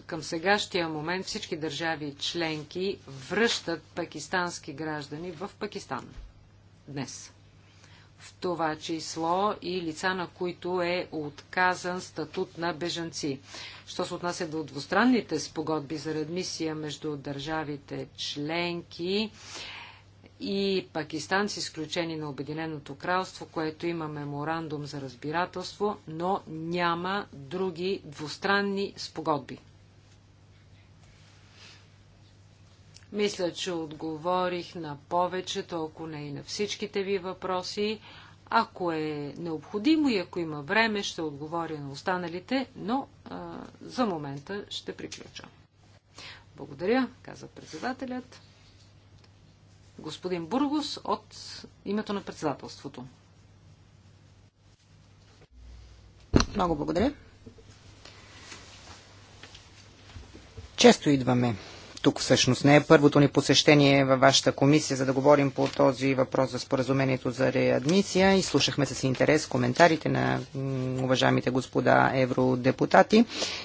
към сегащия момент всички държави членки връщат пакистански граждани в Пакистан. Днес в това число и лица, на които е отказан статут на бежанци. Що се отнася до двустранните спогодби за редмисия между държавите членки и Пакистан с изключение на Обединеното кралство, което има меморандум за разбирателство, но няма други двустранни спогодби. Мисля, че отговорих на повече толкова не и на всичките ви въпроси. Ако е необходимо и ако има време, ще отговоря на останалите, но а, за момента ще приключа. Благодаря, каза председателят. Господин Бургус от името на председателството. Много благодаря. Често идваме тук всъщност не е първото ни посещение във вашата комисия, за да говорим по този въпрос за споразумението за реадмисия. И слушахме с интерес коментарите на уважаемите господа евродепутати.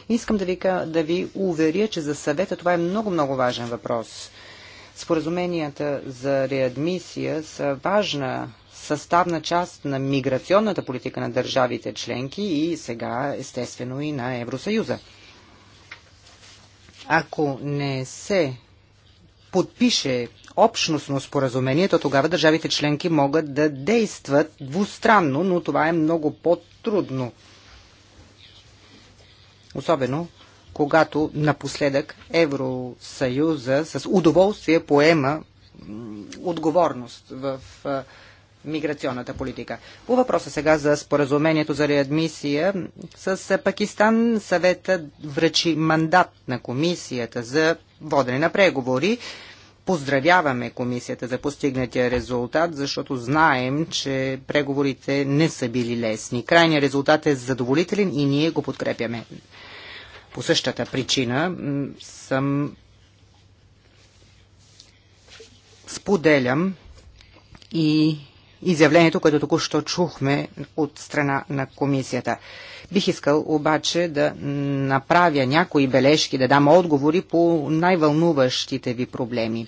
Искам да ви, да ви уверя, че за съвета това е много-много важен въпрос. Споразуменията за реадмисия са важна съставна част на миграционната политика на държавите членки и сега естествено и на Евросъюза. Ако не се подпише общностно споразумение, то тогава държавите членки могат да действат двустранно, но това е много по-трудно. Особено когато напоследък Евросъюза с удоволствие поема отговорност в миграционната политика. По въпроса сега за споразумението за реадмисия с Пакистан съвета връчи мандат на комисията за водене на преговори. Поздравяваме комисията за постигнатия резултат, защото знаем, че преговорите не са били лесни. Крайният резултат е задоволителен и ние го подкрепяме. По същата причина съм споделям и изявлението, което току-що чухме от страна на комисията. Бих искал обаче да направя някои бележки, да дам отговори по най-вълнуващите ви проблеми.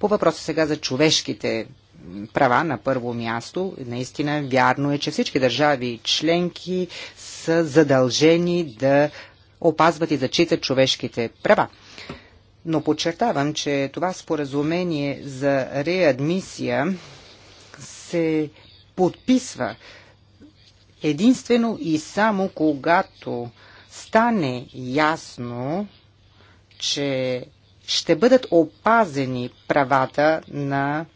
По въпроса сега за човешките права на първо място. Наистина вярно е, че всички държави членки са задължени да опазват и зачитат човешките права. Но подчертавам, че това споразумение за реадмисия се подписва единствено и само когато стане ясно, че ще бъдат опазени правата на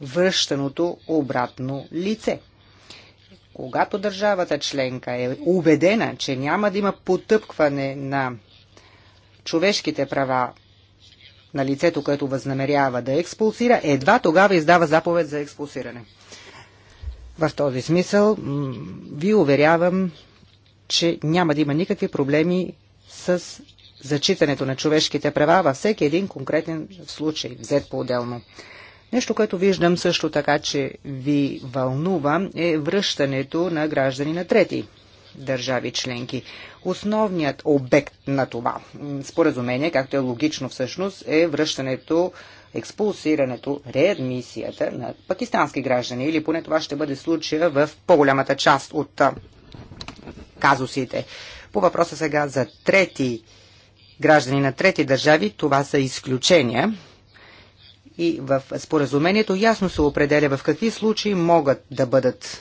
връщаното обратно лице. Когато държавата членка е убедена, че няма да има потъпкване на човешките права на лицето, което възнамерява да експулсира, едва тогава издава заповед за експулсиране. В този смисъл ви уверявам, че няма да има никакви проблеми с зачитането на човешките права във всеки един конкретен случай, взет по-отделно. Нещо, което виждам също така, че ви вълнува, е връщането на граждани на трети държави членки. Основният обект на това споразумение, както е логично всъщност, е връщането експулсирането, реадмисията на пакистански граждани, или поне това ще бъде случая в по-голямата част от казусите. По въпроса сега за трети граждани на трети държави, това са изключения. И в споразумението ясно се определя в какви случаи могат да бъдат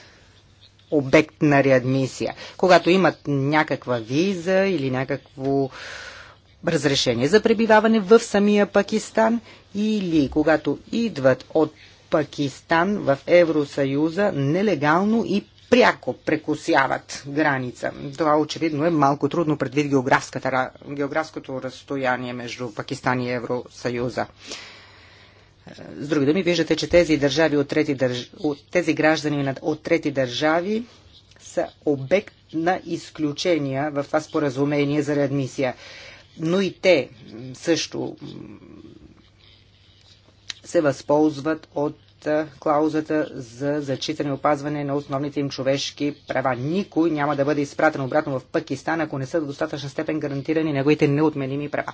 обект на реадмисия. Когато имат някаква виза или някакво разрешение за пребиваване в самия Пакистан или когато идват от Пакистан в Евросъюза нелегално и пряко прекусяват граница. Това очевидно е малко трудно предвид географското разстояние между Пакистан и Евросъюза. С други думи, виждате, че тези, държави от трети държ... от тези граждани от трети държави са обект на изключения в това споразумение за реадмисия. Но и те също се възползват от клаузата за зачитане и опазване на основните им човешки права. Никой няма да бъде изпратен обратно в Пакистан, ако не са до достатъчна степен гарантирани неговите неотменими права.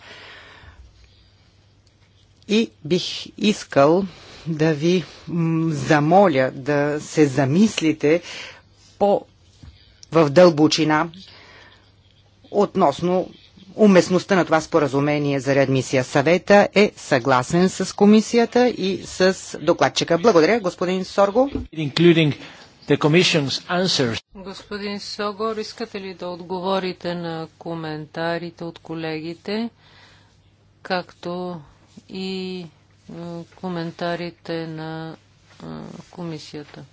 И бих искал да ви замоля да се замислите по в дълбочина относно уместността на това споразумение за реадмисия. Съвета е съгласен с комисията и с докладчика. Благодаря, господин Сорго. Господин Согор, искате ли да отговорите на коментарите от колегите, както и коментарите на комисията.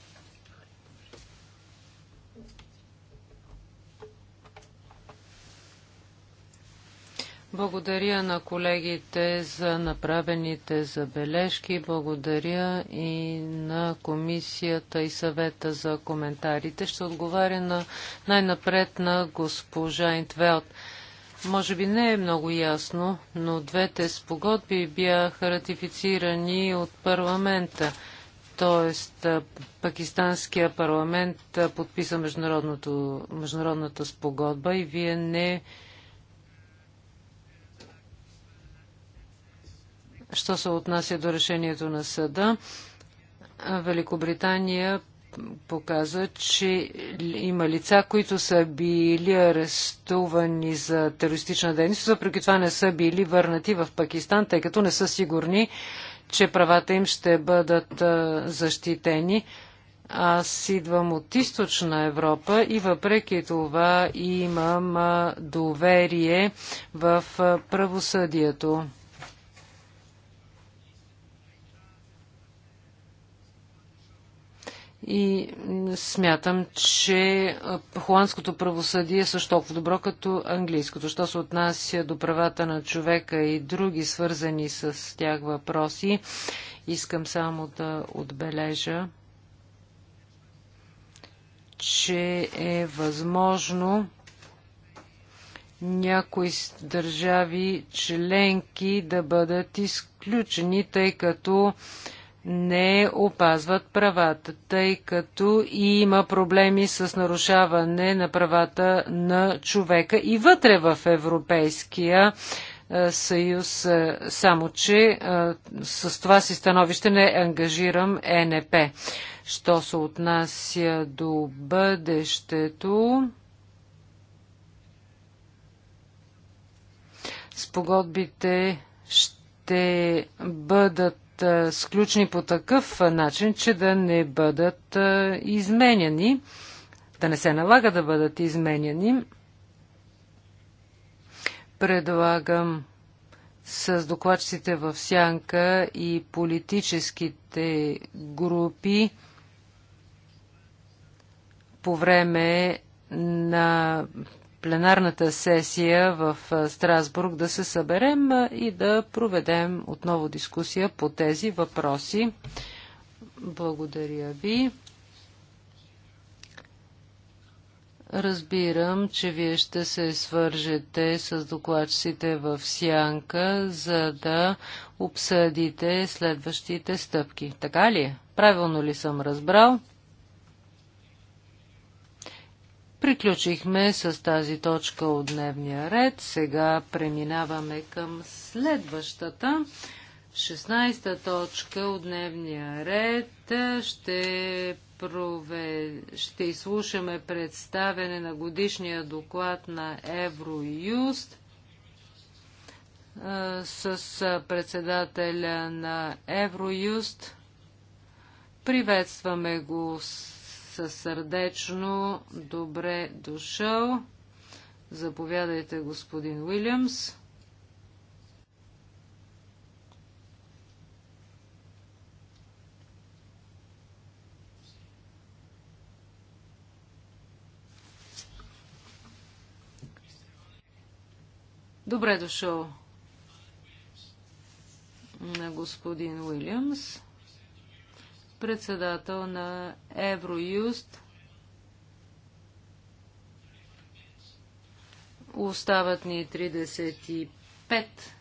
Благодаря на колегите за направените забележки. Благодаря и на комисията и съвета за коментарите. Ще отговаря на най-напред на госпожа Интвелт. Може би не е много ясно, но двете спогодби бяха ратифицирани от парламента. Тоест, пакистанския парламент подписа международната спогодба и вие не Що се отнася до решението на съда, Великобритания показа, че има лица, които са били арестувани за терористична дейност, въпреки това не са били върнати в Пакистан, тъй като не са сигурни, че правата им ще бъдат защитени. Аз идвам от източна Европа и въпреки това имам доверие в правосъдието. И смятам, че холандското правосъдие е също толкова добро като английското. Що се отнася до правата на човека и други свързани с тях въпроси, искам само да отбележа, че е възможно някои държави членки да бъдат изключени, тъй като не опазват правата, тъй като има проблеми с нарушаване на правата на човека и вътре в Европейския е, съюз, е, само че е, с това си становище не ангажирам ЕНП. Що се отнася до бъдещето, спогодбите ще бъдат сключени по такъв начин, че да не бъдат изменяни, да не се налага да бъдат изменяни. Предлагам с докладчиците в сянка и политическите групи по време на пленарната сесия в Страсбург да се съберем и да проведем отново дискусия по тези въпроси. Благодаря ви. Разбирам, че вие ще се свържете с докладчиците в Сянка, за да обсъдите следващите стъпки. Така ли? Е? Правилно ли съм разбрал? Приключихме с тази точка от дневния ред. Сега преминаваме към следващата. 16-та точка от дневния ред ще, прове... ще изслушаме представене на годишния доклад на Евроюст с председателя на Евроюст. Приветстваме го с със сърдечно добре дошъл. Заповядайте, господин Уилямс. Добре дошъл на господин Уилямс председател на Евроюст. Остават ни 35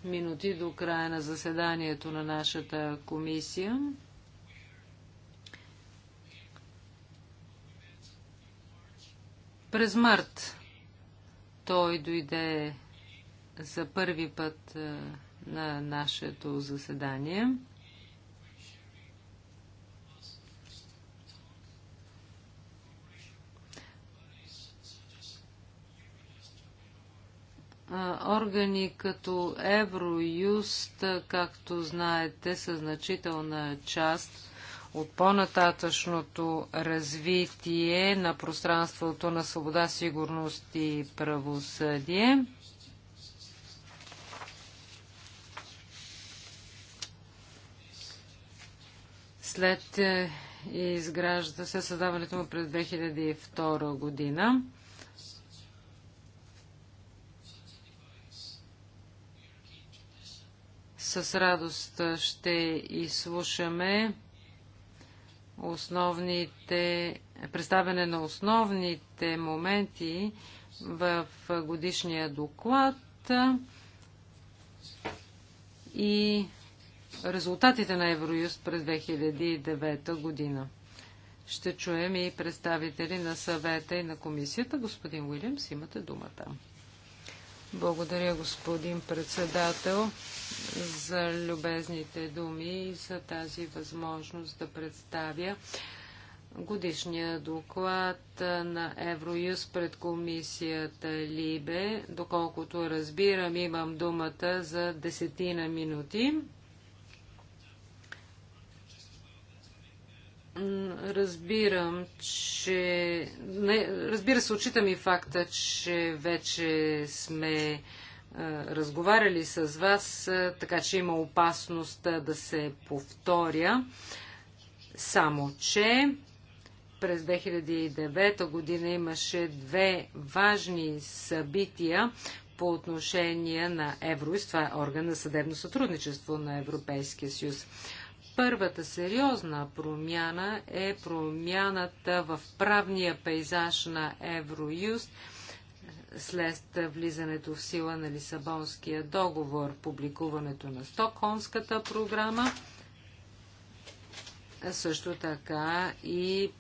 минути до края на заседанието на нашата комисия. През март той дойде за първи път е, на нашето заседание. Органи като Евроюст, както знаете, са значителна част от по-нататъчното развитие на пространството на свобода, сигурност и правосъдие. След е, изгражда се създаването му през 2002 година. С радост ще изслушаме основните, представяне на основните моменти в годишния доклад и резултатите на Евроюст през 2009 година. Ще чуем и представители на съвета и на комисията. Господин Уилямс, имате думата. Благодаря, господин председател за любезните думи и за тази възможност да представя годишния доклад на Евроюз пред комисията Либе. Доколкото разбирам, имам думата за десетина минути. Разбирам, че... Не, разбира се, очитам и факта, че вече сме разговаряли с вас, така че има опасност да се повторя. Само, че през 2009 година имаше две важни събития по отношение на Евроис, това е орган на съдебно сътрудничество на Европейския съюз. Първата сериозна промяна е промяната в правния пейзаж на Евроюст – след влизането в сила на Лисабонския договор, публикуването на Стокхолмската програма, също така и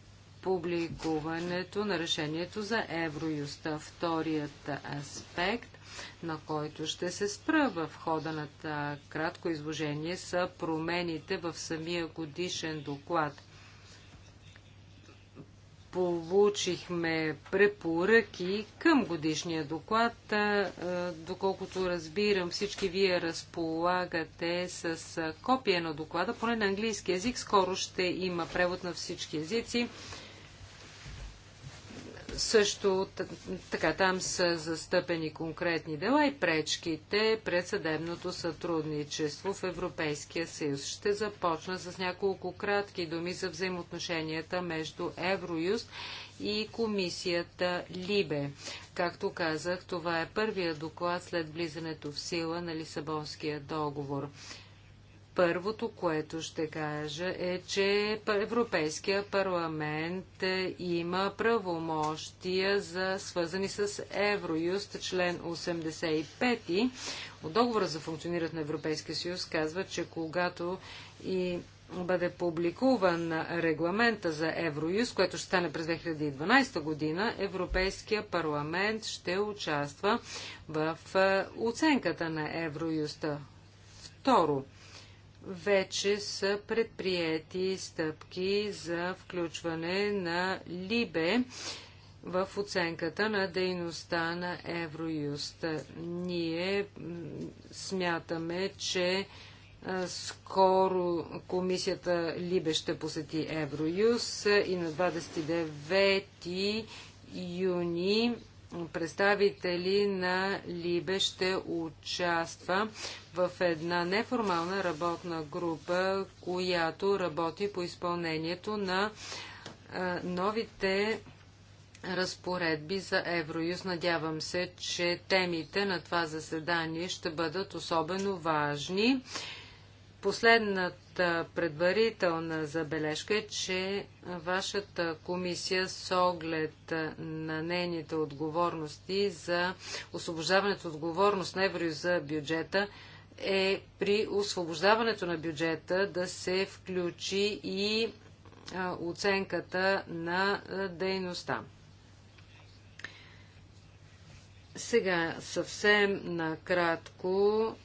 публикуването на решението за Евроюста. Вторият аспект, на който ще се спра в хода на кратко изложение, са промените в самия годишен доклад – получихме препоръки към годишния доклад. Доколкото разбирам, всички вие разполагате с копия на доклада, поне на английски язик. Скоро ще има превод на всички езици. Също така там са застъпени конкретни дела и пречките пред съдебното сътрудничество в Европейския съюз. Ще започна с няколко кратки думи за взаимоотношенията между Евроюст и комисията Либе. Както казах, това е първия доклад след влизането в сила на Лисабонския договор. Първото, което ще кажа е, че Европейския парламент е, има правомощия за свързани с Евроюст, член 85 от договора за функционирането на Европейския съюз казва, че когато и бъде публикуван регламента за Евроюст, което ще стане през 2012 година, Европейския парламент ще участва в е, оценката на Евроюста. Второ, вече са предприяти стъпки за включване на Либе в оценката на дейността на Евроюст. Ние смятаме, че скоро комисията Либе ще посети Евроюз и на 29 юни представители на Либе ще участва в една неформална работна група, която работи по изпълнението на новите разпоредби за Евроюз. Надявам се, че темите на това заседание ще бъдат особено важни. Последната предварителна забележка е, че вашата комисия с оглед на нейните отговорности за освобождаването отговорност на евро за бюджета е при освобождаването на бюджета да се включи и оценката на дейността. Сега съвсем накратко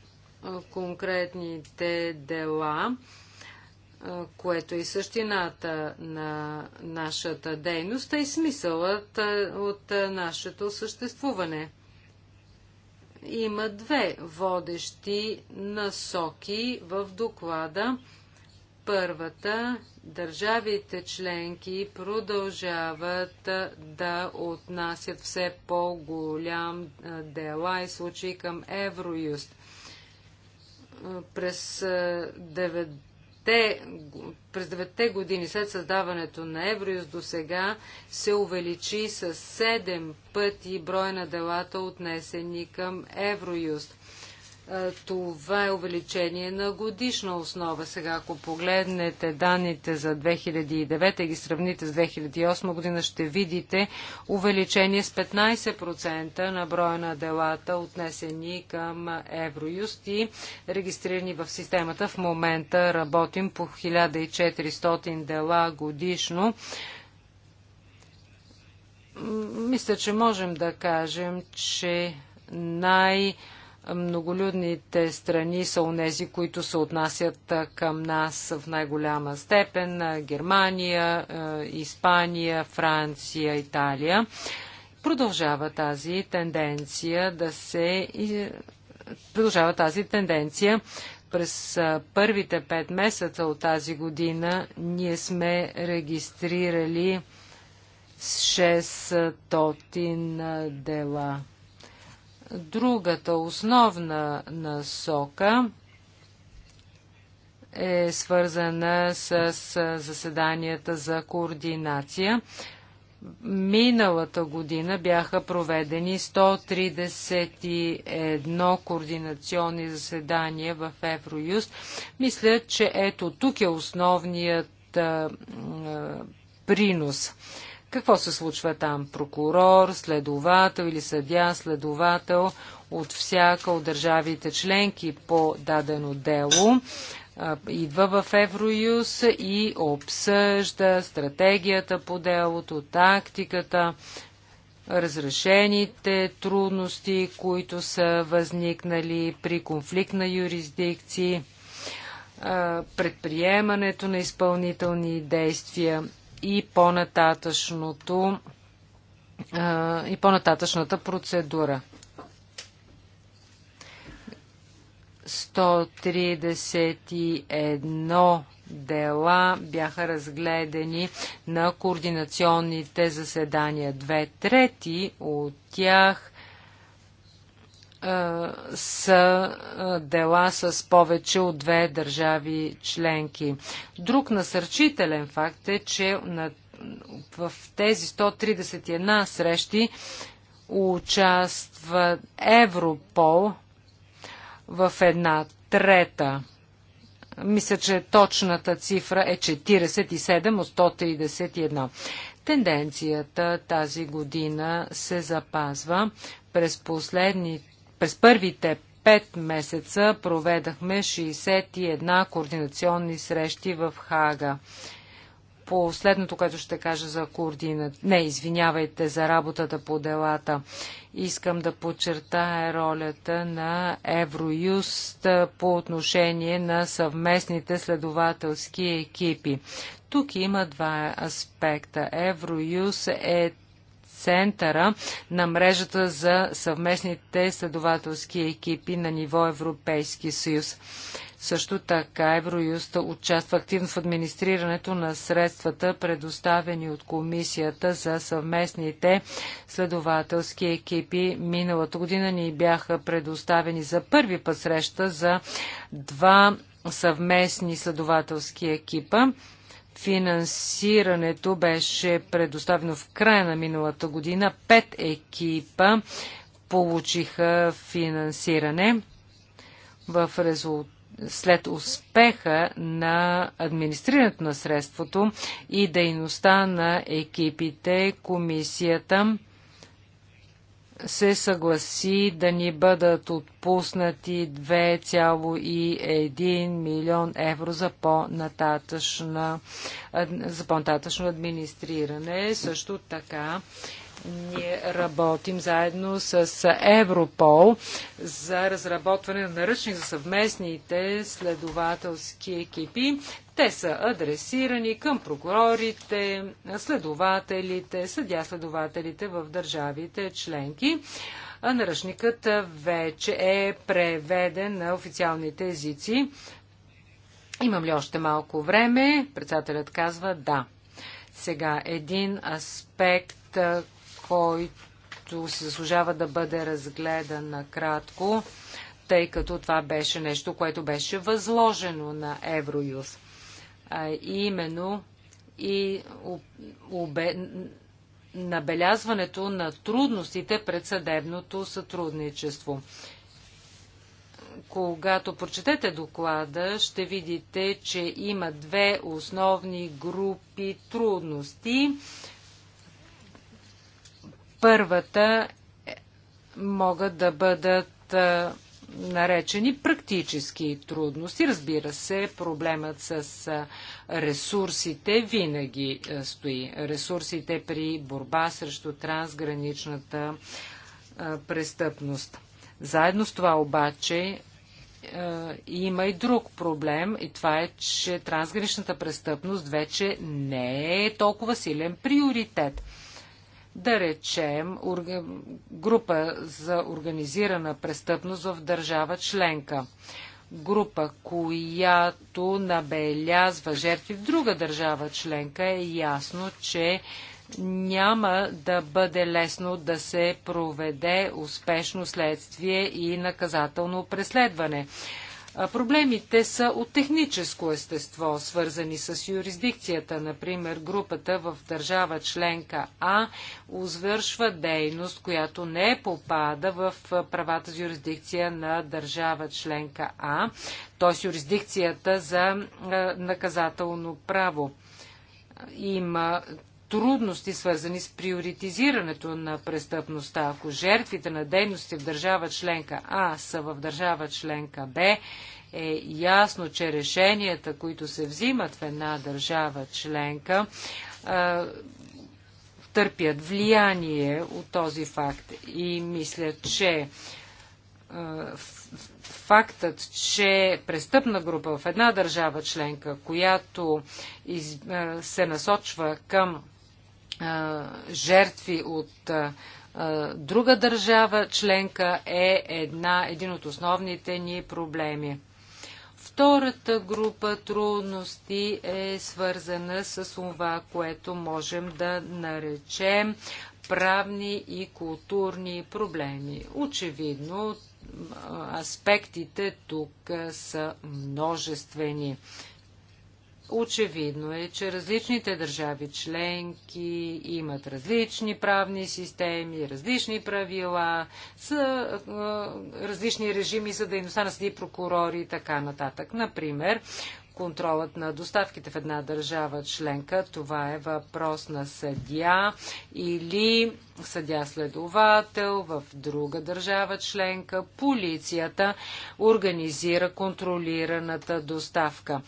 конкретните дела, което е и същината на нашата дейност, а и смисълът от нашето съществуване. Има две водещи насоки в доклада. Първата държавите членки продължават да отнасят все по-голям дела и случаи към Евроюст през 9 те, през 9-те години след създаването на Евроюз до сега се увеличи с 7 пъти броя на делата отнесени към Евроюст. Е, това е увеличение на годишна основа. Сега, ако погледнете данните за 2009 и ги сравните с 2008 година, ще видите увеличение с 15% на броя на делата, отнесени към Евроюст и регистрирани в системата. В момента работим по 1400 дела годишно. Мисля, че можем да кажем, че най- многолюдните страни са онези, които се отнасят към нас в най-голяма степен. Германия, Испания, Франция, Италия. Продължава тази тенденция да се продължава тази тенденция. През първите пет месеца от тази година ние сме регистрирали 600 дела. Другата основна насока е свързана с заседанията за координация. Миналата година бяха проведени 131 координационни заседания в Евроюст. Мисля, че ето тук е основният принос. Какво се случва там? Прокурор, следовател или съдя, следовател от всяка от държавите членки по дадено дело идва в Евроюз и обсъжда стратегията по делото, тактиката, разрешените трудности, които са възникнали при конфликт на юрисдикции, предприемането на изпълнителни действия и по-нататъчното и по-нататъчната процедура. 131 дела бяха разгледани на координационните заседания. Две трети от тях са дела с повече от две държави членки. Друг насърчителен факт е, че на, в тези 131 срещи участва Европол в една трета. Мисля, че точната цифра е 47 от 131. Тенденцията тази година се запазва. През последните през първите пет месеца проведахме 61 координационни срещи в Хага. Последното, което ще кажа за координа... Не, извинявайте, за работата по делата. Искам да подчертая ролята на Евроюст по отношение на съвместните следователски екипи. Тук има два аспекта. Евроюз е центъра на мрежата за съвместните следователски екипи на ниво Европейски съюз. Също така Евроюст участва активно в администрирането на средствата, предоставени от Комисията за съвместните следователски екипи. Миналата година ни бяха предоставени за първи път среща за два съвместни следователски екипа. Финансирането беше предоставено в края на миналата година. Пет екипа получиха финансиране в резултат след успеха на администрирането на средството и дейността на екипите, комисията се съгласи да ни бъдат отпуснати 2,1 милион евро за по-нататъчно, за по-нататъчно администриране. Също така ние работим заедно с Европол за разработване на наръчник за съвместните следователски екипи. Те са адресирани към прокурорите, следователите, съдя-следователите в държавите членки. А наръчникът вече е преведен на официалните езици. Имам ли още малко време? Председателят казва да. Сега един аспект, който се заслужава да бъде разгледан накратко, тъй като това беше нещо, което беше възложено на Евроюз. именно и обе, набелязването на трудностите пред съдебното сътрудничество. Когато прочетете доклада, ще видите, че има две основни групи трудности, Първата могат да бъдат наречени практически трудности. Разбира се, проблемът с ресурсите винаги стои. Ресурсите при борба срещу трансграничната престъпност. Заедно с това обаче има и друг проблем и това е, че трансграничната престъпност вече не е толкова силен приоритет. Да речем, група за организирана престъпност в държава членка. Група, която набелязва жертви в друга държава членка, е ясно, че няма да бъде лесно да се проведе успешно следствие и наказателно преследване. Проблемите са от техническо естество, свързани с юрисдикцията. Например, групата в държава членка А извършва дейност, която не попада в правата с юрисдикция на държава членка А, т.е. юрисдикцията за наказателно право. Има трудности, свързани с приоритизирането на престъпността. Ако жертвите на дейности в държава членка А са в държава членка Б, е ясно, че решенията, които се взимат в една държава членка, търпят влияние от този факт. И мисля, че фактът, че престъпна група в една държава членка, която се насочва към жертви от друга държава членка е една, един от основните ни проблеми. Втората група трудности е свързана с това, което можем да наречем правни и културни проблеми. Очевидно, аспектите тук са множествени. Очевидно е, че различните държави членки имат различни правни системи, различни правила, са, е, различни режими за дейността на съди прокурори и така нататък. Например, контролът на доставките в една държава членка. Това е въпрос на съдя или съдя-следовател в друга държава членка. Полицията организира контролираната доставка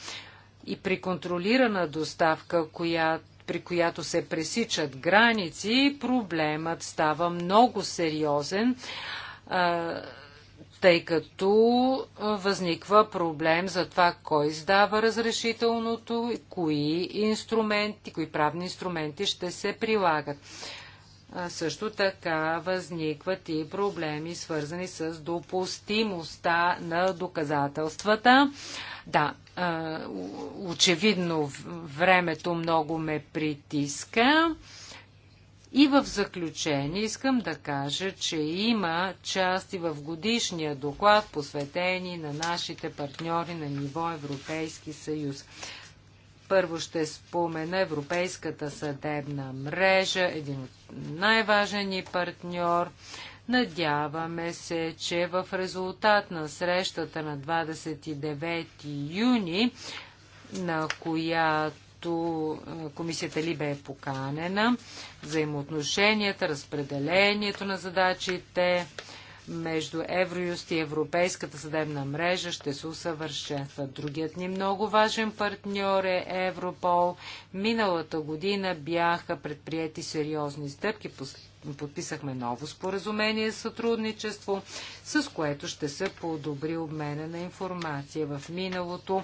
и при контролирана доставка, коя, при която се пресичат граници, проблемът става много сериозен, тъй като възниква проблем за това кой издава разрешителното, кои инструменти, кои правни инструменти ще се прилагат. Също така възникват и проблеми, свързани с допустимостта на доказателствата. Да, очевидно времето много ме притиска. И в заключение искам да кажа, че има части в годишния доклад, посветени на нашите партньори на ниво Европейски съюз. Първо ще спомена Европейската съдебна мрежа, един от най-важен ни партньор, Надяваме се, че в резултат на срещата на 29 юни, на която е, комисията ли бе е поканена, взаимоотношенията, разпределението на задачите между Евроюст и Европейската съдебна мрежа ще се усъвършенства. Другият ни много важен партньор е Европол. Миналата година бяха предприяти сериозни стъпки, подписахме ново споразумение сътрудничество, с което ще се подобри обмена на информация. В миналото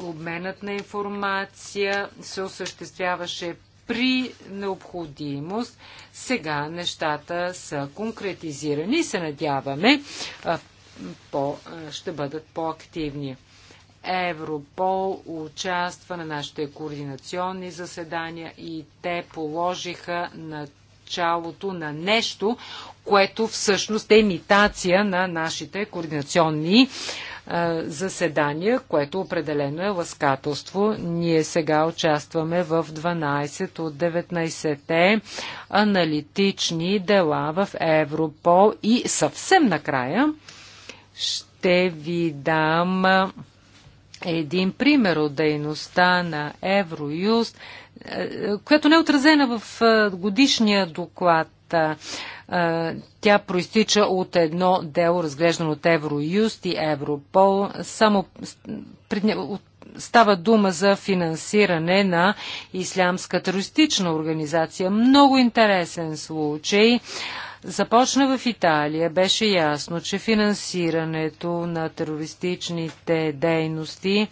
обменът на информация се осъществяваше при необходимост. Сега нещата са конкретизирани и се надяваме по, ще бъдат по-активни. Европол участва на нашите координационни заседания и те положиха на началото на нещо, което всъщност е имитация на нашите координационни заседания, което определено е възкателство. Ние сега участваме в 12 от 19-те аналитични дела в Европол и съвсем накрая ще ви дам един пример от дейността на Евроюст която не е отразена в годишния доклад. Тя проистича от едно дело, разглеждано от Евроюст и Европол. Само от става дума за финансиране на ислямска терористична организация. Много интересен случай. Започна в Италия. Беше ясно, че финансирането на терористичните дейности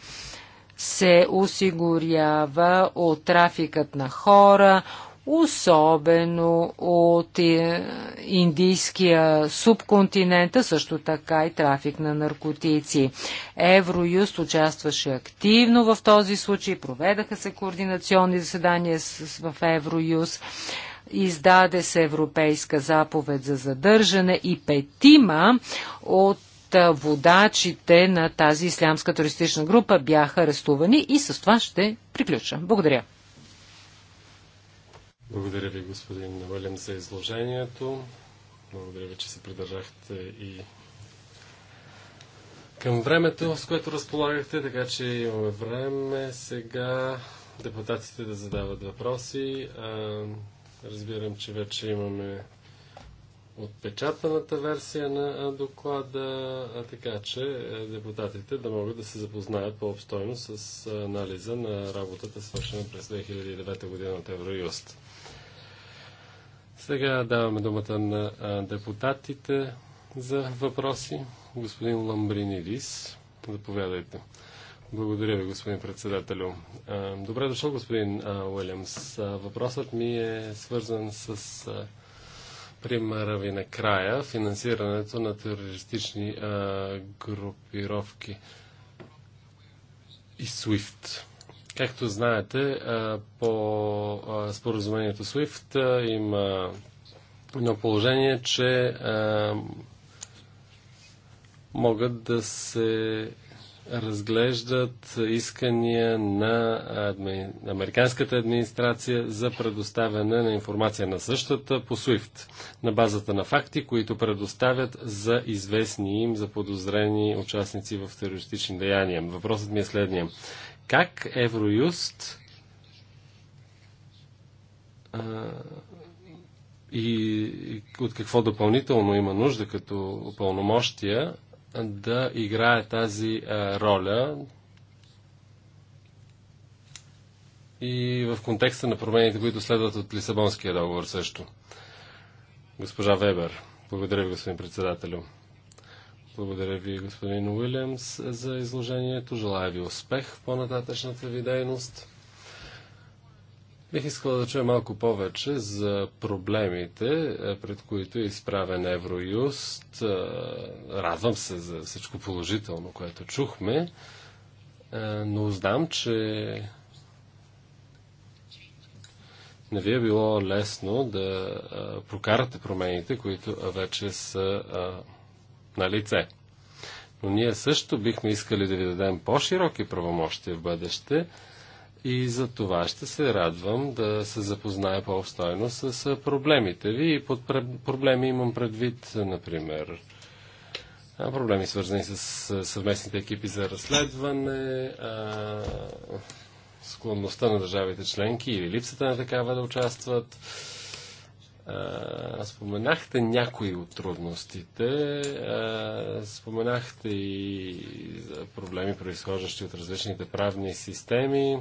се осигурява от трафикът на хора, особено от е, индийския субконтинента, също така и трафик на наркотици. Евроюст участваше активно в този случай, проведаха се координационни заседания в Евроюст, издаде се Европейска заповед за задържане и петима от водачите на тази ислямска туристична група бяха арестувани и с това ще приключа. Благодаря. Благодаря ви, господин Навалем, за изложението. Благодаря ви, че се придържахте и към времето, с което разполагахте, така че имаме време сега депутатите да задават въпроси. А, разбирам, че вече имаме отпечатаната версия на доклада, така че е, депутатите да могат да се запознаят по-обстойно с анализа на работата, свършена през 2009 година от Евроюст. Сега даваме думата на депутатите за въпроси. Господин Ламбринидис, заповядайте. Благодаря ви, господин председателю. Добре дошъл, господин Уилямс. Въпросът ми е свързан с примера ви накрая, финансирането на терористични а, групировки и SWIFT. Както знаете, а, по а, споразумението SWIFT а, има едно положение, че а, могат да се разглеждат искания на адми... американската администрация за предоставяне на информация на същата по SWIFT на базата на факти, които предоставят за известни им за подозрени участници в терористични деяния. Въпросът ми е следния. Как Евроюст а, и от какво допълнително има нужда като пълномощия да играе тази роля и в контекста на промените, които следват от Лисабонския договор също. Госпожа Вебер, благодаря ви, господин председателю. Благодаря ви, господин Уилямс, за изложението. Желая ви успех по-нататъчната ви дейност. Бих искала да чуя малко повече за проблемите, е, пред които е изправен Евроюст. Е, радвам се за всичко положително, което чухме, е, но знам, че не ви е било лесно да прокарате промените, които вече са на лице. Но ние също бихме искали да ви дадем по-широки правомощия в бъдеще – и за това ще се радвам да се запозная по-обстойно с проблемите ви. И под проблеми имам предвид, например, проблеми свързани с съвместните екипи за разследване, склонността на държавите членки или липсата на такава да участват. споменахте някои от трудностите, споменахте и проблеми, произхождащи от различните правни системи.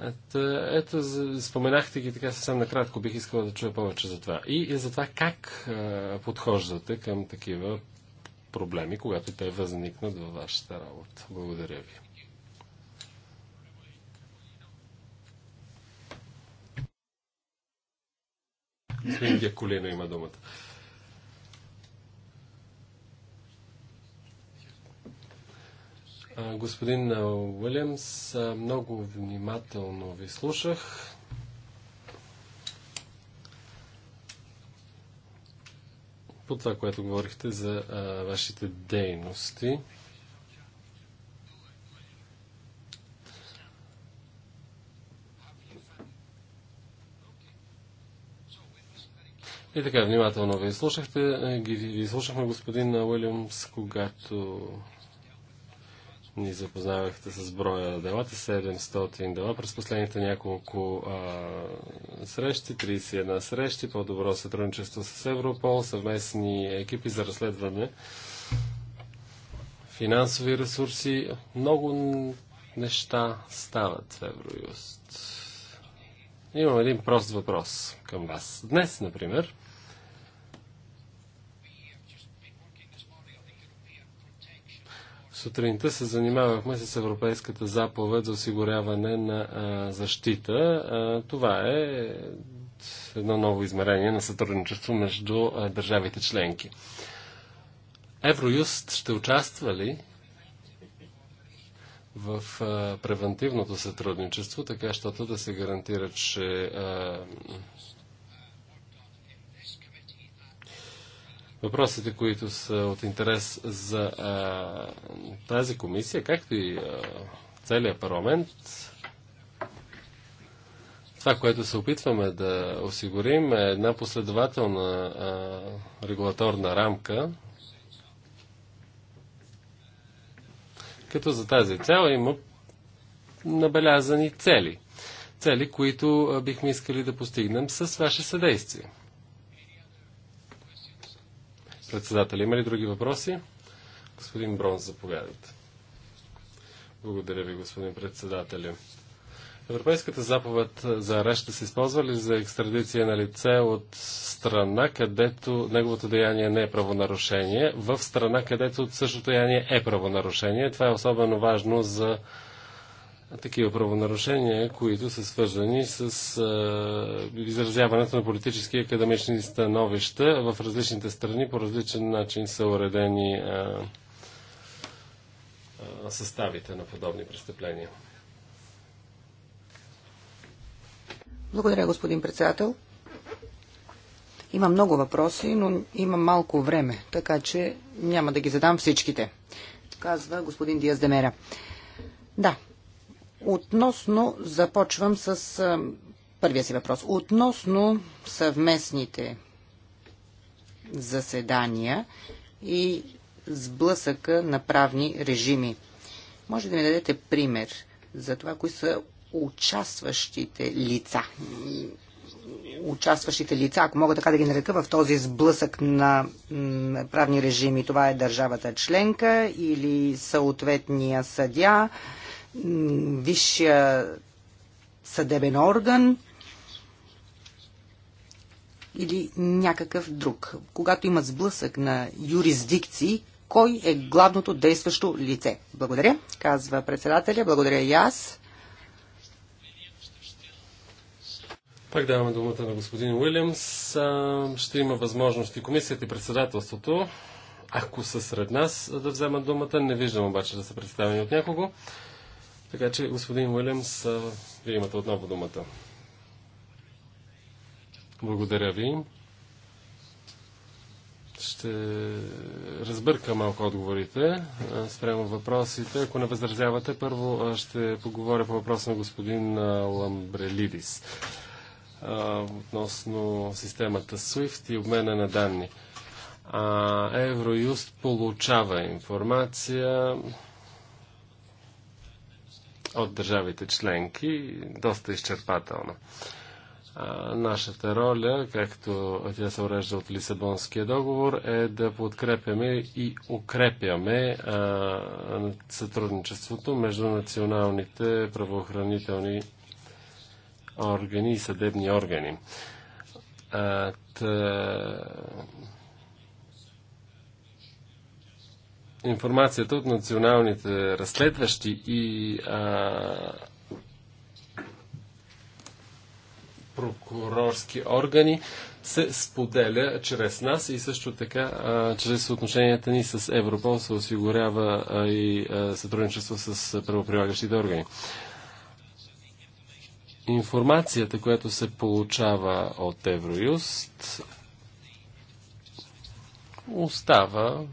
Ето, ето, споменахте ги така съвсем накратко, бих искал да чуя повече за това. И, и за това как подхождате към такива проблеми, когато те възникнат във вашата работа. Благодаря ви. Господин Гяколина има думата. Господин Уилямс, много внимателно ви слушах. По това, което говорихте за а, вашите дейности. И така, внимателно ви слушахте. Ги, ви слушахме господин Уилямс, когато ни запознавахте с броя на делата, 700 дела през последните няколко а, срещи, 31 срещи, по-добро сътрудничество с Европол, съвместни екипи за разследване, финансови ресурси. Много неща стават в Евроюст. Имам един прост въпрос към вас. Днес, например, сутринта се занимавахме с Европейската заповед за осигуряване на а, защита. А, това е едно ново измерение на сътрудничество между а, държавите членки. Евроюст ще участва ли в а, превентивното сътрудничество, така щото да се гарантира, че а, въпросите, които са от интерес за а, тази комисия, както и а, целият парламент, това, което се опитваме да осигурим е една последователна а, регулаторна рамка, като за тази цел има набелязани цели. Цели, които бихме искали да постигнем с ваше съдействие председател. Има ли други въпроси? Господин Бронс, заповядайте. Благодаря ви, господин председател. Европейската заповед за арест ще се използва ли за екстрадиция на лице от страна, където неговото деяние не е правонарушение, в страна, където същото деяние е правонарушение? Това е особено важно за такива правонарушения, които са свързани с а, изразяването на политически и академични становища в различните страни по различен начин са уредени а, а, съставите на подобни престъпления. Благодаря, господин председател. Има много въпроси, но има малко време, така че няма да ги задам всичките. Казва господин Диаз Демера. Да, Относно, започвам с първия си въпрос. Относно съвместните заседания и сблъсъка на правни режими. Може да ми дадете пример за това, кои са участващите лица? Участващите лица, ако мога така да ги нарека, в този сблъсък на правни режими, това е държавата членка или съответния съдя висшия съдебен орган или някакъв друг. Когато има сблъсък на юрисдикции, кой е главното действащо лице? Благодаря, казва председателя. Благодаря и аз. Пак даваме думата на господин Уилямс. Ще има възможност и комисията и председателството, ако са сред нас, да вземат думата. Не виждам обаче да са представени от някого. Така че, господин Уилямс, вие имате отново думата. Благодаря ви. Ще разбърка малко отговорите спрямо въпросите. Ако не възразявате, първо ще поговоря по въпроса на господин Ламбрелидис относно системата SWIFT и обмена на данни. Евроюст получава информация от държавите членки доста изчерпателно. А, нашата роля, както тя се урежда от Лисабонския договор, е да подкрепяме и укрепяме а, сътрудничеството между националните правоохранителни органи и съдебни органи. А, тъ... информацията от националните разследващи и а, прокурорски органи се споделя чрез нас и също така а, чрез отношенията ни с Европол се осигурява а, и а, сътрудничество с правоприлагащите органи. Информацията, която се получава от Евроюст, остава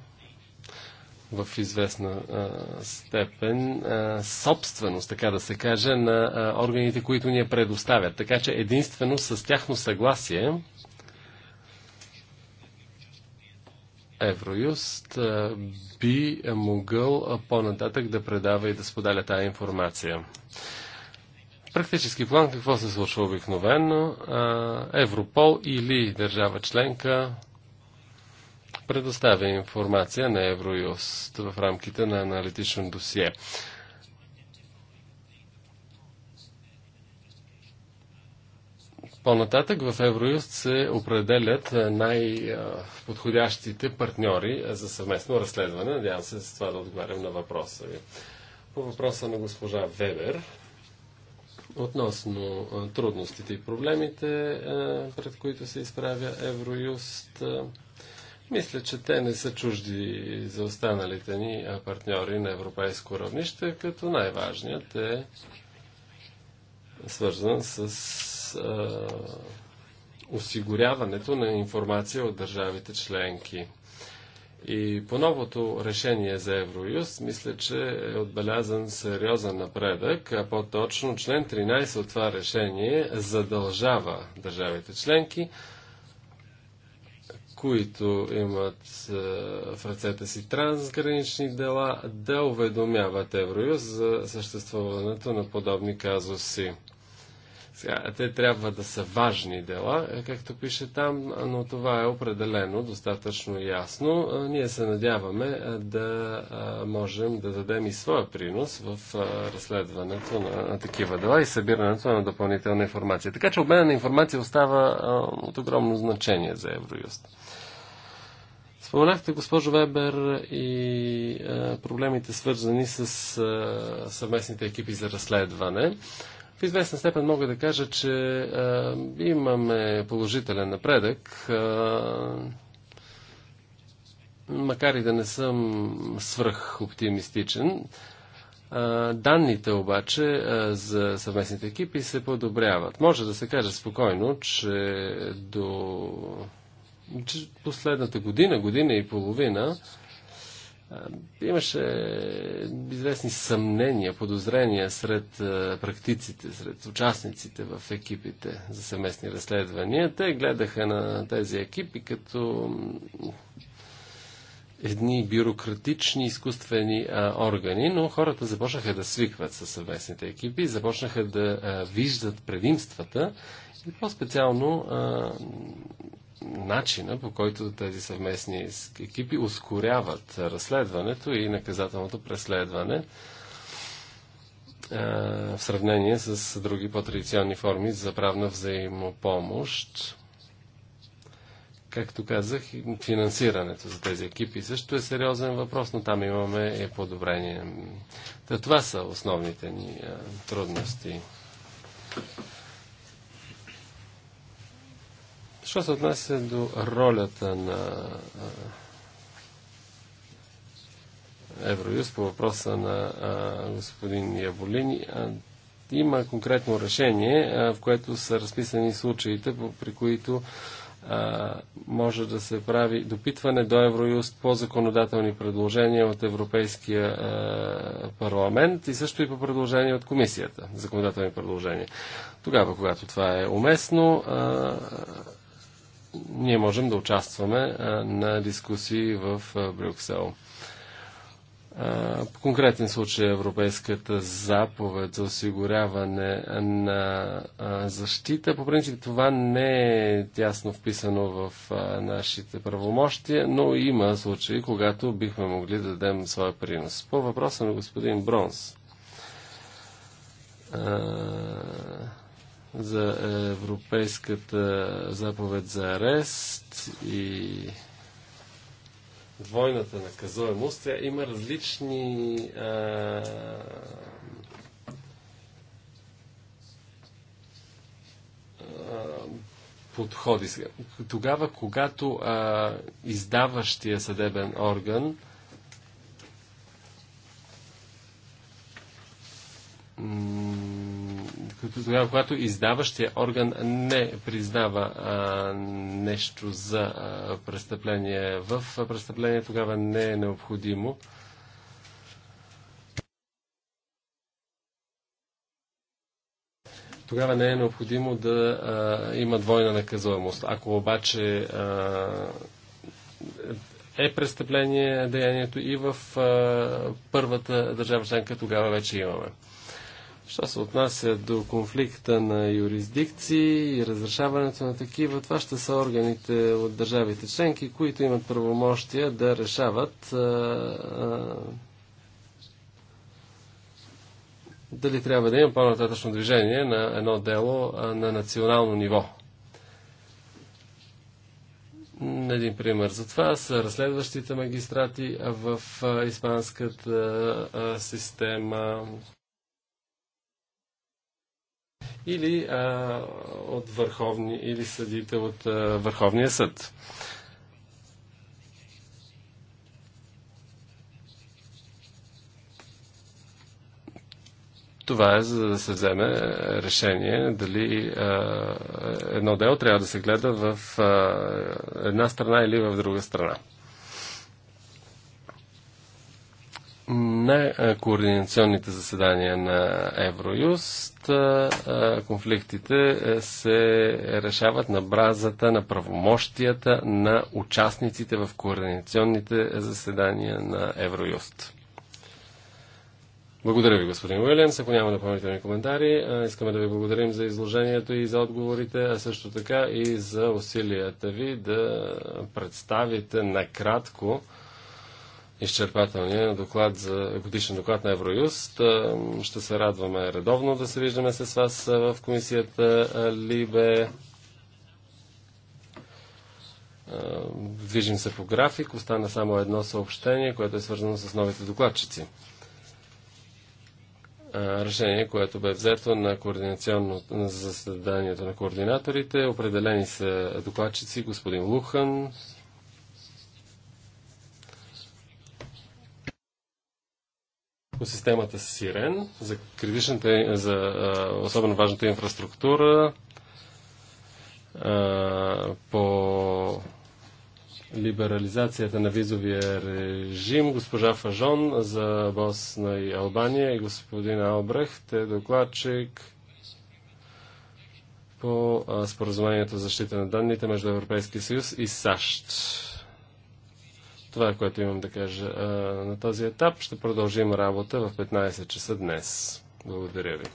в известна а, степен а, собственост, така да се каже, на а, органите, които ни я предоставят. Така че единствено с тяхно съгласие Евроюст а, би могъл по-нататък да предава и да споделя тази информация. практически план какво се случва обикновено? Европол или държава членка предоставя информация на Евроюст в рамките на аналитично досие. По-нататък в Евроюст се определят най-подходящите партньори за съвместно разследване. Надявам се с това да отговарям на въпроса ви. По въпроса на госпожа Вебер, относно трудностите и проблемите, пред които се изправя Евроюст, мисля, че те не са чужди за останалите ни партньори на европейско равнище, като най-важният е свързан с а, осигуряването на информация от държавите членки. И по новото решение за Евроюз, мисля, че е отбелязан сериозен напредък, а по-точно член 13 от това решение задължава държавите членки които имат в ръцете си трансгранични дела, да уведомяват Евроюз за съществуването на подобни казуси. Сега, те трябва да са важни дела, е, както пише там, но това е определено достатъчно ясно. Ние се надяваме да можем да дадем и своя принос в разследването на такива дела и събирането на допълнителна информация. Така че обмена на информация остава от огромно значение за Евроюст. Споменахте, госпожо Вебер, и проблемите свързани с съвместните екипи за разследване. В известна степен мога да кажа, че а, имаме положителен напредък. А, макар и да не съм свръх оптимистичен, а, данните обаче а, за съвместните екипи се подобряват. Може да се каже спокойно, че до че последната година, година и половина, е, имаше известни съмнения, подозрения сред е, практиците, сред участниците в екипите за съвместни разследвания. Те гледаха на тези екипи като едни бюрократични изкуствени а, е, органи, но хората започнаха да свикват със съвместните екипи, започнаха да а, виждат предимствата и по-специално начина по който тези съвместни екипи ускоряват разследването и наказателното преследване е, в сравнение с други по-традиционни форми за правна взаимопомощ. Както казах, финансирането за тези екипи също е сериозен въпрос, но там имаме и подобрение. това са основните ни е, трудности. Що се отнася до ролята на Евроюз по въпроса на господин Яволини, има конкретно решение, в което са разписани случаите, при които може да се прави допитване до Евроюст по законодателни предложения от Европейския парламент и също и по предложения от комисията, законодателни предложения. Тогава, когато това е уместно, ние можем да участваме на дискусии в Брюксел. По конкретен случай Европейската заповед за осигуряване на защита. По принцип това не е тясно вписано в нашите правомощия, но има случаи, когато бихме могли да дадем своя принос. По въпроса на господин Бронс за Европейската заповед за арест и двойната наказуемост, тя има различни а, подходи. Тогава, когато а, издаващия съдебен орган м- тогава, когато издаващия орган не признава а, нещо за а, престъпление в престъпление, тогава не е необходимо. Тогава не е необходимо да а, има двойна наказуемост. Ако обаче а, е престъпление деянието и в а, първата държава членка, тогава вече имаме Що се отнася до конфликта на юрисдикции и разрешаването на такива, това ще са органите от държавите членки, които имат правомощия да решават а, дали трябва да има по-нататъчно движение на едно дело а, на национално ниво. Един пример за това са разследващите магистрати в испанската система или, а, от върховни, или съдите от а, Върховния съд. Това е за да се вземе решение дали а, едно дело трябва да се гледа в а, една страна или в друга страна. на координационните заседания на Евроюст конфликтите е, се решават на бразата на правомощията на участниците в координационните заседания на Евроюст. Благодаря ви, господин Уилямс. Ако няма допълнителни коментари, искаме да ви благодарим за изложението и за отговорите, а също така и за усилията ви да представите накратко изчерпателния доклад за, годишен доклад на Евроюст. Ще се радваме редовно да се виждаме с вас в комисията Либе. Движим се по график. Остана само едно съобщение, което е свързано с новите докладчици. Решение, което бе взето на, координационно, на заседанието на координаторите. Определени са докладчици господин Лухан, по системата Сирен за критичната, за а, особено важната инфраструктура, а, по либерализацията на визовия режим, госпожа Фажон за Босна и Албания и господин Албрехт е докладчик по а, споразумението за защита на данните между Европейския съюз и САЩ. Това е което имам да кажа на този етап. Ще продължим работа в 15 часа днес. Благодаря ви.